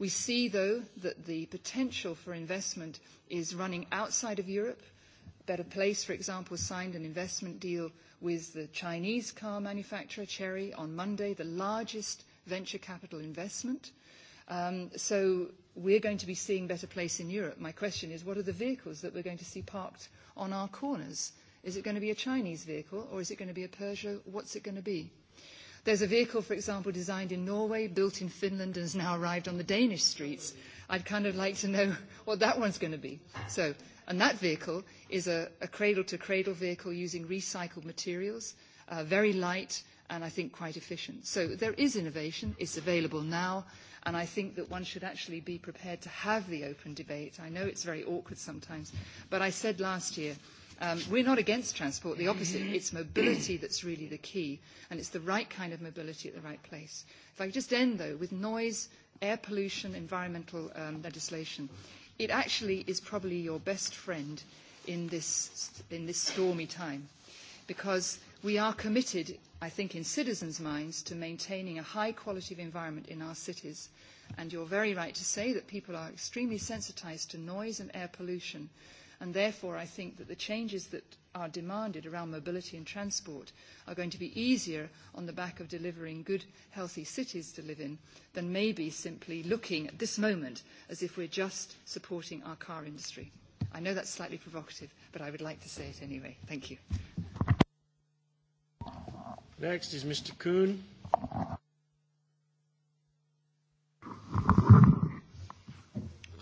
Speaker 10: We see, though, that the potential for investment is running outside of Europe. Better Place, for example, signed an investment deal with the Chinese car manufacturer Cherry on Monday, the largest venture capital investment Um, so we're going to be seeing better place in Europe. My question is, what are the vehicles that we're going to see parked on our corners? Is it going to be a Chinese vehicle or is it going to be a Peugeot? What's it going to be? There's a vehicle, for example, designed in Norway, built in Finland, and has now arrived on the Danish streets. I'd kind of like to know what that one's going to be. So, and that vehicle is a, a cradle-to-cradle vehicle using recycled materials, uh, very light, and I think quite efficient. So there is innovation. It's available now. And I think that one should actually be prepared to have the open debate. I know it's very awkward sometimes, but I said last year, um, we're not against transport, the opposite. It's mobility that's really the key, and it's the right kind of mobility at the right place. If I could just end, though, with noise, air pollution, environmental um, legislation. It actually is probably your best friend in this, in this stormy time because We are committed, I think, in citizens' minds to maintaining a high quality of environment in our cities. And you're very right to say that people are extremely sensitized to noise and air pollution. And therefore, I think that the changes that are demanded around mobility and transport are going to be easier on the back of delivering good, healthy cities to live in than maybe simply looking at this moment as if we're just supporting our car industry. I know that's slightly provocative, but I would like to say it anyway. Thank you. Next is Mr.
Speaker 20: Kuhn.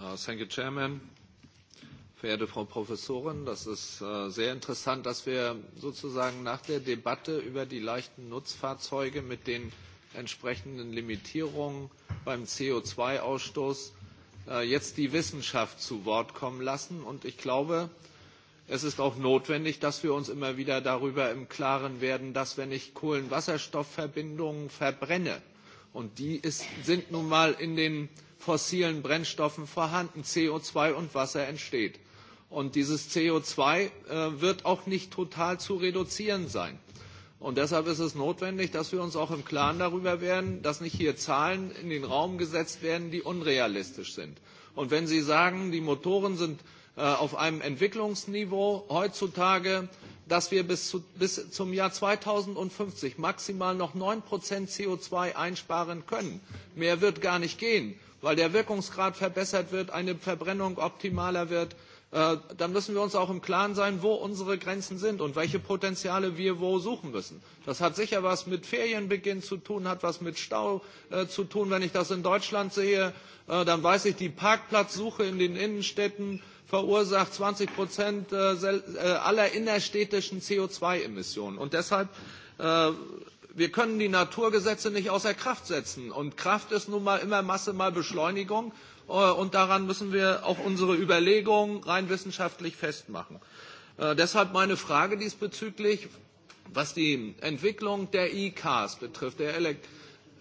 Speaker 21: Uh, thank you, Chairman. Verehrte Frau Professorin, das ist äh, sehr interessant, dass wir sozusagen nach der Debatte über die leichten Nutzfahrzeuge mit den entsprechenden Limitierungen beim CO2-Ausstoß äh, jetzt die Wissenschaft zu Wort kommen lassen. Und ich glaube, Es ist auch notwendig, dass wir uns immer wieder darüber im Klaren werden, dass wenn ich Kohlenwasserstoffverbindungen verbrenne, und die ist, sind nun mal in den fossilen Brennstoffen vorhanden, CO2 und Wasser entsteht. Und dieses CO2 äh, wird auch nicht total zu reduzieren sein. Und deshalb ist es notwendig, dass wir uns auch im Klaren darüber werden, dass nicht hier Zahlen in den Raum gesetzt werden, die unrealistisch sind. Und wenn Sie sagen, die Motoren sind Äh, auf einem Entwicklungsniveau heutzutage, dass wir bis, zu, bis zum Jahr 2050 maximal noch 9 CO2 einsparen können. Mehr wird gar nicht gehen, weil der Wirkungsgrad verbessert wird, eine Verbrennung optimaler wird. Äh, dann müssen wir uns auch im Klaren sein, wo unsere Grenzen sind und welche Potenziale wir wo suchen müssen. Das hat sicher was mit Ferienbeginn zu tun, hat was mit Stau äh, zu tun. Wenn ich das in Deutschland sehe, äh, dann weiß ich, die Parkplatzsuche in den Innenstädten verursacht 20 Prozent äh, äh, aller innerstädtischen CO2-Emissionen. Und deshalb, äh, wir können die Naturgesetze nicht außer Kraft setzen. Und Kraft ist nun mal immer Masse mal Beschleunigung. Und daran müssen wir auch unsere Überlegungen rein wissenschaftlich festmachen. Deshalb meine Frage diesbezüglich, was die Entwicklung der E-Cars betrifft, der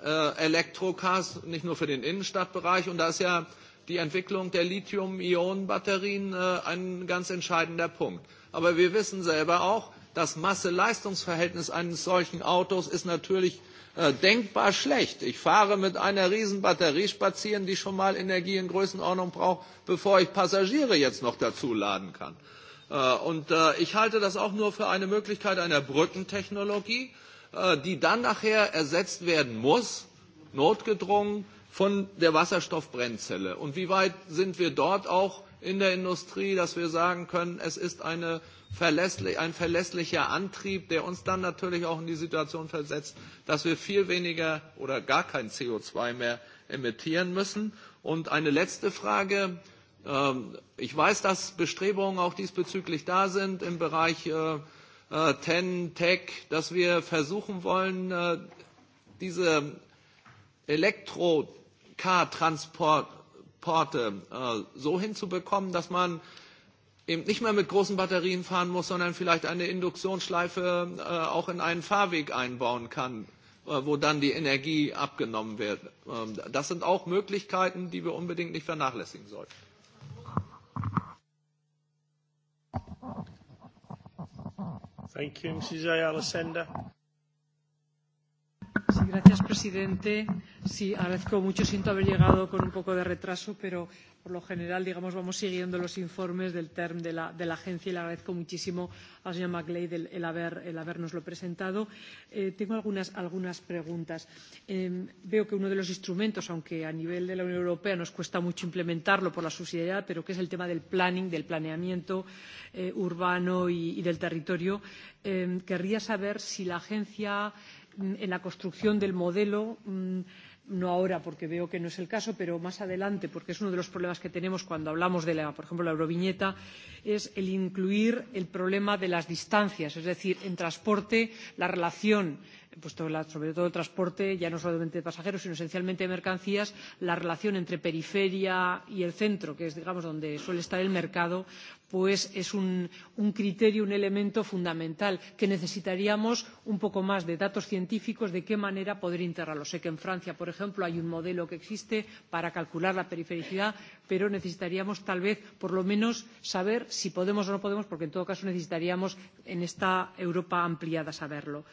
Speaker 21: Elektro-Cars, nicht nur für den Innenstadtbereich. Und da ist ja die Entwicklung der Lithium-Ionen-Batterien äh, ein ganz entscheidender Punkt. Aber wir wissen selber auch, das Masse-Leistungsverhältnis eines solchen Autos ist natürlich äh, denkbar schlecht. Ich fahre mit einer riesen Batterie spazieren, die schon mal Energie in Größenordnung braucht, bevor ich Passagiere jetzt noch dazu laden kann. Äh, und äh, ich halte das auch nur für eine Möglichkeit einer Brückentechnologie, äh, die dann nachher ersetzt werden muss, notgedrungen von der Wasserstoffbrennzelle? Und wie weit sind wir dort auch in der Industrie, dass wir sagen können, es ist eine verlässlich, ein verlässlicher Antrieb, der uns dann natürlich auch in die Situation versetzt, dass wir viel weniger oder gar kein CO2 mehr emittieren müssen. Und eine letzte Frage. Ähm, ich weiß, dass Bestrebungen auch diesbezüglich da sind im Bereich äh, äh, TEN, TEC, dass wir versuchen wollen, äh, diese Elektro Car-Transporte äh, so hinzubekommen, dass man eben nicht mehr mit großen Batterien fahren muss, sondern vielleicht eine Induktionsschleife äh, auch in einen Fahrweg einbauen kann, äh, wo dann die Energie abgenommen wird. Ähm, das sind auch Möglichkeiten, die wir unbedingt nicht vernachlässigen sollten.
Speaker 1: Thank you, Mrs. Ayala
Speaker 22: Señor presidente. Sí, agradezco mucho. Siento haber llegado con un poco de retraso, pero por lo general, digamos, vamos siguiendo los informes del TERM de la, de la agencia y le agradezco muchísimo al señor McLeod el, el, haber, el habernoslo presentado. Eh, tengo algunas, algunas preguntas. Eh, veo que uno de los instrumentos, aunque a nivel de la Unión Europea nos cuesta mucho implementarlo por la subsidiariedad, pero que es el tema del planning, del planeamiento eh, urbano y, y del territorio, eh, querría saber si la agencia Mm, en la construcción del modelo mm, no ahora porque veo que no es el caso pero más adelante porque es uno de los problemas que tenemos cuando hablamos de la, por ejemplo la euroviñeta es el incluir el problema de las distancias es decir en transporte la relación puesto la, sobre todo el transporte ya no solamente de pasajeros sino esencialmente de mercancías la relación entre periferia y el centro que es digamos donde suele estar el mercado pues es un, un criterio un elemento fundamental que necesitaríamos un poco más de datos científicos de qué manera poder integrarlo. sé que en francia por ejemplo hay un modelo que existe para calcular la perifericidad pero necesitaríamos tal vez por lo menos saber si podemos o no podemos porque en todo caso necesitaríamos en esta europa ampliada saberlo.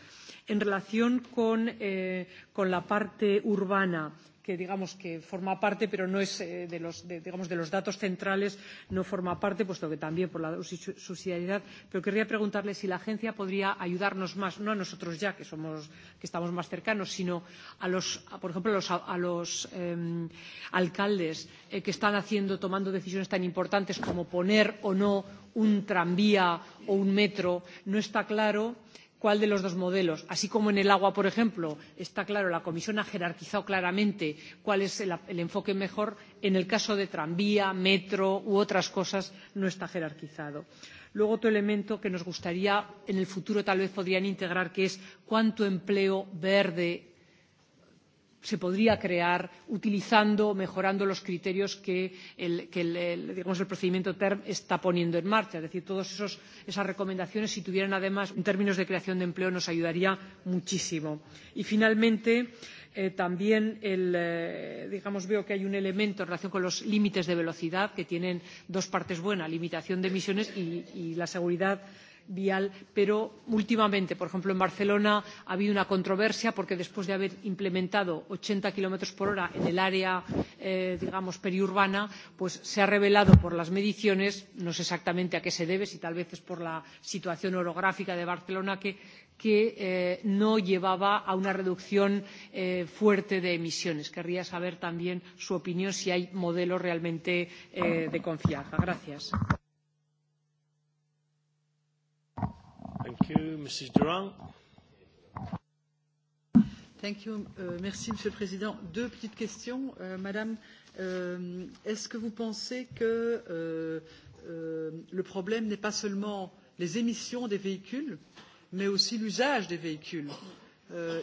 Speaker 22: en relación con, eh, con la parte urbana que digamos que forma parte pero no es eh, de los de, digamos de los datos centrales no forma parte puesto que también por la subsidiariedad pero querría preguntarle si la agencia podría ayudarnos más no a nosotros ya que somos que estamos más cercanos sino a los a, por ejemplo a los, a, a los eh, alcaldes eh, que están haciendo tomando decisiones tan importantes como poner o no un tranvía o un metro no está claro eh, cuál de los dos modelos así como en el agua por ejemplo está claro la comisión ha jerarquizado claramente cuál es el, el enfoque mejor en el caso de tranvía metro u otras cosas no está jerarquizado. luego otro elemento que nos gustaría en el futuro tal vez podrían integrar que es cuánto empleo verde se podría crear utilizando, mejorando los criterios que, el, que el, el, digamos, el procedimiento TERM está poniendo en marcha. Es decir, todas esas recomendaciones, si tuvieran además en términos de creación de empleo, nos ayudaría muchísimo. Y finalmente, Eh, también el, eh, digamos, veo que hay un elemento en relación con los límites de velocidad que tienen dos partes buenas limitación de emisiones y, y la seguridad vial pero últimamente por ejemplo en barcelona ha habido una controversia porque después de haber implementado ochenta kilómetros por hora en el área eh, digamos periurbana pues se ha revelado por las mediciones no sé exactamente a qué se debe si tal vez es por la situación orográfica de barcelona que que eh, no llevaba a una reducción eh, fuerte de emisiones. Querría saber también su opinión si hay modelos realmente eh, de confianza. Gracias. Euh,
Speaker 20: Monsieur le Président. Deux petites questions. Euh, Madame, euh, est-ce que vous pensez que le problème n'est pas seulement les émissions des véhicules, mais aussi l'usage des véhicules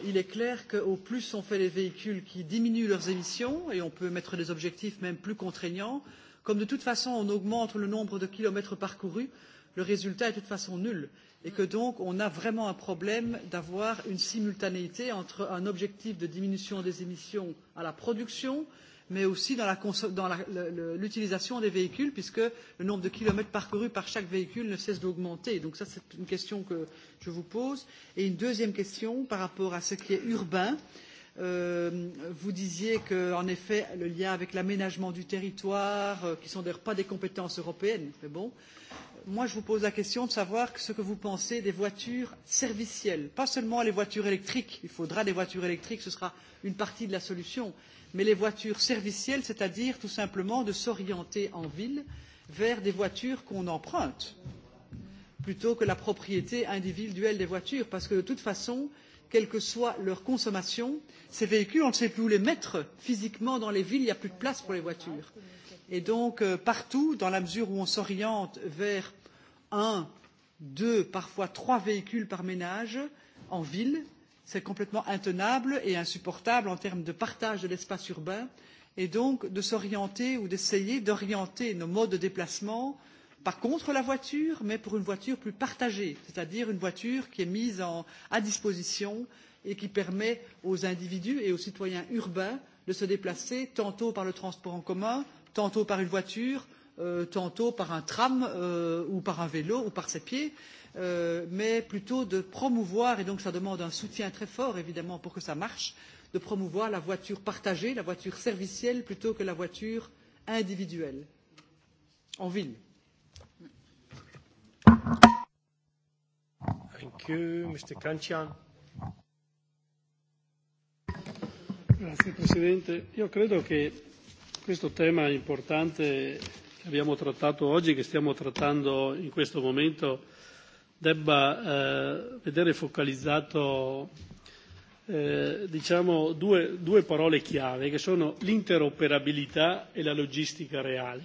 Speaker 20: Il est clair qu'au plus on fait des véhicules qui diminuent leurs émissions, et on peut mettre des objectifs même plus contraignants, comme de toute façon on augmente le nombre de kilomètres parcourus, le résultat est de toute façon nul et que donc on a vraiment un problème d'avoir une simultanéité entre un objectif de diminution des émissions à la production mais aussi dans l'utilisation des véhicules puisque le nombre de kilomètres parcourus par chaque véhicule ne cesse d'augmenter. Donc ça c'est une question que je vous pose. Et une deuxième question par rapport à ce qui est urbain. Euh, Euh, vous disiez qu'en effet, le lien avec l'aménagement du territoire, euh, qui sont d'ailleurs pas des compétences européennes, mais bon. Moi, je vous pose la question de savoir ce que vous pensez des voitures servicielles. Pas seulement les voitures électriques. Il faudra des voitures électriques, ce sera une partie de la solution. Mais les voitures servicielles, c'est-à-dire tout simplement de s'orienter en ville vers des voitures qu'on emprunte plutôt que la propriété individuelle des voitures parce que de toute façon euh, quelle que soit leur consommation. Ces véhicules, on ne sait plus où les mettre physiquement dans les villes, il n'y a plus de place pour les voitures. Et donc, euh, partout, dans la mesure où on s'oriente vers un, deux, parfois trois véhicules par ménage en ville, c'est complètement intenable et insupportable en termes de partage de l'espace urbain et donc de s'orienter ou d'essayer d'orienter nos modes de déplacement euh, pas contre la voiture, mais pour une voiture plus partagée, c'est-à-dire une voiture qui est mise en, à disposition et qui permet aux individus et aux citoyens urbains de se déplacer tantôt par le transport en commun, tantôt par une voiture, euh, tantôt par un tram euh, ou par un vélo ou par ses pieds, euh, mais plutôt de promouvoir, et donc ça demande un soutien très fort évidemment pour que ça marche, de promouvoir la voiture partagée, la voiture servicielle plutôt que la voiture
Speaker 13: individuelle en ville. Thank you. Mr. Cancian.
Speaker 23: Grazie Presidente. Io credo che questo tema importante che abbiamo trattato oggi, che stiamo trattando in questo momento, debba eh, vedere focalizzato eh, diciamo due, due parole chiave che sono l'interoperabilità e la logistica reale.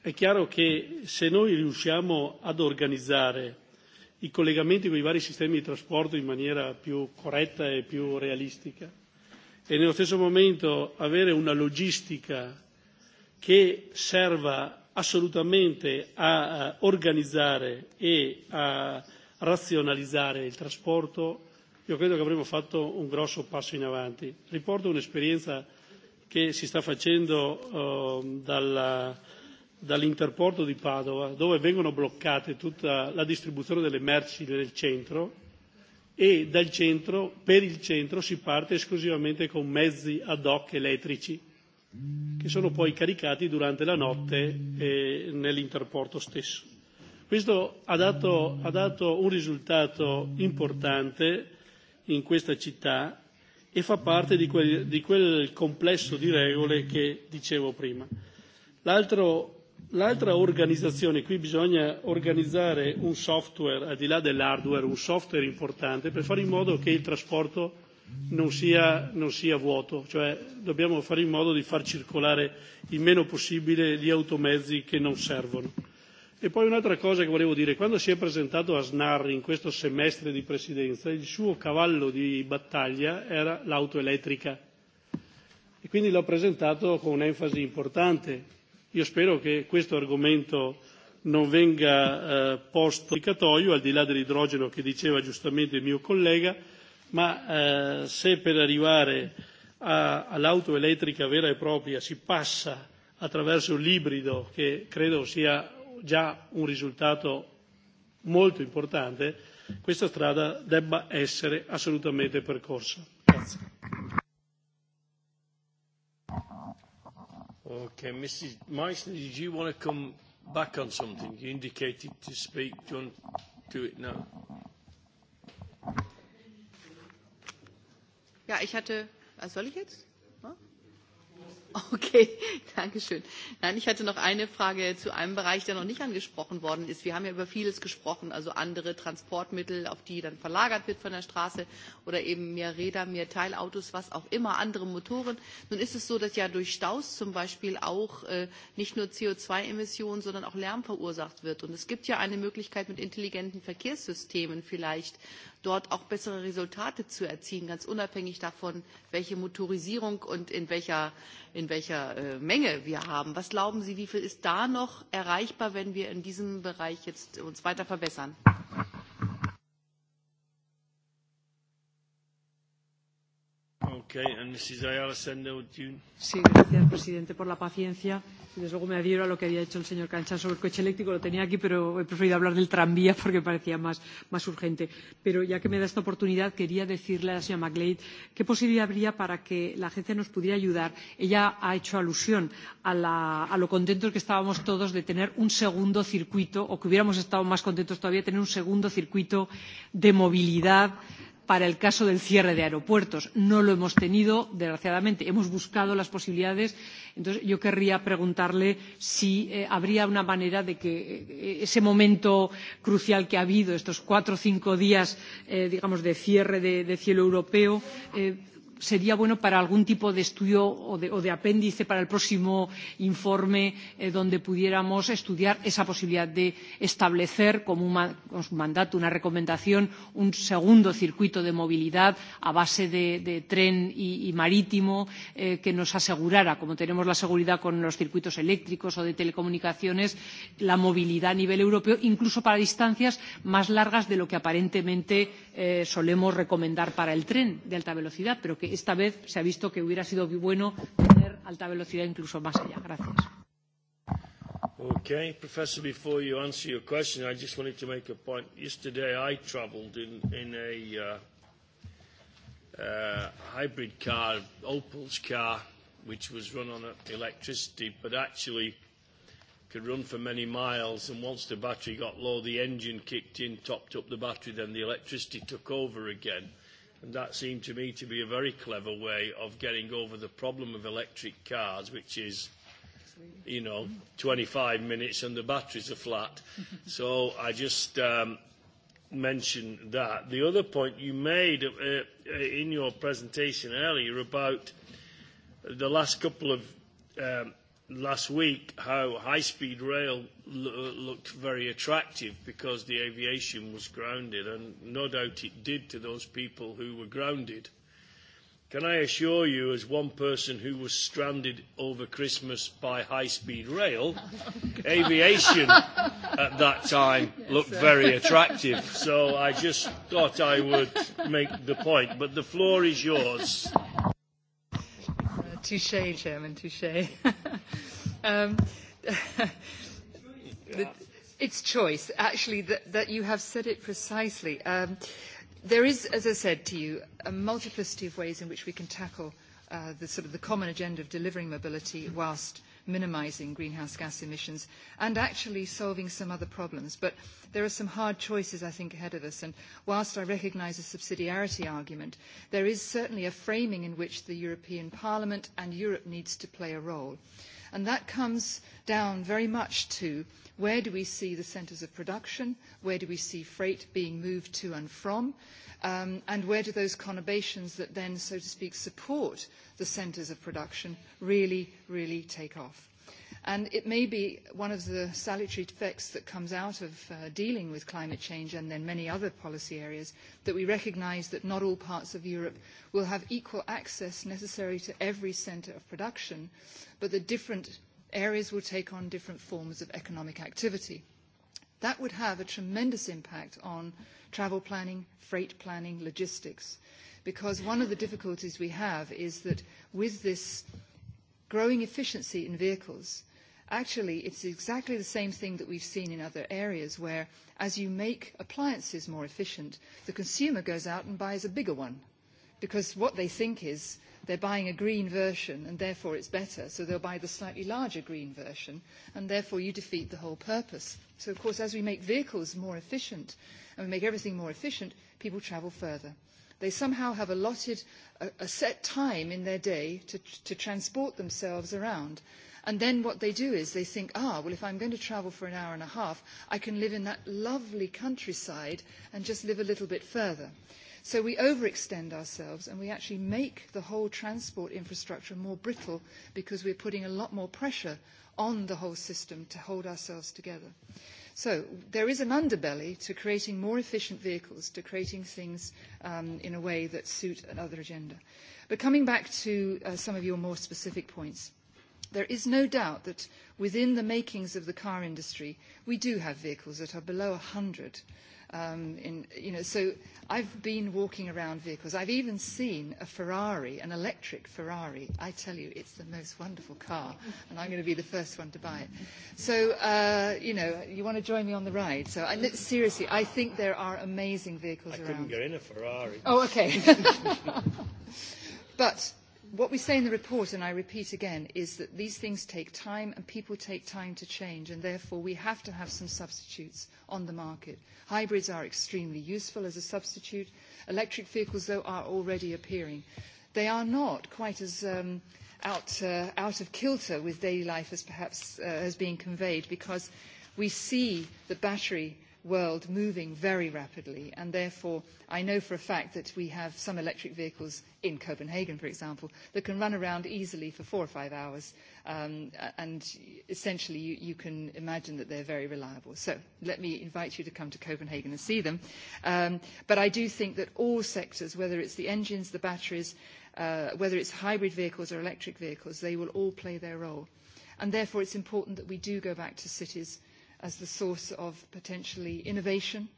Speaker 23: È chiaro che se noi riusciamo ad organizzare i collegamenti con i vari sistemi di trasporto in maniera più corretta e più realistica e nello stesso momento avere una logistica che serva assolutamente a organizzare e a razionalizzare il trasporto, io credo che avremo fatto un grosso passo in avanti. Riporto un'esperienza che si sta facendo eh, dalla, dall'interporto di Padova, dove vengono bloccate tutta la distribuzione delle merci nel centro e dal centro, per il centro si parte esclusivamente con mezzi ad hoc elettrici che sono poi caricati durante la notte eh, nell'interporto stesso. Questo ha dato, ha dato un risultato importante in questa città e fa parte di quel, di quel complesso di regole che dicevo prima. L'altro L'altra organizzazione, qui bisogna organizzare un software, al di là dell'hardware, un software importante per fare in modo che il trasporto non sia, non sia vuoto, cioè dobbiamo fare in modo di far circolare il meno possibile gli automezzi che non servono. E poi un'altra cosa che volevo dire, quando si è presentato a Snarri in questo semestre di presidenza, il suo cavallo di battaglia era l'auto elettrica e quindi l'ho presentato con un'enfasi importante Io spero che questo argomento non venga eh, posto applicatoio, al di là dell'idrogeno che diceva giustamente il mio collega, ma eh, se per arrivare a, all'auto elettrica vera e propria si passa attraverso l'ibrido, che credo sia già un risultato molto importante, questa strada debba essere assolutamente percorsa. Okay,
Speaker 1: Mrs. Meissner, did you want to come back on something? You indicated to speak. Do you want to do it now?
Speaker 4: Ja, ich hatte. Was soll ich jetzt? Okay, danke schön. Nein, ich hatte noch eine Frage zu einem Bereich, der noch nicht angesprochen worden ist. Wir haben ja über vieles gesprochen, also andere Transportmittel, auf die dann verlagert wird von der Straße oder eben mehr Räder, mehr Teilautos, was auch immer, andere Motoren. Nun ist es so, dass ja durch Staus zum Beispiel auch äh, nicht nur CO2-Emissionen, sondern auch Lärm verursacht wird. Und es gibt ja eine Möglichkeit, mit intelligenten Verkehrssystemen vielleicht dort auch bessere Resultate zu erzielen, ganz unabhängig davon, welche Motorisierung und in welcher, in welcher äh, Menge wir haben. Was glauben Sie, wie viel ist da noch erreichbar, wenn wir in diesem Bereich jetzt uns weiter verbessern?
Speaker 22: Okay, and Mrs. Ayala, send out you. Sí, gracias, Presidente, por la paciencia desde luego me adhiero a lo que había dicho el señor Canchán sobre el coche eléctrico. Lo tenía aquí, pero he preferido hablar del tranvía porque parecía más, más urgente. Pero ya que me da esta oportunidad, quería decirle a la señora McLeod qué posibilidad habría para que la agencia nos pudiera ayudar. Ella ha hecho alusión a, la, a lo contentos que estábamos todos de tener un segundo circuito, o que hubiéramos estado más contentos todavía de tener un segundo circuito de movilidad para el caso del cierre de aeropuertos. No lo hemos tenido, desgraciadamente. Hemos buscado las posibilidades. Entonces, yo querría preguntarle si eh, habría una manera de que eh, ese momento crucial que ha habido, estos cuatro o cinco días, eh, digamos, de cierre de, de cielo europeo, eh, sería bueno para algún tipo de estudio o de, o de apéndice para el próximo informe eh, donde pudiéramos estudiar esa posibilidad de establecer como un, como un mandato, una recomendación, un segundo circuito de movilidad a base de, de tren y, y marítimo eh, que nos asegurara, como tenemos la seguridad con los circuitos eléctricos o de telecomunicaciones, la movilidad a nivel europeo, incluso para distancias más largas de lo que aparentemente eh, solemos recomendar para el tren de alta velocidad, pero que que esta vez se ha visto que hubiera sido bueno tener alta velocidad incluso más allá. Gracias.
Speaker 1: Okay, Professor, before you answer your question, I just wanted to make a point. Yesterday I travelled in, in a uh, uh, hybrid car, Opel's car, which was run on electricity, but actually could run for many miles, and once the battery got low, the engine kicked in, topped up the battery, then the electricity took over again. And that seemed to me to be a very clever way of getting over the problem of electric cars, which is, you know, 25 minutes and the batteries are flat. so I just um, mentioned that. The other point you made uh, uh in your presentation earlier about the last couple of um, last week how high-speed rail looked very attractive because the aviation was grounded, and no doubt it did to those people who were grounded. Can I assure you, as one person who was stranded over Christmas by high-speed rail,
Speaker 19: aviation at
Speaker 1: that time yes, looked sir. very attractive. So I just thought I would make the point. But the floor is yours.
Speaker 10: Uh, touche, Chairman, touche. it um, it's choice, actually, that, you have said it precisely. Um, there is, as I said to you, a multiplicity of ways in which we can tackle uh, the sort of the common agenda of delivering mobility whilst minimising greenhouse gas emissions and actually solving some other problems. But there are some hard choices, I think, ahead of us. And whilst I recognise the subsidiarity argument, there is certainly a framing in which the European Parliament and Europe needs to play a role. And that comes down very much to where do we see the centres of production, where do we see freight being moved to and from, um, and where do those conurbations that then, so to speak, support the centres of production really, really take off. And it may be one of the salutary effects that comes out of uh, dealing with climate change and then many other policy areas that we recognise that not all parts of Europe will have equal access necessary to every centre of production, but that different areas will take on different forms of economic activity. That would have a tremendous impact on travel planning, freight planning, logistics, because one of the difficulties we have is that with this growing efficiency in vehicles, Actually, it's exactly the same thing that we've seen in other areas where as you make appliances more efficient, the consumer goes out and buys a bigger one because what they think is they're buying a green version and therefore it's better, so they'll buy the slightly larger green version and therefore you defeat the whole purpose. So of course as we make vehicles more efficient and we make everything more efficient, people travel further. They somehow have allotted a, a set time in their day to, to transport themselves around And then what they do is they think, ah, well, if I'm going to travel for an hour and a half, I can live in that lovely countryside and just live a little bit further. So we overextend ourselves and we actually make the whole transport infrastructure more brittle because we're putting a lot more pressure on the whole system to hold ourselves together. So there is an underbelly to creating more efficient vehicles, to creating things um, in a way that suit another agenda. But coming back to uh, some of your more specific points. There is no doubt that within the makings of the car industry, we do have vehicles that are below 100. Um, in, you know, so I've been walking around vehicles. I've even seen a Ferrari, an electric Ferrari. I tell you, it's the most wonderful car, and I'm going to be the first one to buy it. So, uh, you know, you want to join me on the ride. So, I, seriously, I think there are amazing vehicles I around. I couldn't get in a Ferrari. Oh, okay. but what we say in the report, and I repeat again, is that these things take time and people take time to change, and therefore we have to have some substitutes on the market. Hybrids are extremely useful as a substitute. Electric vehicles, though, are already appearing. They are not quite as um, out, uh, out of kilter with daily life as perhaps uh, has been conveyed, because we see the battery world moving very rapidly, and therefore I know for a fact that we have some electric vehicles in Copenhagen, for example, that can run around easily for four or five hours, um, and essentially you, you, can imagine that they're very reliable. So let me invite you to come to Copenhagen and see them. Um, but I do think that all sectors, whether it's the engines, the batteries, uh, whether it's hybrid vehicles or electric vehicles, they will all play their role. And therefore it's important that we do go back to cities as the source of potentially innovation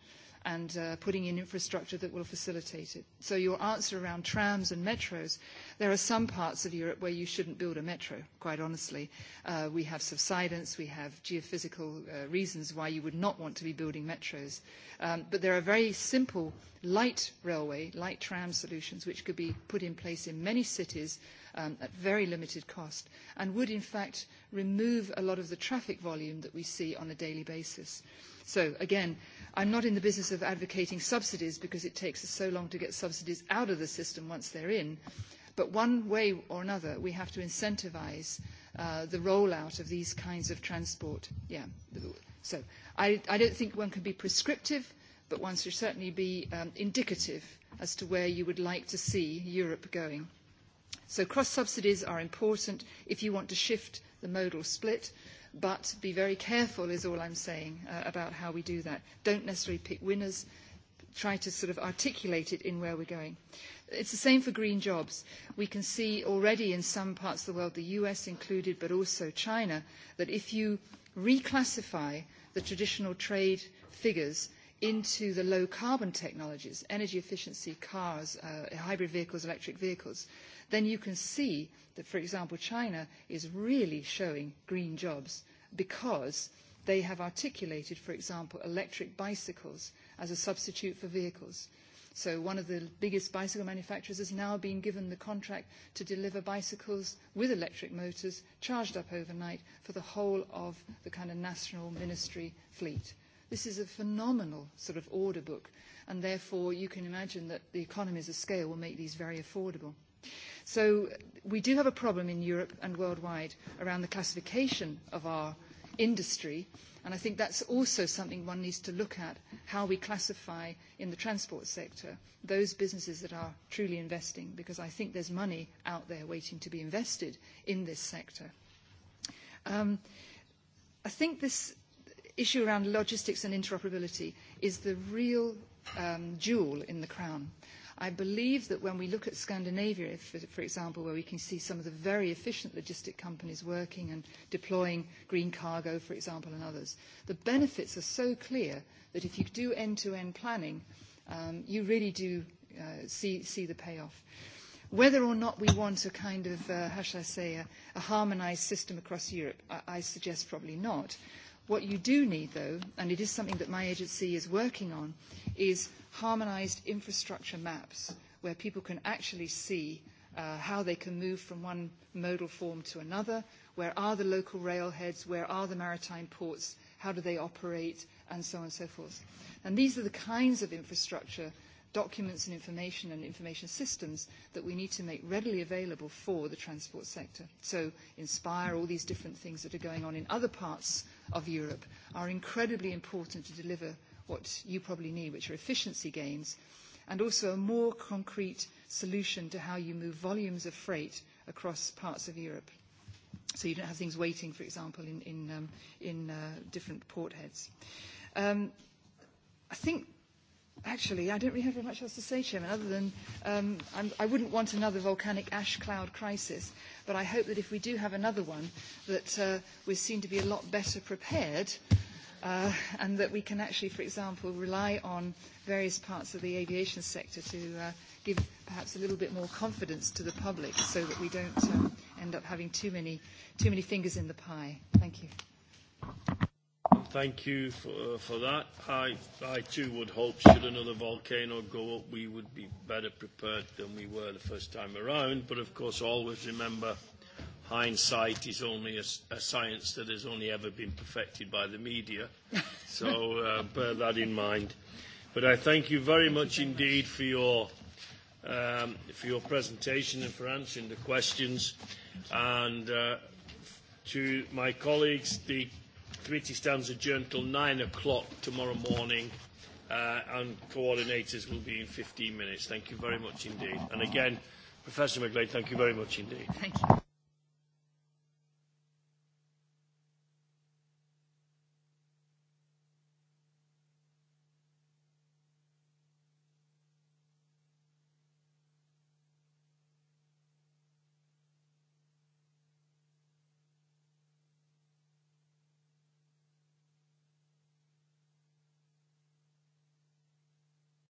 Speaker 10: and uh, putting in infrastructure that will facilitate it. So your answer around trams and metros, there are some parts of Europe where you shouldn't build a metro, quite honestly. Uh, we have subsidence, we have geophysical uh, reasons why you would not want to be building metros. Um, but there are very simple light railway, light tram solutions which could be put in place in many cities um, at very limited cost and would in fact remove a lot of the traffic volume that we see on a daily basis. So again, I'm not in the business of advocating subsidies because it takes us so long to get subsidies out of the system once they're in. But one way or another, we have to incentivise uh, the rollout of these kinds of transport. Yeah. So I, I don't think one can be prescriptive, but one should certainly be um, indicative as to where you would like to see Europe going. So cross subsidies are important if you want to shift the modal split. But be very careful is all I'm saying uh, about how we do that. Don't necessarily pick winners. Try to sort of articulate it in where we're going. It's the same for green jobs. We can see already in some parts of the world, the US included, but also China, that if you reclassify the traditional trade figures into the low carbon technologies, energy efficiency, cars, uh, hybrid vehicles, electric vehicles, then you can see that, for example, China is really showing green jobs because they have articulated, for example, electric bicycles as a substitute for vehicles. So one of the biggest bicycle manufacturers has now been given the contract to deliver bicycles with electric motors charged up overnight for the whole of the kind of national ministry fleet. This is a phenomenal sort of order book, and therefore you can imagine that the economies of scale will make these very affordable. So we do have a problem in Europe and worldwide around the classification of our industry. And I think that's also something one needs to look at, how we classify in the transport sector those businesses that are truly investing, because I think there's money out there waiting to be invested in this sector. Um, I think this issue around logistics and interoperability is the real um, jewel in the crown I believe that when we look at Scandinavia, for, for example, where we can see some of the very efficient logistic companies working and deploying green cargo, for example, and others, the benefits are so clear that if you do end-to-end planning, um, you really do uh, see, see the payoff whether or not we want a kind of, uh, how shall I say, a, a harmonised system across Europe, I, I suggest probably not. What you do need, though, and it is something that my agency is working on, is harmonised infrastructure maps where people can actually see uh, how they can move from one modal form to another, where are the local railheads, where are the maritime ports, how do they operate, and so on and so forth. And these are the kinds of infrastructure documents and information and information systems that we need to make readily available for the transport sector. So inspire all these different things that are going on in other parts of Europe are incredibly important to deliver what you probably need, which are efficiency gains, and also a more concrete solution to how you move volumes of freight across parts of Europe. So you don't have things waiting, for example, in, in, um, in uh, different port heads. Um, I think Actually, I don't really have very much else to say, Chairman, other than um, I'm, I wouldn't want another volcanic ash cloud crisis, but I hope that if we do have another one, that uh, we seem to be a lot better prepared uh, and that we can actually, for example, rely on various parts of the aviation sector to uh, give perhaps a little bit more confidence to the public so that we don't um, end up having too many, too many fingers in the pie. Thank you.
Speaker 1: Thank you for, uh, for that. I, I too would hope should another volcano go up, we would be better prepared than we were the first time around. But of course, always remember hindsight is only a, a science that has only ever been perfected by the media. So uh, bear that in mind. But I thank you very much indeed for your, um, for your presentation and for answering the questions. And uh, to my colleagues, the Committee stands adjourned till 9 o'clock tomorrow morning, uh, and coordinators will be in 15 minutes. Thank you very much indeed. And again, Professor McGlade, thank you very much indeed.
Speaker 6: Thank you.